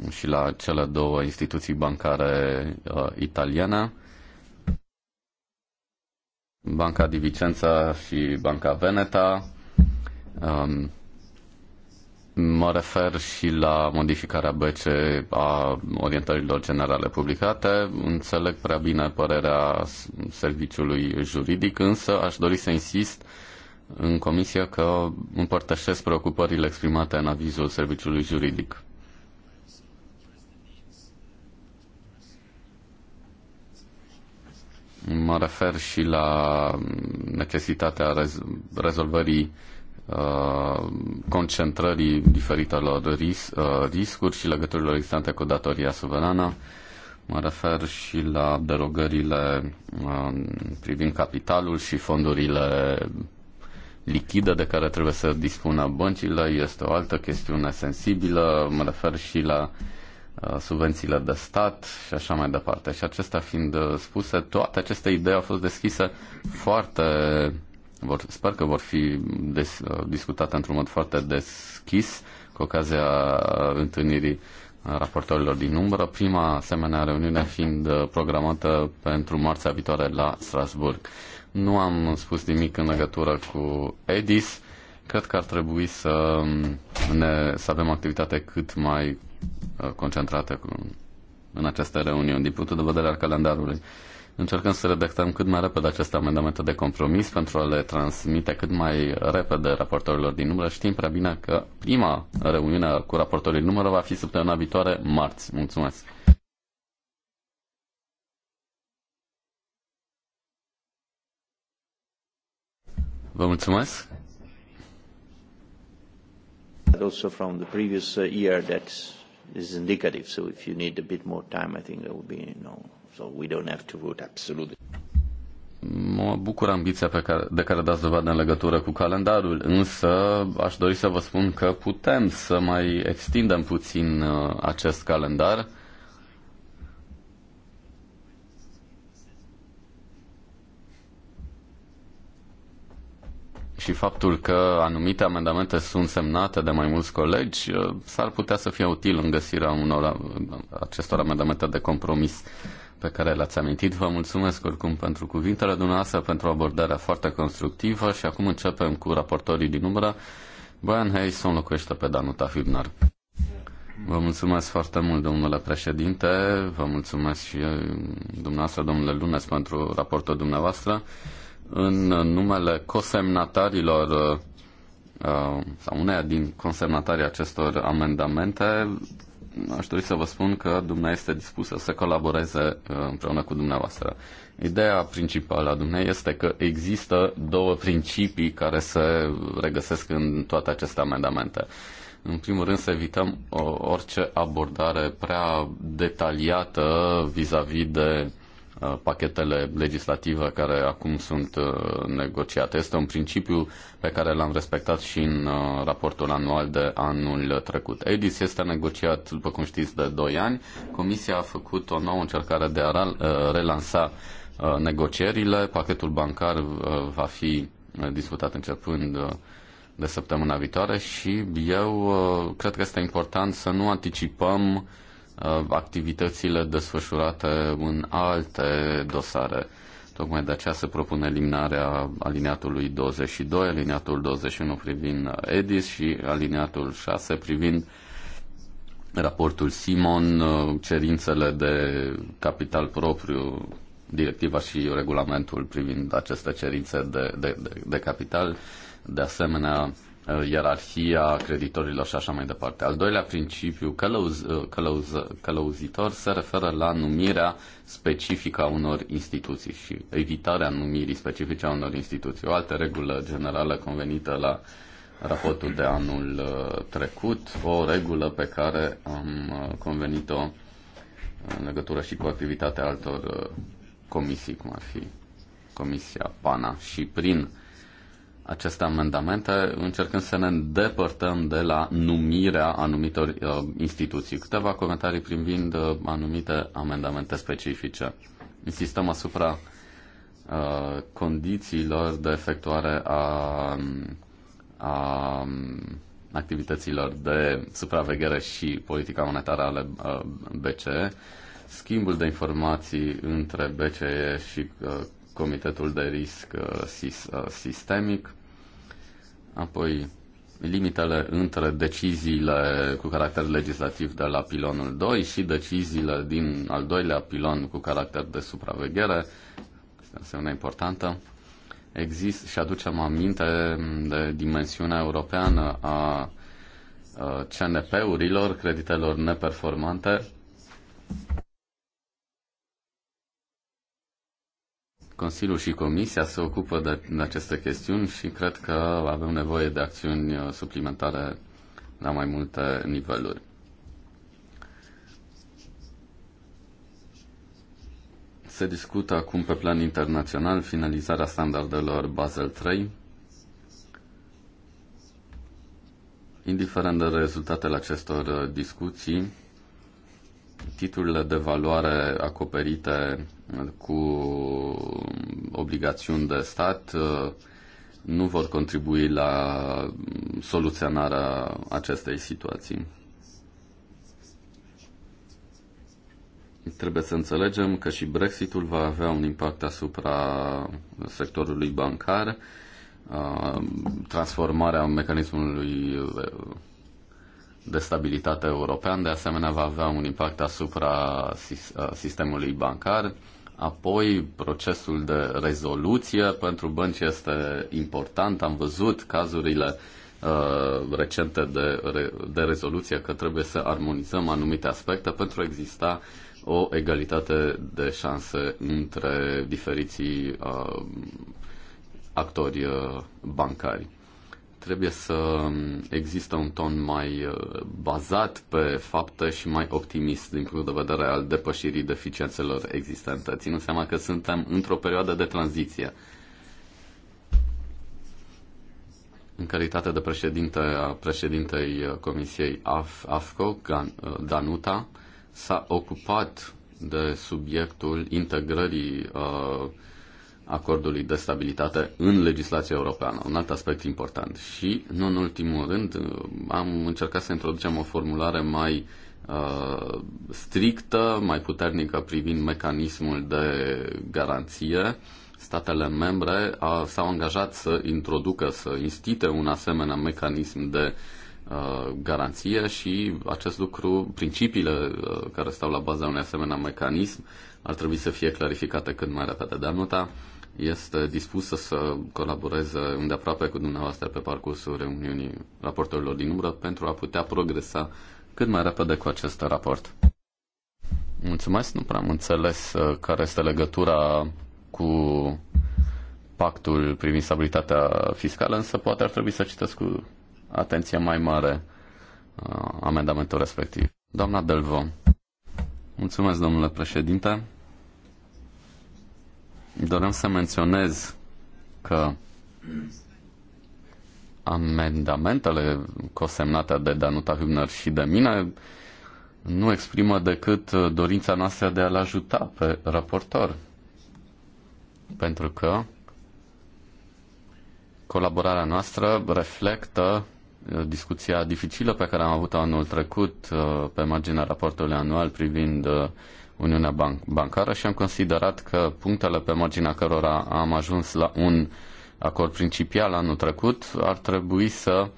și la cele două instituții bancare uh, italiene. Banca Divicența și Banca Veneta um, Mă refer și la modificarea BC a orientărilor generale publicate. Înțeleg prea bine părerea serviciului juridic, însă aș dori să insist în comisie că împărtășesc preocupările exprimate în avizul serviciului juridic. Mă refer și la necesitatea rez- rezolvării Uh, concentrării diferitelor ris- uh, riscuri și legăturilor existente cu datoria suverană. Mă refer și la derogările um, privind capitalul și fondurile lichidă de care trebuie să dispună băncile este o altă chestiune sensibilă, mă refer și la uh, subvențiile de stat și așa mai departe. Și acestea fiind spuse, toate aceste idei au fost deschise foarte vor, sper că vor fi des, uh, discutate într-un mod foarte deschis cu ocazia întâlnirii raportorilor din umbră, prima asemenea reuniune fiind uh, programată pentru marțea viitoare la Strasburg. Nu am spus nimic în legătură cu EDIS. Cred că ar trebui să, um, ne, să avem activitate cât mai uh, concentrată cu, în aceste reuniuni din punctul de vedere al calendarului. Încercăm să redactăm cât mai repede aceste amendamente de compromis pentru a le transmite cât mai repede raportorilor din numără. Știm prea bine că prima reuniune cu raportorii din numără va fi săptămâna viitoare, marți. Mulțumesc! Vă mulțumesc! Also from the previous uh, year that is indicative, so if you need a bit more time, I think that would be no. So we don't have to vote absolutely. Mă bucur ambiția pe care, de care dați dovadă în legătură cu calendarul, însă aș dori să vă spun că putem să mai extindem puțin uh, acest calendar. și faptul că anumite amendamente sunt semnate de mai mulți colegi uh, s-ar putea să fie util în găsirea unor uh, acestor amendamente de compromis pe care l ați amintit. Vă mulțumesc oricum pentru cuvintele dumneavoastră, pentru abordarea foarte constructivă și acum începem cu raportorii din umbră. Brian Hayes o înlocuiește pe Danuta Hübner. Vă mulțumesc foarte mult, domnule președinte, vă mulțumesc și dumneavoastră, domnule Lunes, pentru raportul dumneavoastră. În numele cosemnatarilor uh, sau uneia din consemnatarii acestor amendamente, aș dori să vă spun că dumnea este dispusă să colaboreze uh, împreună cu dumneavoastră. Ideea principală a dumnei este că există două principii care se regăsesc în toate aceste amendamente. În primul rând să evităm uh, orice abordare prea detaliată vis-a-vis -vis de Uh, pachetele legislative care acum sunt uh, negociate. Este un principiu pe care l-am respectat și în uh, raportul anual de anul trecut. EDIS este negociat, după cum știți, de 2 ani. Comisia a făcut o nouă încercare de a relansa negocierile. Pachetul bancar va fi discutat începând de săptămâna viitoare și eu cred că este important să nu anticipăm Uh, activitățile desfășurate în alte dosare. Tocmai de aceea se propune eliminarea aliniatului 22, aliniatul 21 privind EDIS și aliniatul 6 privind raportul Simon, uh, cerințele de capital propriu, directiva și regulamentul privind aceste cerințe de, de, de, de capital, de asemenea Uh, ierarhia creditorilor și așa mai departe. Al doilea principiu călăuz, uh, călăuz, călăuzitor se referă la numirea specifică a unor instituții și evitarea numirii specifice a unor instituții. O altă regulă generală convenită la raportul de anul uh, trecut, o regulă pe care am convenit-o în legătură și cu activitatea altor comisii, cum ar fi Comisia PANA și prin uh, aceste amendamente, încercând să ne îndepărtăm de la numirea anumitor uh, instituții. Câteva comentarii privind uh, anumite amendamente specifice. Insistăm asupra uh, condițiilor de efectuare a, a activităților de supraveghere și politica monetară ale uh, BCE, schimbul de informații între BCE și uh, Comitetul de Risc uh, sis, uh, Sistemic, Apoi, limitele între deciziile cu caracter legislativ de la pilonul 2 și deciziile din al doilea pilon cu caracter de supraveghere, este însemnă importantă. Există și aducem aminte de dimensiunea europeană a CNP-urilor, creditelor neperformante, Consiliul și Comisia se ocupă de, de aceste chestiuni și cred că avem nevoie de acțiuni uh, suplimentare la mai multe niveluri. Se discută acum pe plan internațional finalizarea standardelor Basel III. Indiferent de rezultatele acestor uh, discuții, titlurile de valoare acoperite cu obligațiuni de stat uh, nu vor contribui la soluționarea acestei situații. Trebuie să înțelegem că și Brexitul va avea un impact asupra sectorului bancar, uh, transformarea mecanismului uh, de stabilitate european, de asemenea va avea un impact asupra sistemului bancar. Apoi, procesul de rezoluție pentru bănci este important. Am văzut cazurile uh, recente de, de rezoluție că trebuie să armonizăm anumite aspecte pentru a exista o egalitate de șanse între diferiții uh, actori uh, bancari trebuie să există un ton mai uh, bazat pe fapte și mai optimist din punct de vedere al depășirii deficiențelor existente, ținând seama că suntem într-o perioadă de tranziție. În calitate de președinte a președintei uh, Comisiei AF, AFCO, uh, Danuta, s-a ocupat de subiectul integrării uh, acordului de stabilitate în legislația europeană, un alt aspect important. Și, nu în ultimul rând, am încercat să introducem o formulare mai uh, strictă, mai puternică privind mecanismul de garanție. Statele membre a, s-au angajat să introducă, să instite un asemenea mecanism de uh, garanție și acest lucru, principiile uh, care stau la baza unui asemenea mecanism, ar trebui să fie clarificate cât mai repede. Dar nota este dispusă să colaboreze îndeaproape cu dumneavoastră pe parcursul reuniunii raportorilor din umbră pentru a putea progresa cât mai repede cu acest raport. Mulțumesc, nu prea am înțeles uh, care este legătura cu pactul privind stabilitatea fiscală, însă poate ar trebui să citesc cu atenție mai mare uh, amendamentul respectiv. Doamna Delvo. Mulțumesc, domnule președinte. Doream să menționez că amendamentele cosemnate de Danuta Hübner și de mine nu exprimă decât dorința noastră de a-l ajuta pe raportor. Pentru că colaborarea noastră reflectă uh, discuția dificilă pe care am avut-o anul trecut uh, pe marginea raportului anual privind uh, Uniunea Ban- Bancară și am considerat că punctele pe marginea cărora am ajuns la un acord principial anul trecut ar trebui să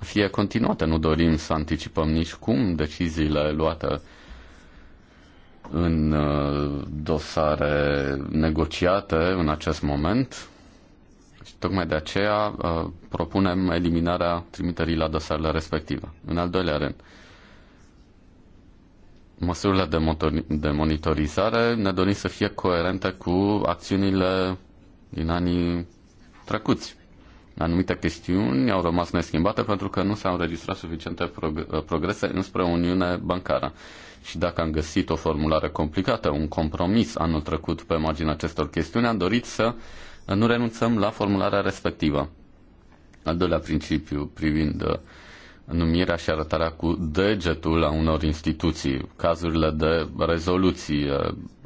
fie continuate. Nu dorim să anticipăm nici cum deciziile luate în uh, dosare negociate în acest moment și tocmai de aceea uh, propunem eliminarea trimiterii la dosarele respective. În al doilea rând, măsurile de, motor- de monitorizare ne dorim să fie coerente cu acțiunile din anii trecuți. Anumite chestiuni au rămas neschimbate pentru că nu s-au înregistrat suficiente prog- progrese înspre Uniune Bancară. Și dacă am găsit o formulare complicată, un compromis anul trecut pe marginea acestor chestiuni, am dorit să nu renunțăm la formularea respectivă. Al doilea principiu privind uh, numirea și arătarea cu degetul a unor instituții, cazurile de rezoluții eh,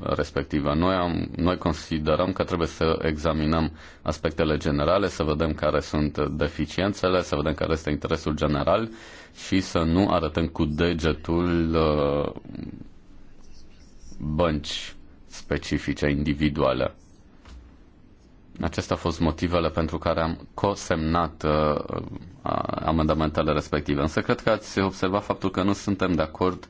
respectivă. Noi, am, noi considerăm că trebuie să examinăm aspectele generale, să vedem care sunt deficiențele, să vedem care este interesul general și să nu arătăm cu degetul eh, bănci specifice, individuale. Acestea au fost motivele pentru care am cosemnat uh, uh, amendamentele respective. Însă cred că ați observat faptul că nu suntem de acord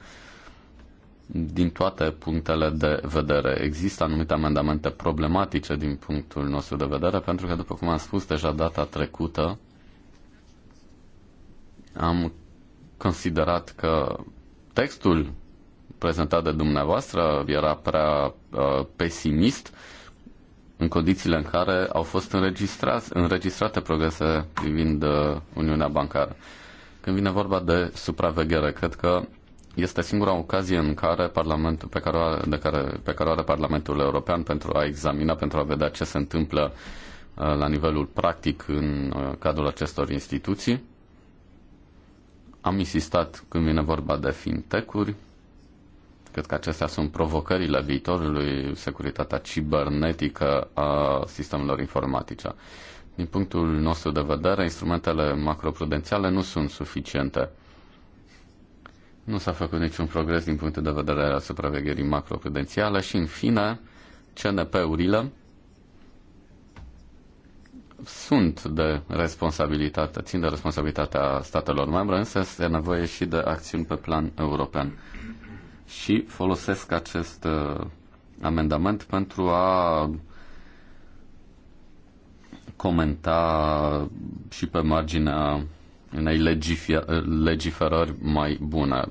din toate punctele de vedere. Există anumite amendamente problematice din punctul nostru de vedere, pentru că, după cum am spus deja data trecută, am considerat că textul prezentat de dumneavoastră era prea uh, pesimist uh, în condițiile în care au fost înregistrate progrese privind uh, Uniunea Bancară. Când vine vorba de supraveghere, cred că este singura ocazie în care Parlamentul, pe, care are, de care, pe care o are Parlamentul European pentru a examina, pentru a vedea ce se întâmplă uh, la nivelul practic în uh, cadrul acestor instituții. Am insistat când vine vorba de fintech-uri, Cred că acestea sunt provocările viitorului, securitatea cibernetică a sistemelor informatice. Din punctul nostru de vedere, instrumentele macroprudențiale nu sunt suficiente. Nu s-a făcut niciun progres din punctul de vedere al supravegherii macroprudențiale și, în fine, CNP-urile sunt de responsabilitate, țin de responsabilitatea statelor membre, însă este nevoie și de acțiuni pe plan european și folosesc acest uh, amendament pentru a comenta și pe marginea unei legiferări mai bune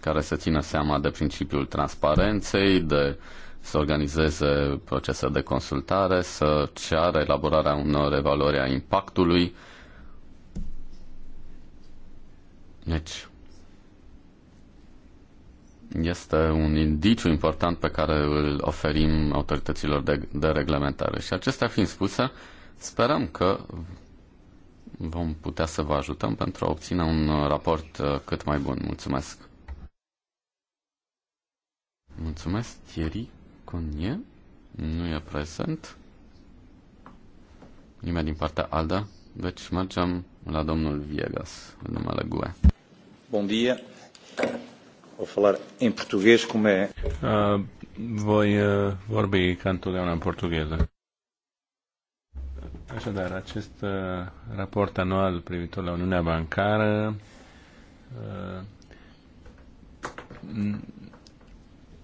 care să țină seama de principiul transparenței, de să organizeze procese de consultare, să ceară elaborarea unor evaluări a impactului. Deci, este un indiciu important pe care îl oferim autorităților de, de reglementare. Și acestea fiind spuse, sperăm că vom putea să vă ajutăm pentru a obține un raport uh, cât mai bun. Mulțumesc! Mulțumesc, Thierry Conie. Nu e prezent. Nimeni din partea ALDA. Deci mergem la domnul Viegas, numele GUE. Bun dia! Vou falar em português como é. Uh, ah, vou uh, ah, vorbi ca întotdeauna în portugheză. Așadar, acest uh, raport anual privitor la Uniunea Bancară uh,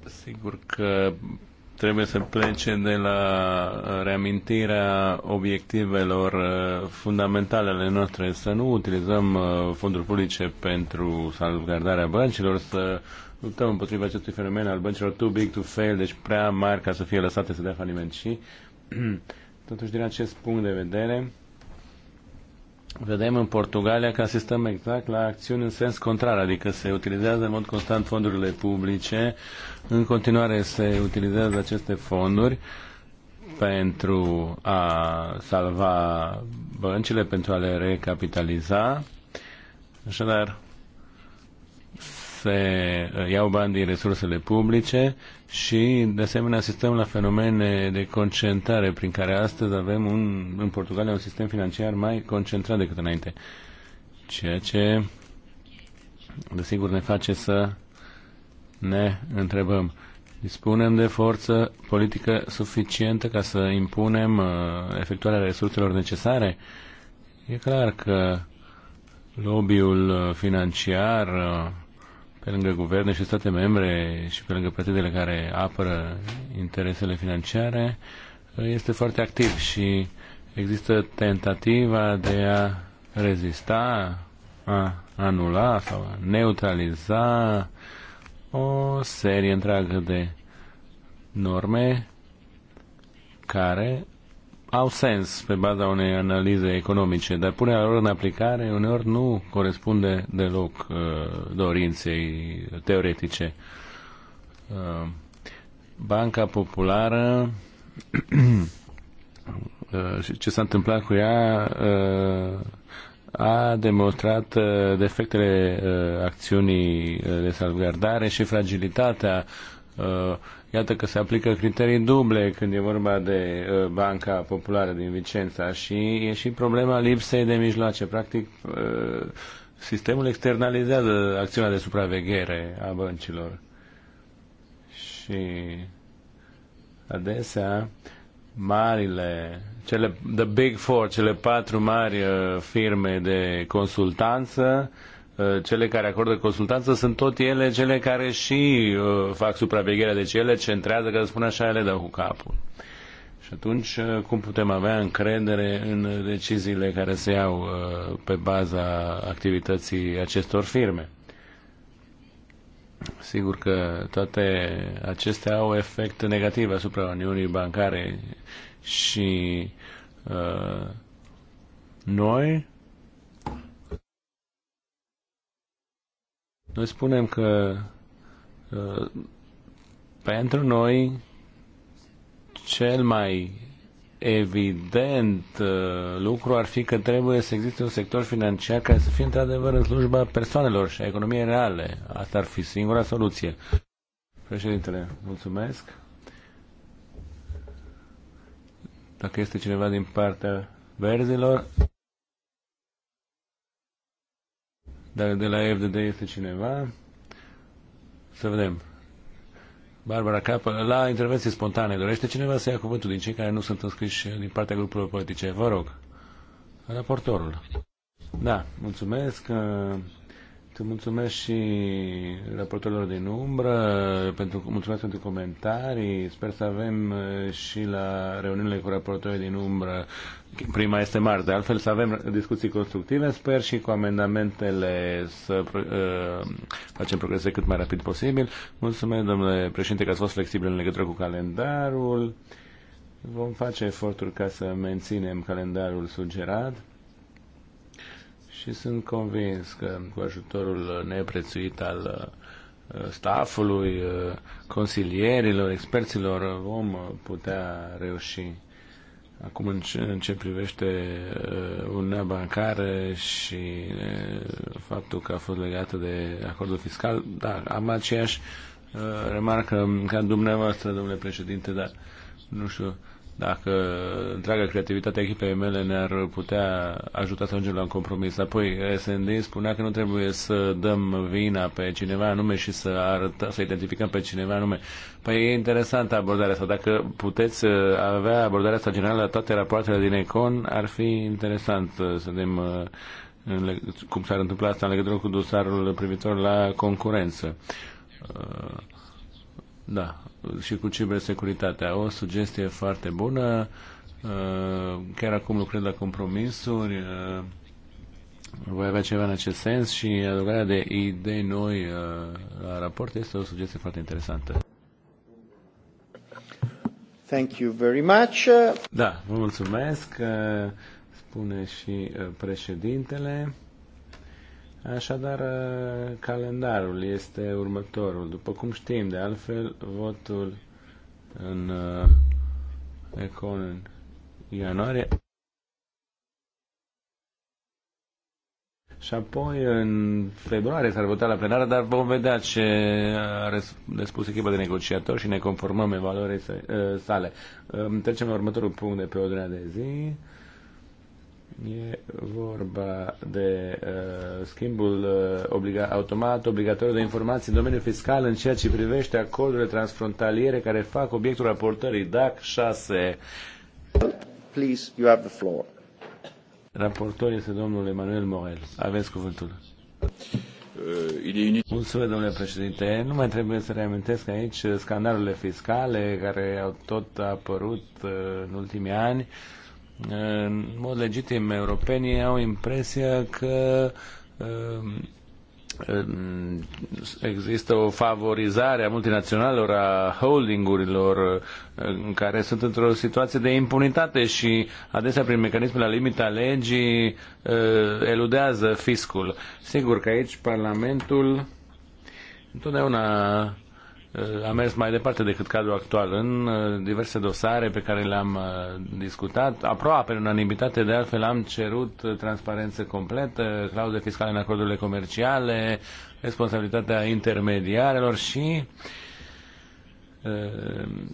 sigur că trebuie să plece de la reamintirea obiectivelor uh, fundamentale ale noastre, să nu utilizăm uh, fonduri publice pentru salvgardarea băncilor, să luptăm împotriva acestui fenomen al băncilor too big to fail, deci prea mari ca să fie lăsate să dea faliment și totuși din acest punct de vedere vedem în Portugalia că asistăm exact la acțiuni în sens contrar, adică se utilizează în mod constant fondurile publice uh, în continuare se utilizează aceste fonduri pentru a salva băncile, pentru a le recapitaliza. Așadar, se iau bani din resursele publice și, de asemenea, asistăm la fenomene de concentrare, prin care astăzi avem un, în Portugalia un sistem financiar mai concentrat decât înainte. Ceea ce, desigur, ne face să ne întrebăm, dispunem de forță politică suficientă ca să impunem uh, efectuarea resurselor necesare? E clar că lobby-ul uh, financiar uh, pe lângă guverne și state membre și pe lângă partidele care apără interesele financiare, este foarte activ și există tentativa de a rezista, a anula sau a neutraliza o serie întreagă de norme care au sens pe baza unei analize economice, dar punerea lor în aplicare uneori nu corespunde deloc uh, dorinței teoretice. Uh, Banca Populară uh, ce s-a întâmplat cu ea uh, a demonstrat uh, defectele uh, acțiunii uh, de salvgardare și fragilitatea Iată că se aplică criterii duble când e vorba de Banca Populară din Vicența și e și problema lipsei de mijloace. Practic, sistemul externalizează acțiunea de supraveghere a băncilor. Și adesea marile, cele, the big four, cele patru mari uh, firme de consultanță, uh, cele care acordă consultanță sunt tot ele cele care și uh, fac supravegherea, deci ele centrează, că să spun așa, ele dau cu capul. Și atunci, uh, cum putem avea încredere în deciziile care se iau uh, pe baza activității acestor firme? Sigur că toate acestea au efect negativ asupra Uniunii Bancare și uh, noi noi spunem că uh, pentru noi cel mai evident uh, lucru ar fi că trebuie să existe un sector financiar care să fie într-adevăr în slujba persoanelor și a economiei reale. Asta ar fi singura soluție. Președintele, mulțumesc. Dacă este cineva din partea verzilor. Dacă de la FDD este cineva, să vedem. Barbara Capă, la intervenții spontane, dorește cineva să ia cuvântul din cei care nu sunt înscriși din partea grupului politice? Vă rog, raportorul. Da, mulțumesc. Uh, mulțumesc și raportorilor din umbră, pentru, mulțumesc pentru comentarii. Sper să avem eh, și la reuniunile cu raportorii din umbră, prima este marți, de altfel să avem discuții constructive. Sper și cu amendamentele să uh, facem progrese cât mai rapid posibil. Mulțumesc, domnule președinte, că ați fost flexibil în legătură cu calendarul. Vom face eforturi ca să menținem calendarul sugerat și sunt convins că cu ajutorul neprețuit al uh, staffului, uh, consilierilor, experților uh, vom putea reuși. Acum în ce, în ce privește uh, uniunea bancară și uh, faptul că a fost legată de acordul fiscal, da, am aceeași uh, remarcă ca dumneavoastră, domnule președinte, dar nu știu dacă întreaga a echipei mele ne-ar putea ajuta să ajungem la un compromis. Apoi, SND spunea că nu trebuie să dăm vina pe cineva anume și să, arăta, să identificăm pe cineva anume. Păi e interesantă abordarea asta. Dacă puteți uh, avea abordarea asta generală la toate rapoartele din Econ, ar fi interesant să vedem uh, cum s-ar întâmpla asta în legătură cu dosarul privitor la concurență. Uh, da, și cu cibersecuritatea. O sugestie foarte bună. Uh, chiar acum lucrez la compromisuri. Uh, voi avea ceva în acest sens și adăugarea de idei noi uh, la raport este o sugestie foarte interesantă. Thank you very much. Da, vă mulțumesc, spune și președintele. Așadar, ă, calendarul este următorul. După cum știm, de altfel, votul în ă, Econ în ianuarie și apoi în februarie s-ar vota la plenară, dar vom vedea ce a spus echipa de negociatori și ne conformăm evaluării ă, sale. Trecem la următorul punct de pe ordinea de zi. E vorba de uh, schimbul uh, obliga- automat obligatoriu de informații în domeniul fiscal în ceea ce privește acordurile transfrontaliere care fac obiectul raportării DAC 6. Please, you have the floor. Raportor este domnul Emanuel Morel. Aveți cuvântul. Uh, Mulțumesc, domnule președinte. Nu mai trebuie să reamintesc aici scandalurile fiscale care au tot apărut uh, în ultimii ani în mod legitim, europenii au impresia că um, există o favorizare a multinaționalelor, a holdingurilor uh, care sunt într-o situație de impunitate și adesea prin mecanismul la limita legii uh, eludează fiscul. Sigur că aici Parlamentul întotdeauna Uh, a mers mai departe decât cadrul actual. În uh, diverse dosare pe care le-am uh, discutat, aproape în unanimitate, de altfel am cerut transparență completă, clauze fiscale în acordurile comerciale, responsabilitatea intermediarelor și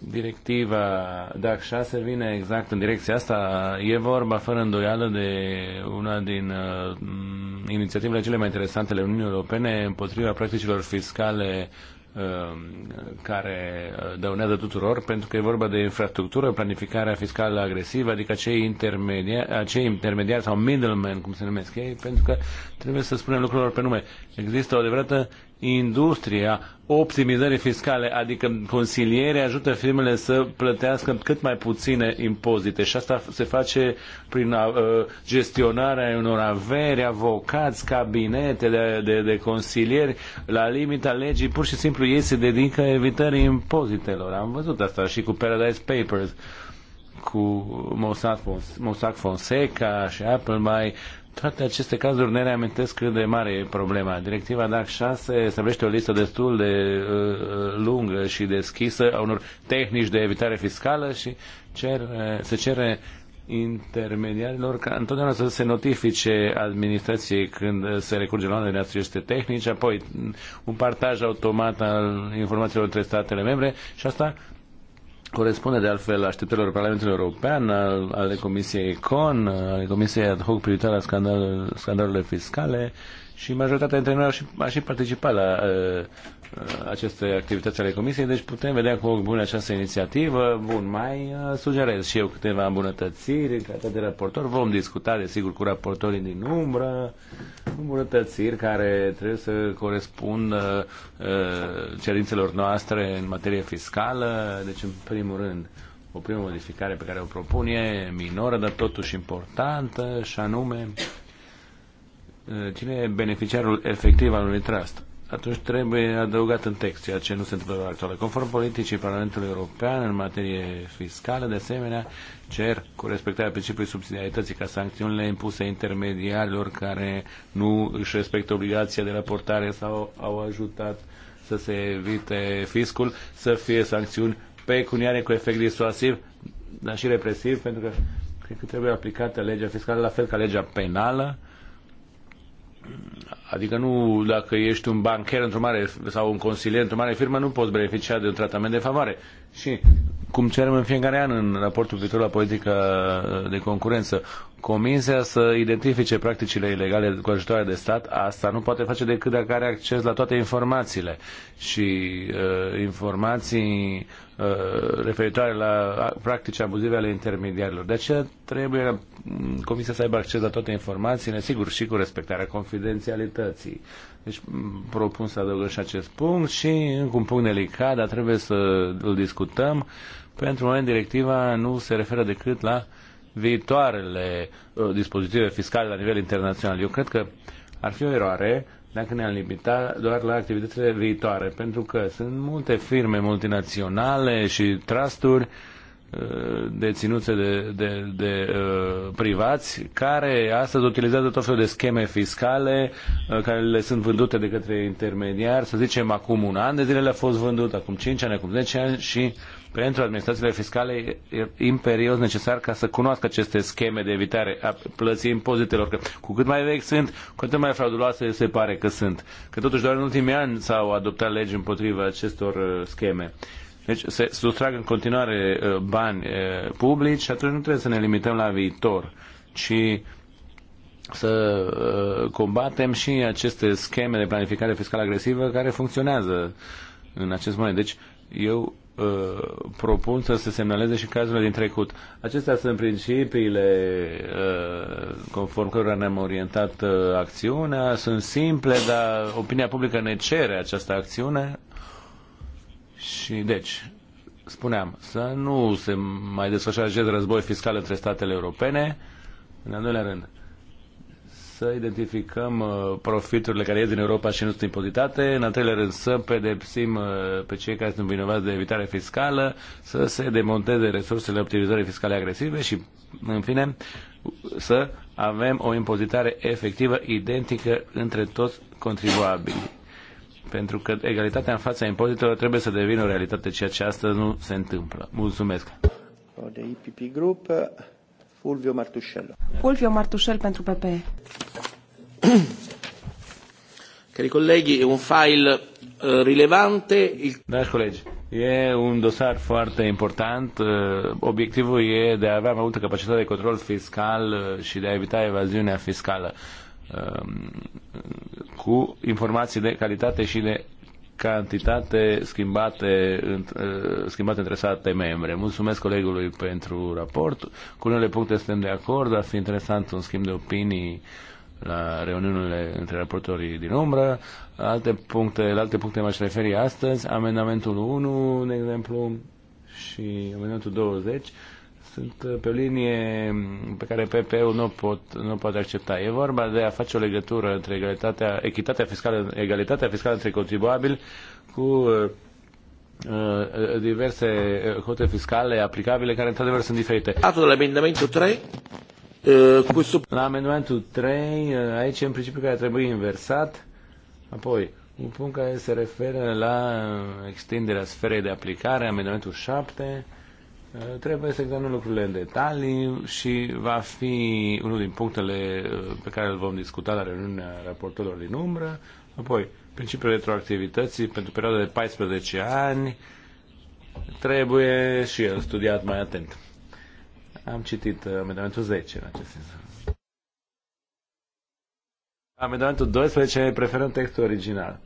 directiva DAC 6 vine exact în direcția asta. E vorba fără îndoială de una din inițiativele cele mai interesante ale Uniunii Europene împotriva practicilor fiscale Um, care uh, dăunează tuturor, pentru că e vorba de infrastructură, planificarea fiscală agresivă, adică acei intermediari, acei intermediari sau middlemen, cum se numesc ei, pentru că trebuie să spunem lucrurilor pe nume. Există o adevărată industria optimizării fiscale, adică consiliere ajută firmele să plătească cât mai puține impozite și asta se face prin uh, gestionarea unor averi, avocați, cabinete de, de, de consilieri la limita legii, pur și simplu ei se dedică evitării impozitelor. Am văzut asta și cu Paradise Papers cu Mossack Fonseca și Apple mai toate aceste cazuri ne reamintesc cât de mare e problema. Directiva DAC 6 stabilește o listă destul de uh, lungă și deschisă a unor tehnici de evitare fiscală și cer, uh, se cere intermediarilor ca întotdeauna să se notifice administrației când se recurge la unele aceste tehnici, apoi un partaj automat al informațiilor între statele membre și asta corespunde de altfel așteptărilor Parlamentului European, al, ale Comisiei Econ, ale Comisiei Ad hoc privitoare la scandal, scandalurile fiscale și majoritatea dintre noi a și, a și participat la uh, uh, aceste activități ale Comisiei, deci putem vedea cu ochi bune această inițiativă. Bun, mai uh, sugerez și eu câteva îmbunătățiri în calitate de raportor. Vom discuta, desigur, cu raportorii din umbră, îmbunătățiri care trebuie să corespundă uh, uh, cerințelor noastre în materie fiscală. Deci, în primul rând, o primă modificare pe care o propun e minoră, dar totuși importantă, și anume Eh, cine e beneficiarul efectiv al unui trust. Atunci trebuie adăugat în text ceea ce nu se întâmplă la actuală. Conform politicii Parlamentului European în materie fiscală, de asemenea, cer cu respectarea principiului subsidiarității ca sancțiunile impuse intermediarilor care nu își respectă obligația de raportare sau au ajutat să se evite fiscul, să fie sancțiuni pecuniare cu efect disuasiv, dar și represiv, pentru că cred că trebuie aplicată legea fiscală la fel ca legea penală, Adică nu dacă ești un bancher într-o mare sau un consilier într-o mare firmă, nu poți beneficia de un tratament de favoare. Și cum cerem în fiecare an în raportul viitor la politica de concurență, Comisia să identifice practicile ilegale cu ajutoare de stat, asta nu poate face decât dacă are acces la toate informațiile și uh, informații uh, referitoare la practici abuzive ale intermediarilor. De aceea trebuie mm, Comisia să aibă acces la toate informațiile, sigur, și cu respectarea confidențialității. Deci mm, propun să adăugăm și acest punct și încă un punct delicat, dar trebuie să îl discutăm. Pentru moment directiva nu se referă decât la viitoarele uh, dispozitive fiscale la nivel internațional. Eu cred că ar fi o eroare dacă ne-am limita doar la activitățile viitoare, pentru că sunt multe firme multinaționale și trusturi uh, deținute de, de, de uh, privați care astăzi utilizează tot felul de scheme fiscale uh, care le sunt vândute de către intermediari, să zicem acum un an de zile le-a fost vândut, acum 5 ani, acum 10 ani și uh, pentru administrațiile fiscale e imperios necesar ca să cunoască aceste scheme de evitare a plății impozitelor. Că cu cât mai vechi sunt, cu atât mai frauduloase se pare că sunt. Că totuși doar în ultimii ani s-au adoptat legi împotriva acestor uh, scheme. Deci se sustrag în continuare uh, bani uh, publici și atunci nu trebuie să ne limităm la viitor, ci să combatem și aceste scheme de planificare fiscală agresivă care funcționează în acest moment. Deci eu Uh, propun să se semnaleze și cazurile din trecut. Acestea sunt principiile uh, conform cărora ne-am orientat uh, acțiunea. Sunt simple, dar opinia publică ne cere această acțiune. Și deci, spuneam, să nu se mai desfășoare acest război fiscal între statele europene. În al doilea rând, să identificăm uh, profiturile care ies din Europa și nu sunt impozitate, în al treilea rând să pedepsim uh, pe cei care sunt vinovați de evitare fiscală, să se demonteze resursele optimizării fiscale agresive și, în fine, să avem o impozitare efectivă identică între toți contribuabili. Pentru că egalitatea în fața impozitelor trebuie să devină o realitate, ceea ce astăzi nu se întâmplă. Mulțumesc! De IPP Group, Fulvio Martuscello. Fulvio Martuscello pentru PPE. Cari colleghi, e un file eh, rilevante. Dragi colegi, e un dosar foarte important. Eh, obiectivul e de a avea mai multă capacitate de control fiscal eh, și de a evita evaziunea fiscală ehm, cu informații de calitate și de cantitate schimbate, ă, schimbate între state membre. Mulțumesc colegului pentru raport. Cu unele puncte suntem de acord, ar fi interesant un schimb de opinii la reuniunile între raportorii din umbră. Alte puncte, la alte puncte m-aș referi astăzi, amendamentul 1, de exemplu, și amendamentul 20 sunt uh, pe o linie pe care PPU nu, pot, nu poate accepta. E vorba de a face o legătură între egalitatea, echitatea fiscală, egalitatea fiscală între contribuabili cu uh, uh, diverse cote fiscale aplicabile care într-adevăr sunt diferite. Atât la amendamentul 3, La amendamentul 3, aici în principiu care trebuie inversat, apoi un punct care se referă la extinderea sferei de aplicare, amendamentul 7, Uh, trebuie să examinăm lucrurile în detalii și va fi unul din punctele uh, pe care îl vom discuta la reuniunea raportorilor din umbră. Apoi, principiul retroactivității pentru perioada de 14 ani trebuie și el studiat mai atent. Am citit uh, amendamentul 10 în acest sens. Amendamentul 12 preferăm textul original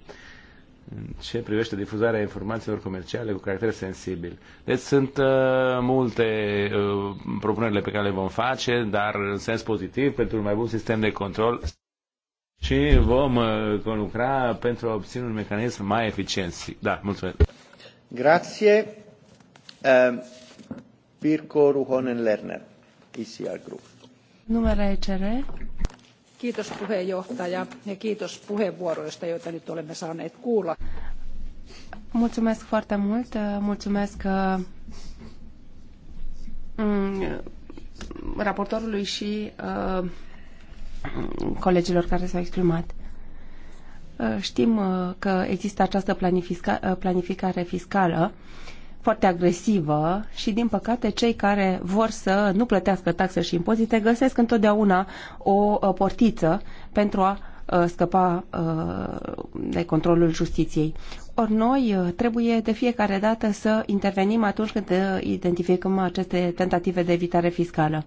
în ce privește difuzarea informațiilor comerciale cu caracter sensibil. Deci sunt uh, multe uh, propunerile pe care le vom face, dar în sens pozitiv pentru un mai bun sistem de control și vom uh, lucra pentru a obține un mecanism mai eficient. Da, mulțumesc. Grazie. Uh, ehm, Pirko Ruhonen Lerner, ICR Group. Numele ECR. Kiitos puheenjohtaja ja kiitos puheenvuoroista, joita nyt olemme saaneet kuulla. Mulțumesc foarte mult, mulțumesc mm, raportorului și mm, colegilor care s-au exprimat. Știm uh, că există această planificare fiscală foarte agresivă și, din păcate, cei care vor să nu plătească taxe și impozite găsesc întotdeauna o uh, portiță pentru a uh, scăpa uh, de controlul justiției. Ori noi trebuie de fiecare dată să intervenim atunci când identificăm aceste tentative de evitare fiscală.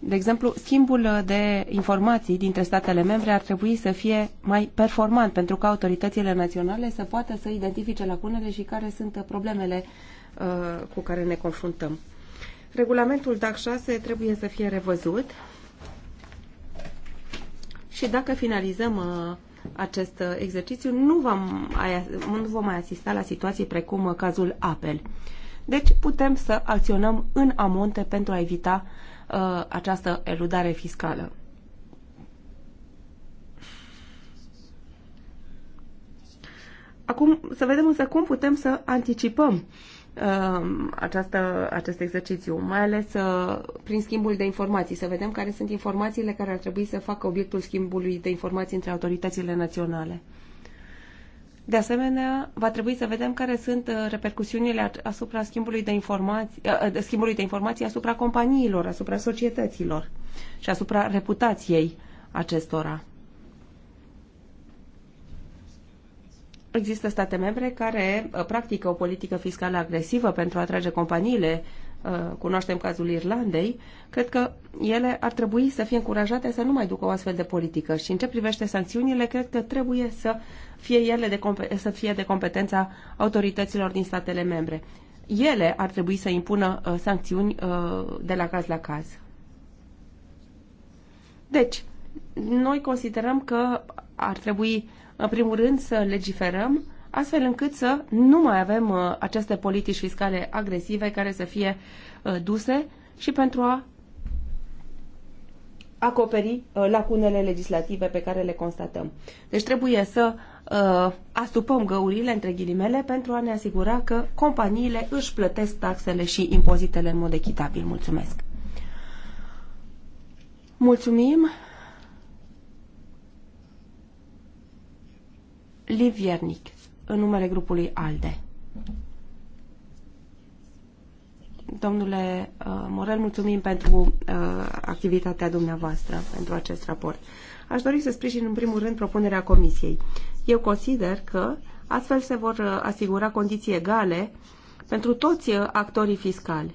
De exemplu, schimbul de informații dintre statele membre ar trebui să fie mai performant pentru ca autoritățile naționale să poată să identifice lacunele și care sunt problemele uh, cu care ne confruntăm. Regulamentul DAC 6 trebuie să fie revăzut și dacă finalizăm uh, acest uh, exercițiu, nu vom, nu vom mai asista la situații precum uh, cazul Apple. Deci putem să acționăm în amonte pentru a evita uh, uh, această eludare fiscală. Acum să vedem însă cum putem să anticipăm uh, această, acest exercițiu, mai ales uh, prin schimbul de informații, să vedem care sunt informațiile care ar trebui să facă obiectul schimbului de informații între autoritățile naționale. De asemenea, va trebui să vedem care sunt uh, repercusiunile asupra schimbului de informații, uh, schimbului de informații asupra companiilor, asupra societăților și asupra reputației acestora. Există state membre care uh, practică o politică fiscală agresivă pentru a atrage companiile Uh, cunoaștem cazul Irlandei, cred că ele ar trebui să fie încurajate să nu mai ducă o astfel de politică. Și în ce privește sancțiunile, cred că trebuie să fie ele de, să fie de competența autorităților din statele membre. Ele ar trebui să impună uh, sancțiuni uh, de la caz la caz. Deci, noi considerăm că ar trebui, în primul rând, să legiferăm uh, astfel încât să nu mai avem uh, aceste politici fiscale agresive care să fie uh, duse și pentru a acoperi uh, lacunele legislative pe care le constatăm. Deci trebuie să uh, astupăm găurile, între ghilimele, pentru a ne asigura că companiile își plătesc taxele și impozitele în mod echitabil. Mulțumesc! Mulțumim! Liv în numele grupului ALDE. Domnule uh, Morel, mulțumim pentru uh, activitatea dumneavoastră, pentru acest raport. Aș dori să sprijin în primul rând propunerea Comisiei. Eu consider că astfel se vor uh, asigura condiții egale pentru toți actorii fiscali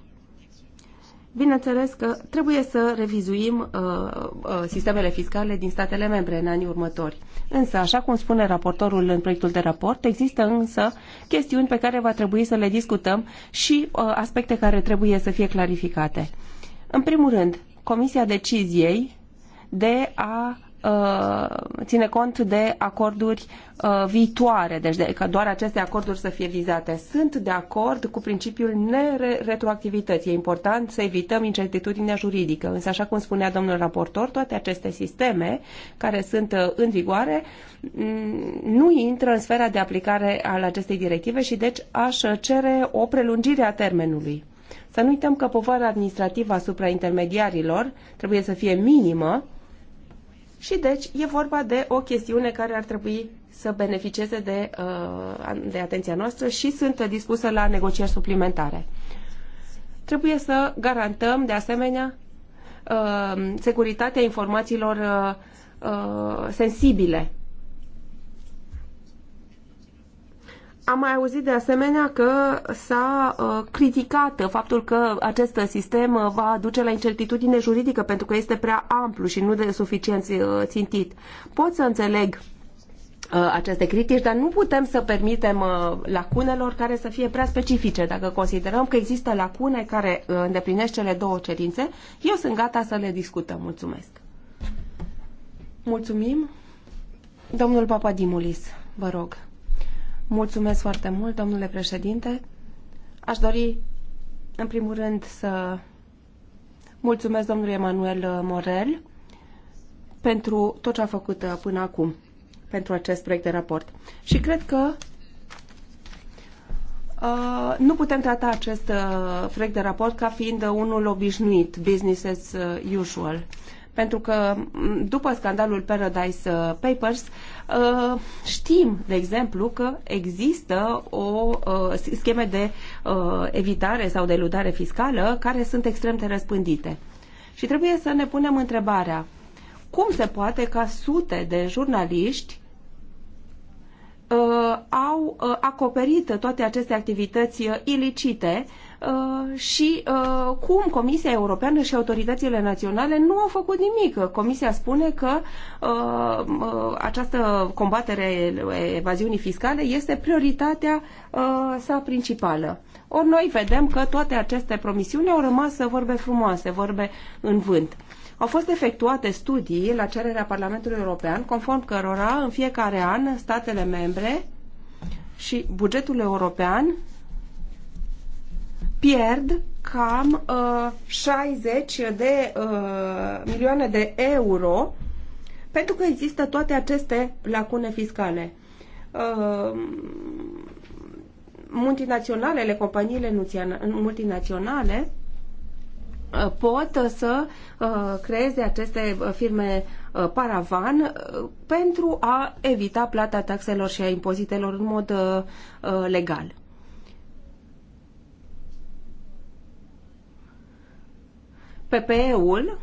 Bineînțeles că trebuie să revizuim uh, uh, sistemele fiscale din statele membre în anii următori. Însă, așa cum spune raportorul în proiectul de raport, există însă chestiuni pe care va trebui să le discutăm și uh, aspecte care trebuie să fie clarificate. În primul rând, Comisia Deciziei de a Uh, ține cont de acorduri uh, viitoare, deci de, ca doar aceste acorduri să fie vizate. Sunt de acord cu principiul neretroactivității. E important să evităm incertitudinea juridică, însă așa cum spunea domnul raportor, toate aceste sisteme care sunt uh, în vigoare mm, nu intră în sfera de aplicare al acestei directive și deci aș cere o prelungire a termenului. Să nu uităm că povara administrativă asupra intermediarilor trebuie să fie minimă, și deci e vorba de o chestiune care ar trebui să beneficieze de, uh, de atenția noastră și sunt dispusă la negocieri suplimentare. Trebuie să garantăm, de asemenea, uh, securitatea informațiilor uh, sensibile Am mai auzit de asemenea că s-a uh, criticat faptul că acest sistem uh, va duce la incertitudine juridică pentru că este prea amplu și nu de suficient uh, țintit. Pot să înțeleg uh, aceste critici, dar nu putem să permitem uh, lacunelor care să fie prea specifice. Dacă considerăm că există lacune care îndeplinesc cele două cerințe, eu sunt gata să le discutăm. Mulțumesc. Mulțumim. Domnul Papadimulis, vă rog. Mulțumesc foarte mult, domnule președinte. Aș dori, în primul rând, să mulțumesc domnului Emanuel Morel pentru tot ce a făcut uh, până acum pentru acest proiect de raport. Și cred că Uh, nu putem trata acest uh, proiect de raport ca fiind uh, unul obișnuit, business as uh, usual pentru că mm, după scandalul Paradise uh, Papers uh, știm, de exemplu, că există o uh, scheme de evitare sau de eludare fiscală care sunt extrem de răspândite. Și trebuie să ne punem întrebarea, cum se poate ca sute de jurnaliști au acoperit toate aceste activități ilicite Uh, și uh, cum Comisia Europeană și autoritățile naționale nu au făcut nimic. Comisia spune că uh, această combatere evaziunii fiscale este prioritatea sa principală. Ori noi vedem că toate aceste promisiuni au rămas vorbe frumoase, vorbe în vânt. Au fost efectuate studii la cererea Parlamentului European, conform cărora în fiecare an statele membre și bugetul european pierd cam uh, 60 de uh, milioane de euro pentru că există toate aceste lacune fiscale. Uh, multinaționalele, companiile multinaționale uh, pot să uh, creeze aceste uh, firme paravan pentru a evita plata taxelor și a impozitelor în mod legal. PPE-ul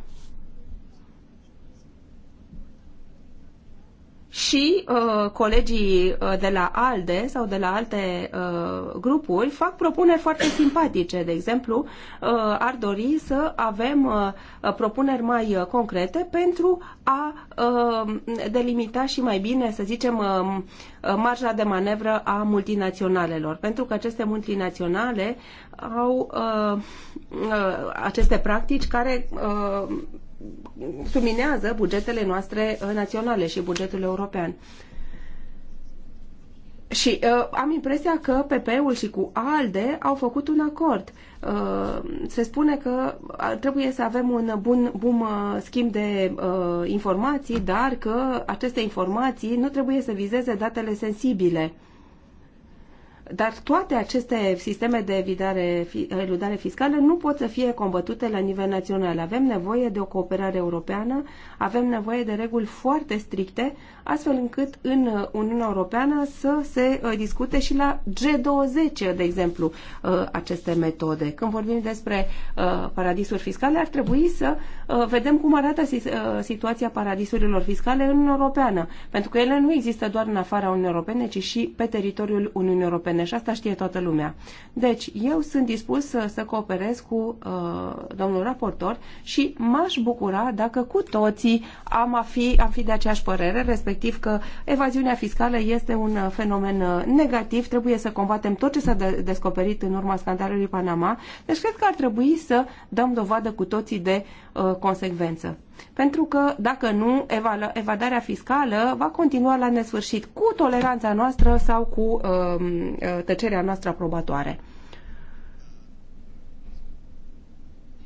și uh, colegii uh, de la ALDE sau de la alte uh, grupuri fac propuneri foarte simpatice. De exemplu, uh, ar dori să avem uh, propuneri mai uh, concrete pentru a uh, delimita și mai bine, să zicem, uh, uh, marja de manevră a multinaționalelor. Pentru că aceste multinaționale au uh, uh, aceste practici care uh, subminează bugetele noastre uh, naționale și bugetul european. Și uh, am impresia că PP-ul și cu ALDE au făcut un acord. Uh, se spune că uh, trebuie să avem un bun, bun uh, schimb de uh, informații, dar că aceste informații nu trebuie să vizeze datele sensibile. Uh, dar toate aceste sisteme de evitare, eludare fiscală nu pot să fie combătute la nivel național. Avem nevoie de o cooperare europeană, avem nevoie de reguli foarte stricte, astfel încât în Uniunea Europeană să se uh, discute și la G20, de exemplu, uh, aceste metode. Când vorbim despre uh, paradisuri fiscale, ar trebui să vedem cum arată situația paradisurilor fiscale în Uniunea Europeană, pentru că ele nu există doar în afara Uniunii Europene, ci și pe teritoriul Uniunii Europene. Europene și asta știe toată lumea. Deci, eu sunt dispus să, să cooperez cu uh, domnul raportor și m-aș bucura dacă cu toții am fi, am fi de aceeași părere, respectiv că evaziunea fiscală este un uh, fenomen uh, negativ, trebuie să combatem tot ce s-a de- descoperit în urma scandalului Panama. Deci, cred că ar trebui să dăm dovadă cu toții de uh, consecvență pentru că, dacă nu, evadarea fiscală va continua la nesfârșit cu toleranța noastră sau cu um, uh, tăcerea noastră aprobatoare.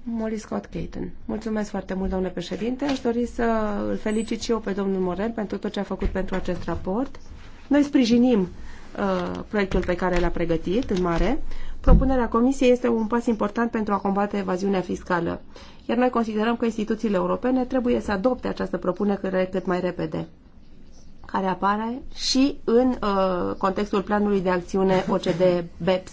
Molly Scott Caton. Mulțumesc foarte mult, domnule președinte. Aș dori să îl felicit și eu pe domnul Morel pentru tot ce a făcut pentru acest raport. Noi sprijinim uh, proiectul pe care l-a pregătit în mare. Propunerea Comisiei este un pas important pentru a combate evaziunea fiscală, iar noi considerăm că instituțiile europene trebuie să adopte această propunere cât mai repede care apare și în uh, contextul planului de acțiune OCDE BEPS.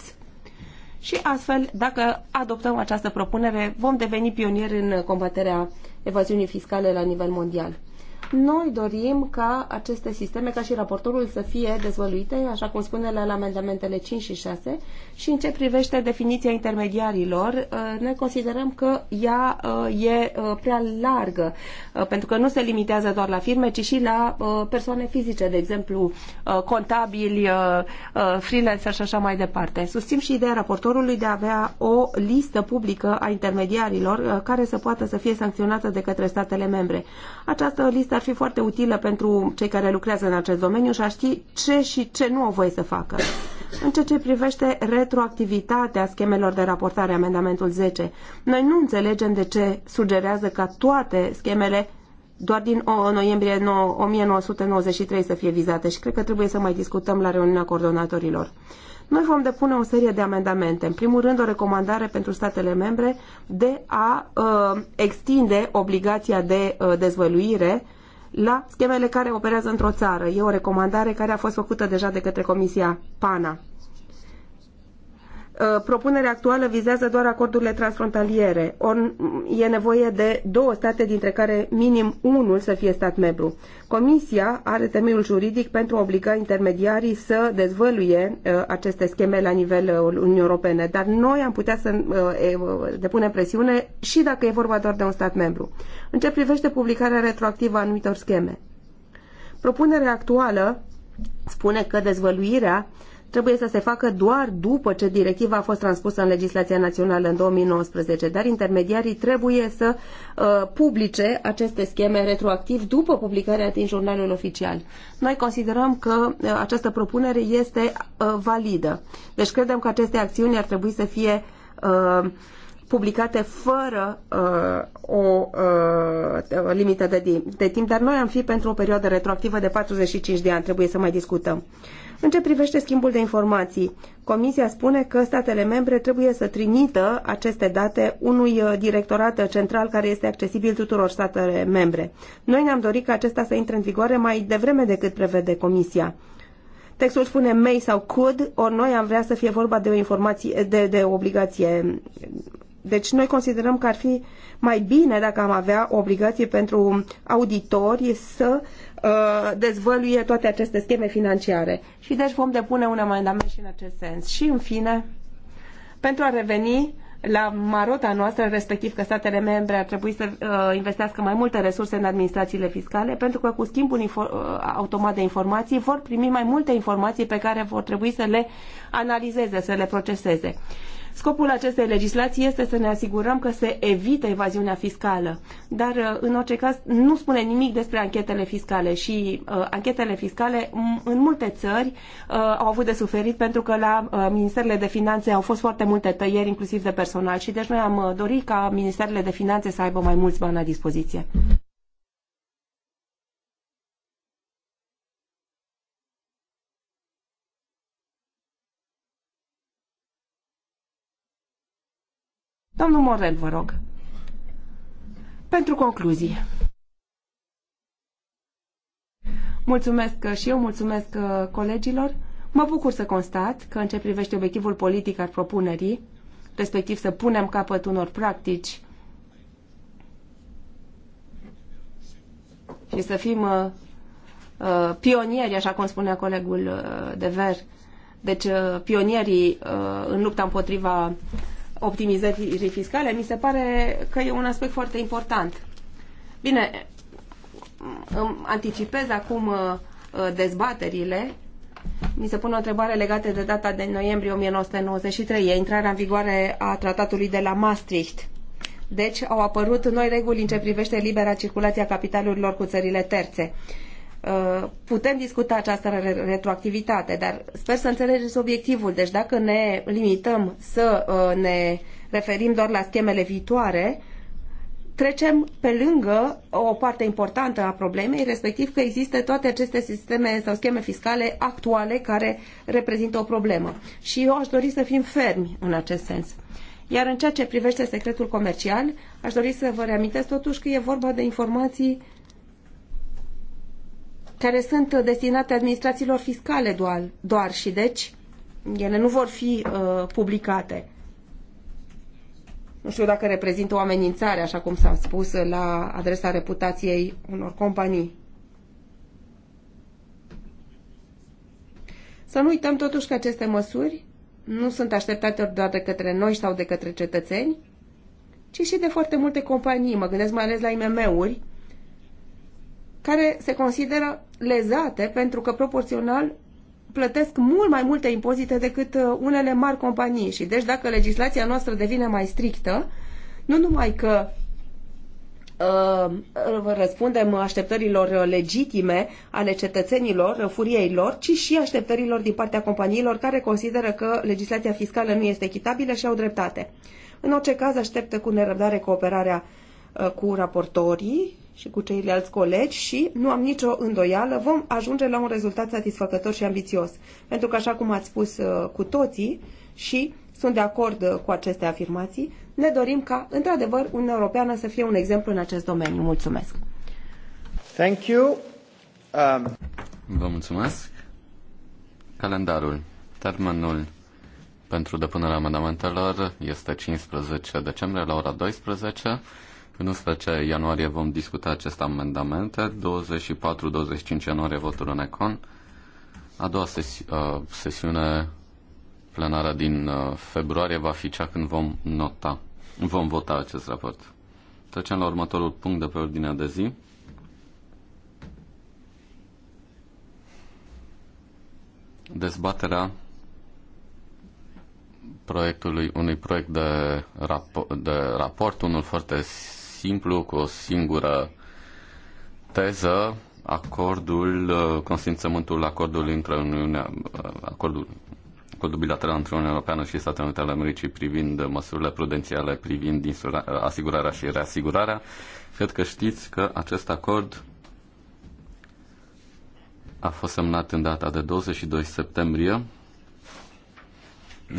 Și astfel, dacă adoptăm această propunere, vom deveni pionieri în combaterea evaziunii fiscale la nivel mondial. Noi dorim ca aceste sisteme, ca și raportorul, să fie dezvăluite, așa cum spune la amendamentele 5 și 6, și în ce privește definiția intermediarilor, uh, ne considerăm că ea uh, e uh, prea largă, pentru că nu se limitează doar la firme, ci și la persoane fizice, de exemplu, contabili, freelancer și așa mai departe. Susțin și ideea raportorului de a avea o listă publică a intermediarilor care să poată să fie sancționată de către statele membre. Această listă ar fi foarte utilă pentru cei care lucrează în acest domeniu și a ști ce și ce nu au voie să facă. În ceea ce privește retroactivitatea schemelor de raportare, amendamentul 10, noi nu înțelegem de ce sugerează ca toate schemele doar din noiembrie 1993 să fie vizate și cred că trebuie să mai discutăm la reuniunea coordonatorilor. Noi vom depune o serie de amendamente. În primul rând, o recomandare pentru statele membre de a uh, extinde obligația de uh, dezvăluire uh, la schemele care operează într-o țară. E o recomandare care a fost făcută deja de către Comisia PANA. Uh, propunerea actuală vizează doar acordurile transfrontaliere. Or, e nevoie de două state, dintre care minim unul să fie stat membru. Comisia are temeiul juridic pentru a obliga intermediarii să dezvăluie uh, aceste scheme la nivelul uh, Uniunii Europene, dar noi am putea să depunem presiune și dacă e vorba doar de un stat membru. În ce privește publicarea retroactivă a anumitor scheme? Propunerea actuală spune că dezvăluirea uh, trebuie să se facă doar după ce directiva a fost transpusă în legislația națională în 2019, dar intermediarii trebuie să uh, publice aceste scheme retroactiv după publicarea din jurnalul oficial. Noi considerăm că uh, această propunere este uh, validă. Deci credem că aceste acțiuni ar trebui să fie uh, publicate fără uh, o uh, limită de, de timp, dar noi am fi pentru o perioadă retroactivă de 45 de ani, trebuie să mai discutăm. Uh, în ce privește schimbul de informații, Comisia spune că statele membre trebuie să trimită aceste date unui uh, directorat central care este accesibil tuturor statele membre. Noi ne-am dorit ca acesta să intre în vigoare mai devreme decât prevede Comisia. Textul spune may sau could, ori noi am vrea să fie vorba de o informație, de, de obligație deci noi considerăm că ar fi mai bine dacă am avea obligație pentru auditori să Uh, dezvăluie toate aceste scheme financiare. Și deci vom depune un amendament și în acest sens. Și în fine, pentru a reveni la marota noastră, respectiv că statele membre ar trebui să uh, investească mai multe resurse în administrațiile fiscale, pentru că cu schimbul uh, automat de informații vor primi mai multe informații pe care vor trebui să le analizeze, să le proceseze. Uh, Scopul acestei legislații este să ne asigurăm că se evită evaziunea fiscală, dar uh, în orice caz nu spune nimic despre anchetele fiscale și uh, anchetele fiscale în multe țări uh, au avut de suferit pentru că la uh, Ministerele de Finanțe au fost foarte multe tăieri, inclusiv de personal și deci noi am uh, dorit ca Ministerele de Finanțe să aibă mai mulți bani la dispoziție. Domnul Morel, vă rog. Pentru concluzii. Mulțumesc și eu, mulțumesc uh, colegilor. Mă bucur să constat că în ce privește obiectivul politic al propunerii, respectiv să punem capăt unor practici și să fim uh, uh pionieri, așa cum spunea colegul uh, de ver, deci uh, pionierii uh, în lupta împotriva optimizării fiscale, mi se pare că e un aspect foarte important. Bine, anticipez acum uh, dezbaterile. Mi se pune o întrebare legată de data de noiembrie 1993, e intrarea în vigoare a tratatului de la Maastricht. Deci au apărut noi reguli în ce privește libera circulație a capitalurilor cu țările terțe. Uh, putem discuta această retroactivitate, dar sper să înțelegeți obiectivul. Deci dacă ne limităm să uh, ne referim doar la schemele viitoare, trecem pe lângă o parte importantă a problemei, respectiv că există toate aceste sisteme sau scheme fiscale actuale care reprezintă o problemă. Și eu aș dori să fim fermi în acest sens. Iar în ceea ce privește secretul comercial, aș dori să vă reamintesc totuși că e vorba de informații care sunt uh, destinate administrațiilor fiscale doar, doar și deci ele nu vor fi uh, publicate. Nu știu dacă reprezintă o amenințare, așa cum s-a spus, la adresa reputației unor companii. Să nu uităm totuși că aceste măsuri nu sunt așteptate doar de către noi sau de către cetățeni, ci și de foarte multe companii. Mă gândesc mai ales la IMM-uri, care se consideră lezate pentru că proporțional plătesc mult mai multe impozite decât uh, unele mari companii și deci dacă legislația noastră devine mai strictă, nu numai că uh, răspundem așteptărilor legitime ale cetățenilor, furiei lor, ci și așteptărilor din partea companiilor care consideră că legislația fiscală nu este echitabilă și au dreptate. În orice caz, așteptă cu nerăbdare cooperarea uh, cu raportorii și cu ceilalți colegi și nu am nicio îndoială, vom ajunge la un rezultat satisfăcător și ambițios. Pentru că, așa cum ați spus uh, cu toții și sunt de acord uh, cu aceste afirmații, ne dorim ca, într-adevăr, Uniunea Europeană să fie un exemplu în acest domeniu. Mulțumesc! Thank you. Um... Vă mulțumesc. Calendarul, termenul pentru depunerea amendamentelor este 15 decembrie la ora 12. În 11 ianuarie vom discuta acest amendament. 24-25 ianuarie votul în Econ, a doua sesi- uh, sesiune plenară din uh, februarie va fi cea când vom nota, vom vota acest raport. Trecem la următorul punct de pe ordinea de zi. Dezbaterea proiectului unui proiect de, rapo- de raport, unul foarte simplu, cu o singură teză, acordul, uh, consimțământul acordului între Uniunea, uh, acordul, acordul bilateral între Uniunea Europeană și Statele Unite ale Americii privind măsurile prudențiale, privind insura, uh, asigurarea și reasigurarea. Cred că știți că acest acord a fost semnat în data de 22 septembrie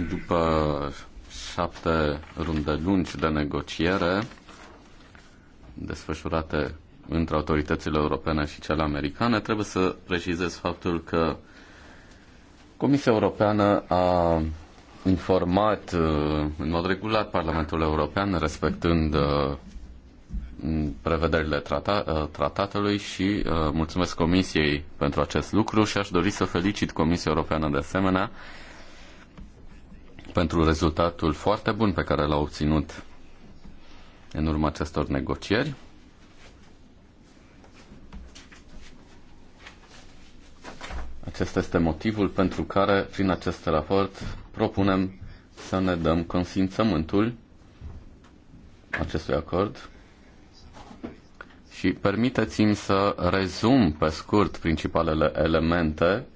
după șapte runde lungi de negociere desfășurate între autoritățile europene și cele americane, trebuie să precizez faptul că Comisia Europeană a informat uh, în mod regulat Parlamentul European, respectând uh, prevederile trata, uh, tratatului și mulțumesc Comisiei pentru acest lucru și aș dori să felicit Comisia Europeană de asemenea pentru rezultatul foarte bun pe care l-a obținut în urma acestor negocieri. Acesta este motivul pentru care, prin acest raport, propunem să ne dăm consimțământul acestui acord și permiteți-mi să rezum pe scurt principalele elemente.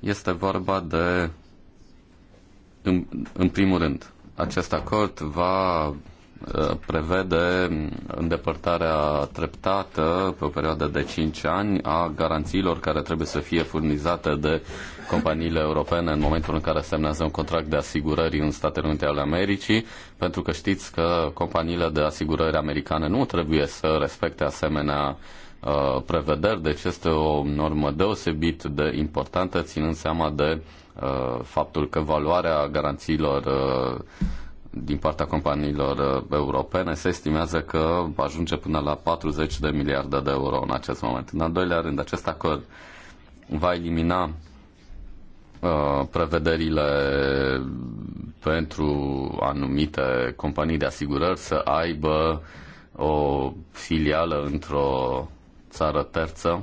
Este vorba de, în, în primul rând, acest acord va uh, prevede îndepărtarea treptată pe o perioadă de 5 ani a garanțiilor care trebuie să fie furnizate de companiile europene în momentul în care semnează un contract de asigurări în Statele Unite ale Americii, pentru că știți că companiile de asigurări americane nu trebuie să respecte asemenea uh, prevederi, deci este o normă deosebit de importantă, ținând seama de Uh, faptul că valoarea garanțiilor uh, din partea companiilor uh, europene se estimează că ajunge până la 40 de miliarde de euro în acest moment. În al doilea rând, acest acord va elimina prevederile pentru anumite companii de asigurări să aibă o filială într-o țară terță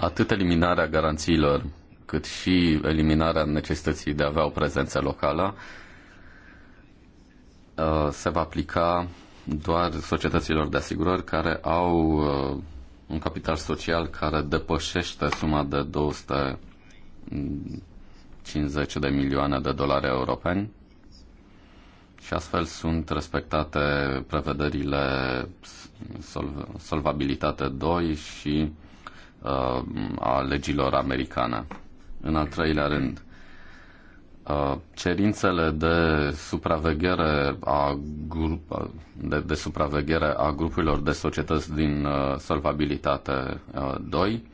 atât eliminarea garanțiilor, cât și eliminarea necesității de a avea o prezență locală uh, se va aplica doar societăților de asigurări care au uh, un capital social care depășește suma de 250 de milioane de dolari europeni și astfel sunt respectate prevederile solvabilitate 2 și uh, uh, a legilor americane. În al treilea rând, uh, cerințele de supraveghere a grup, de, de supraveghere a grupurilor de societăți din uh, solvabilitate uh, 2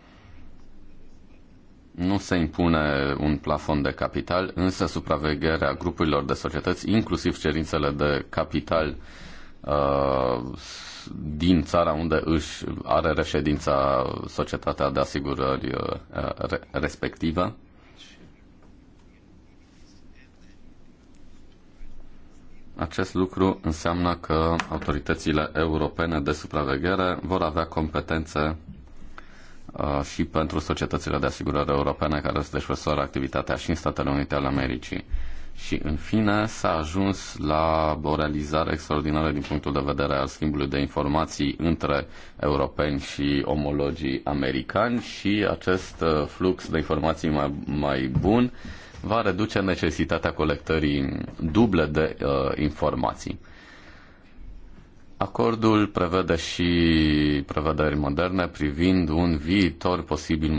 nu se impune un plafon de capital, însă supravegherea grupurilor de societăți, inclusiv cerințele de capital, uh, din țara unde își are reședința societatea de asigurări uh, respectivă. Acest lucru înseamnă că autoritățile europene de supraveghere vor avea competențe uh, și pentru societățile de asigurări europene care își desfășoară activitatea și în Statele Unite ale Americii și, în fine, s-a ajuns la o realizare extraordinară din punctul de vedere al schimbului de informații între europeni și omologii americani și acest uh, flux de informații mai, mai bun va reduce necesitatea colectării duble de uh, informații. Acordul prevede și prevederi moderne privind un viitor posibil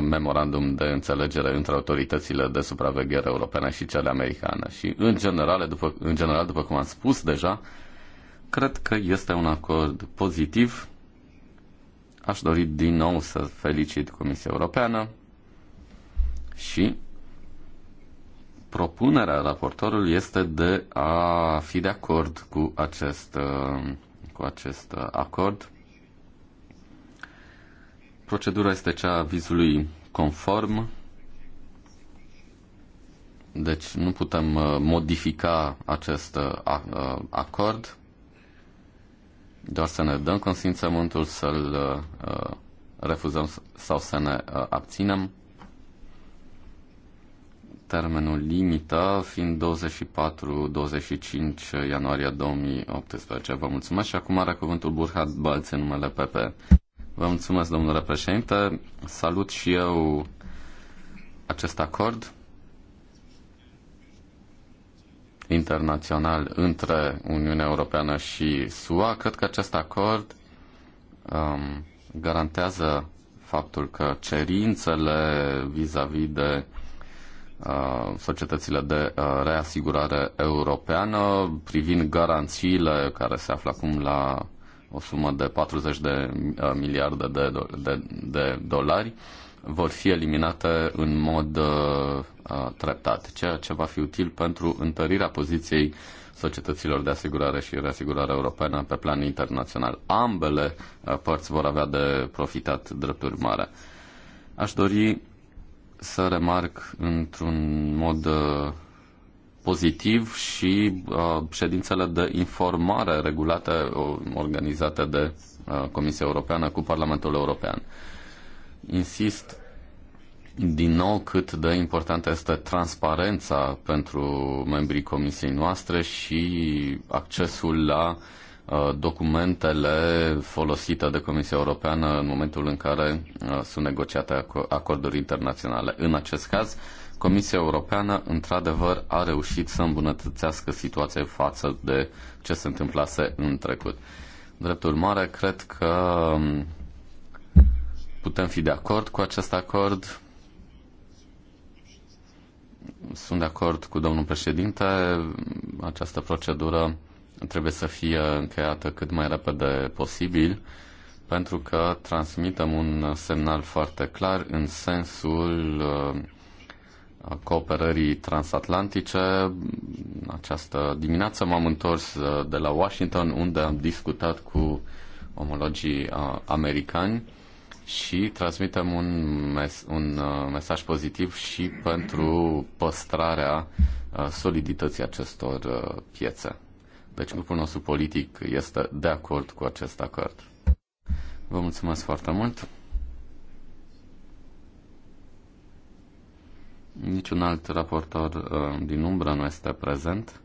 memorandum de înțelegere între autoritățile de supraveghere europene și cele americane. Și, în general, după, în general, după cum am spus deja, cred că este un acord pozitiv. Aș dori din nou să felicit Comisia Europeană și propunerea raportorului este de a fi de acord cu acest, uh, cu acest uh, acord. Procedura este cea a vizului conform, deci nu putem uh, modifica acest acord, doar să ne dăm consimțământul să-l refuzăm sau să ne abținem termenul limită fiind 24-25 ianuarie 2018. Vă mulțumesc și acum are cuvântul Burhard Balț în numele PP. Vă mulțumesc, domnule președinte. Salut și eu acest acord internațional între Uniunea Europeană și SUA. Cred că acest acord um, garantează faptul că cerințele vis-a-vis -vis de Uh, societățile de uh, reasigurare europeană privind garanțiile care se află acum la o sumă de 40 de uh, miliarde de, do- de, de dolari vor fi eliminate în mod uh, treptat, ceea ce va fi util pentru întărirea poziției societăților de asigurare și reasigurare europeană pe plan internațional. Ambele uh, părți vor avea de profitat drepturi mare. Aș dori să remarc într-un mod uh, pozitiv și uh, ședințele de informare regulate, uh, organizate de uh, Comisia Europeană cu Parlamentul European. Insist din nou cât de importantă este transparența pentru membrii Comisiei noastre și accesul la uh, Uh, documentele folosite de Comisia Europeană în momentul în care uh, sunt negociate acorduri internaționale. În acest caz, Comisia Europeană într-adevăr a reușit să îmbunătățească situația față de ce se întâmplase în trecut. Drept urmare, cred că um, putem fi de acord cu acest acord. Sunt de acord cu domnul președinte. Această procedură trebuie să fie încheiată cât mai repede posibil, pentru că transmitem un semnal foarte clar în sensul uh, cooperării transatlantice. Această dimineață m-am întors uh, de la Washington, unde am discutat cu omologii uh, americani și transmitem un, mes- un mesaj pozitiv și pentru păstrarea solidității acestor piețe. Deci grupul nostru politic este de acord cu acest acord. Vă mulțumesc foarte mult. Niciun alt raportor uh, din umbră nu este prezent.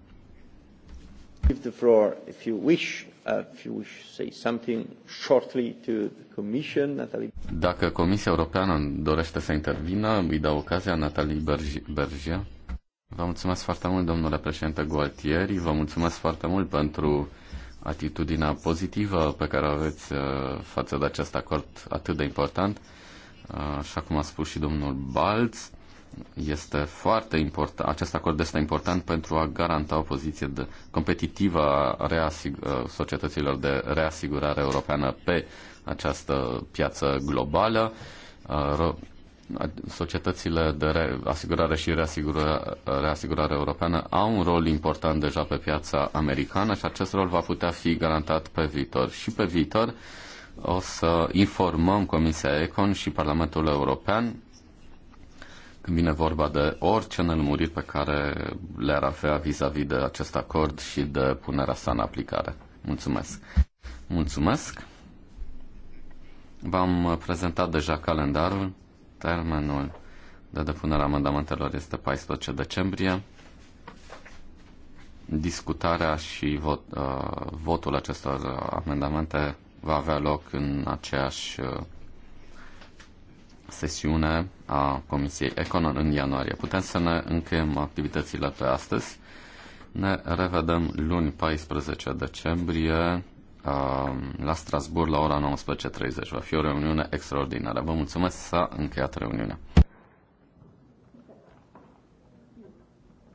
Give the floor if you wish. Uh, if you wish say something shortly to the Commission, Natalie. Dacă Comisia Europeană dorește să intervină, îi dau ocazia Natalie Bergia. Vă mulțumesc foarte mult, domnule președinte Gualtieri, vă mulțumesc foarte mult pentru atitudinea pozitivă pe care o aveți uh, față de acest acord atât de important. Uh, așa cum a spus și domnul Balț, este foarte important, acest acord este important pentru a garanta o poziție de, competitivă a uh, societăților de reasigurare europeană pe această piață globală societățile de asigurare și reasigurare, reasigurare europeană au un rol important deja pe piața americană și acest rol va putea fi garantat pe viitor. Și pe viitor o să informăm Comisia Econ și Parlamentul European când vine vorba de orice nelmuriri pe care le-ar avea vis-a-vis -vis de acest acord și de punerea sa în aplicare. Mulțumesc! Mulțumesc! V-am prezentat deja calendarul. Termenul de depunere a amendamentelor este 14 decembrie. Discutarea și vot, uh, votul acestor amendamente va avea loc în aceeași uh, sesiune a Comisiei Econon în ianuarie. Putem să ne încheiem activitățile pe astăzi. Ne revedem luni 14 decembrie la Strasburg la ora 19.30. Va fi o reuniune extraordinară. Vă mulțumesc, s-a încheiat reuniunea.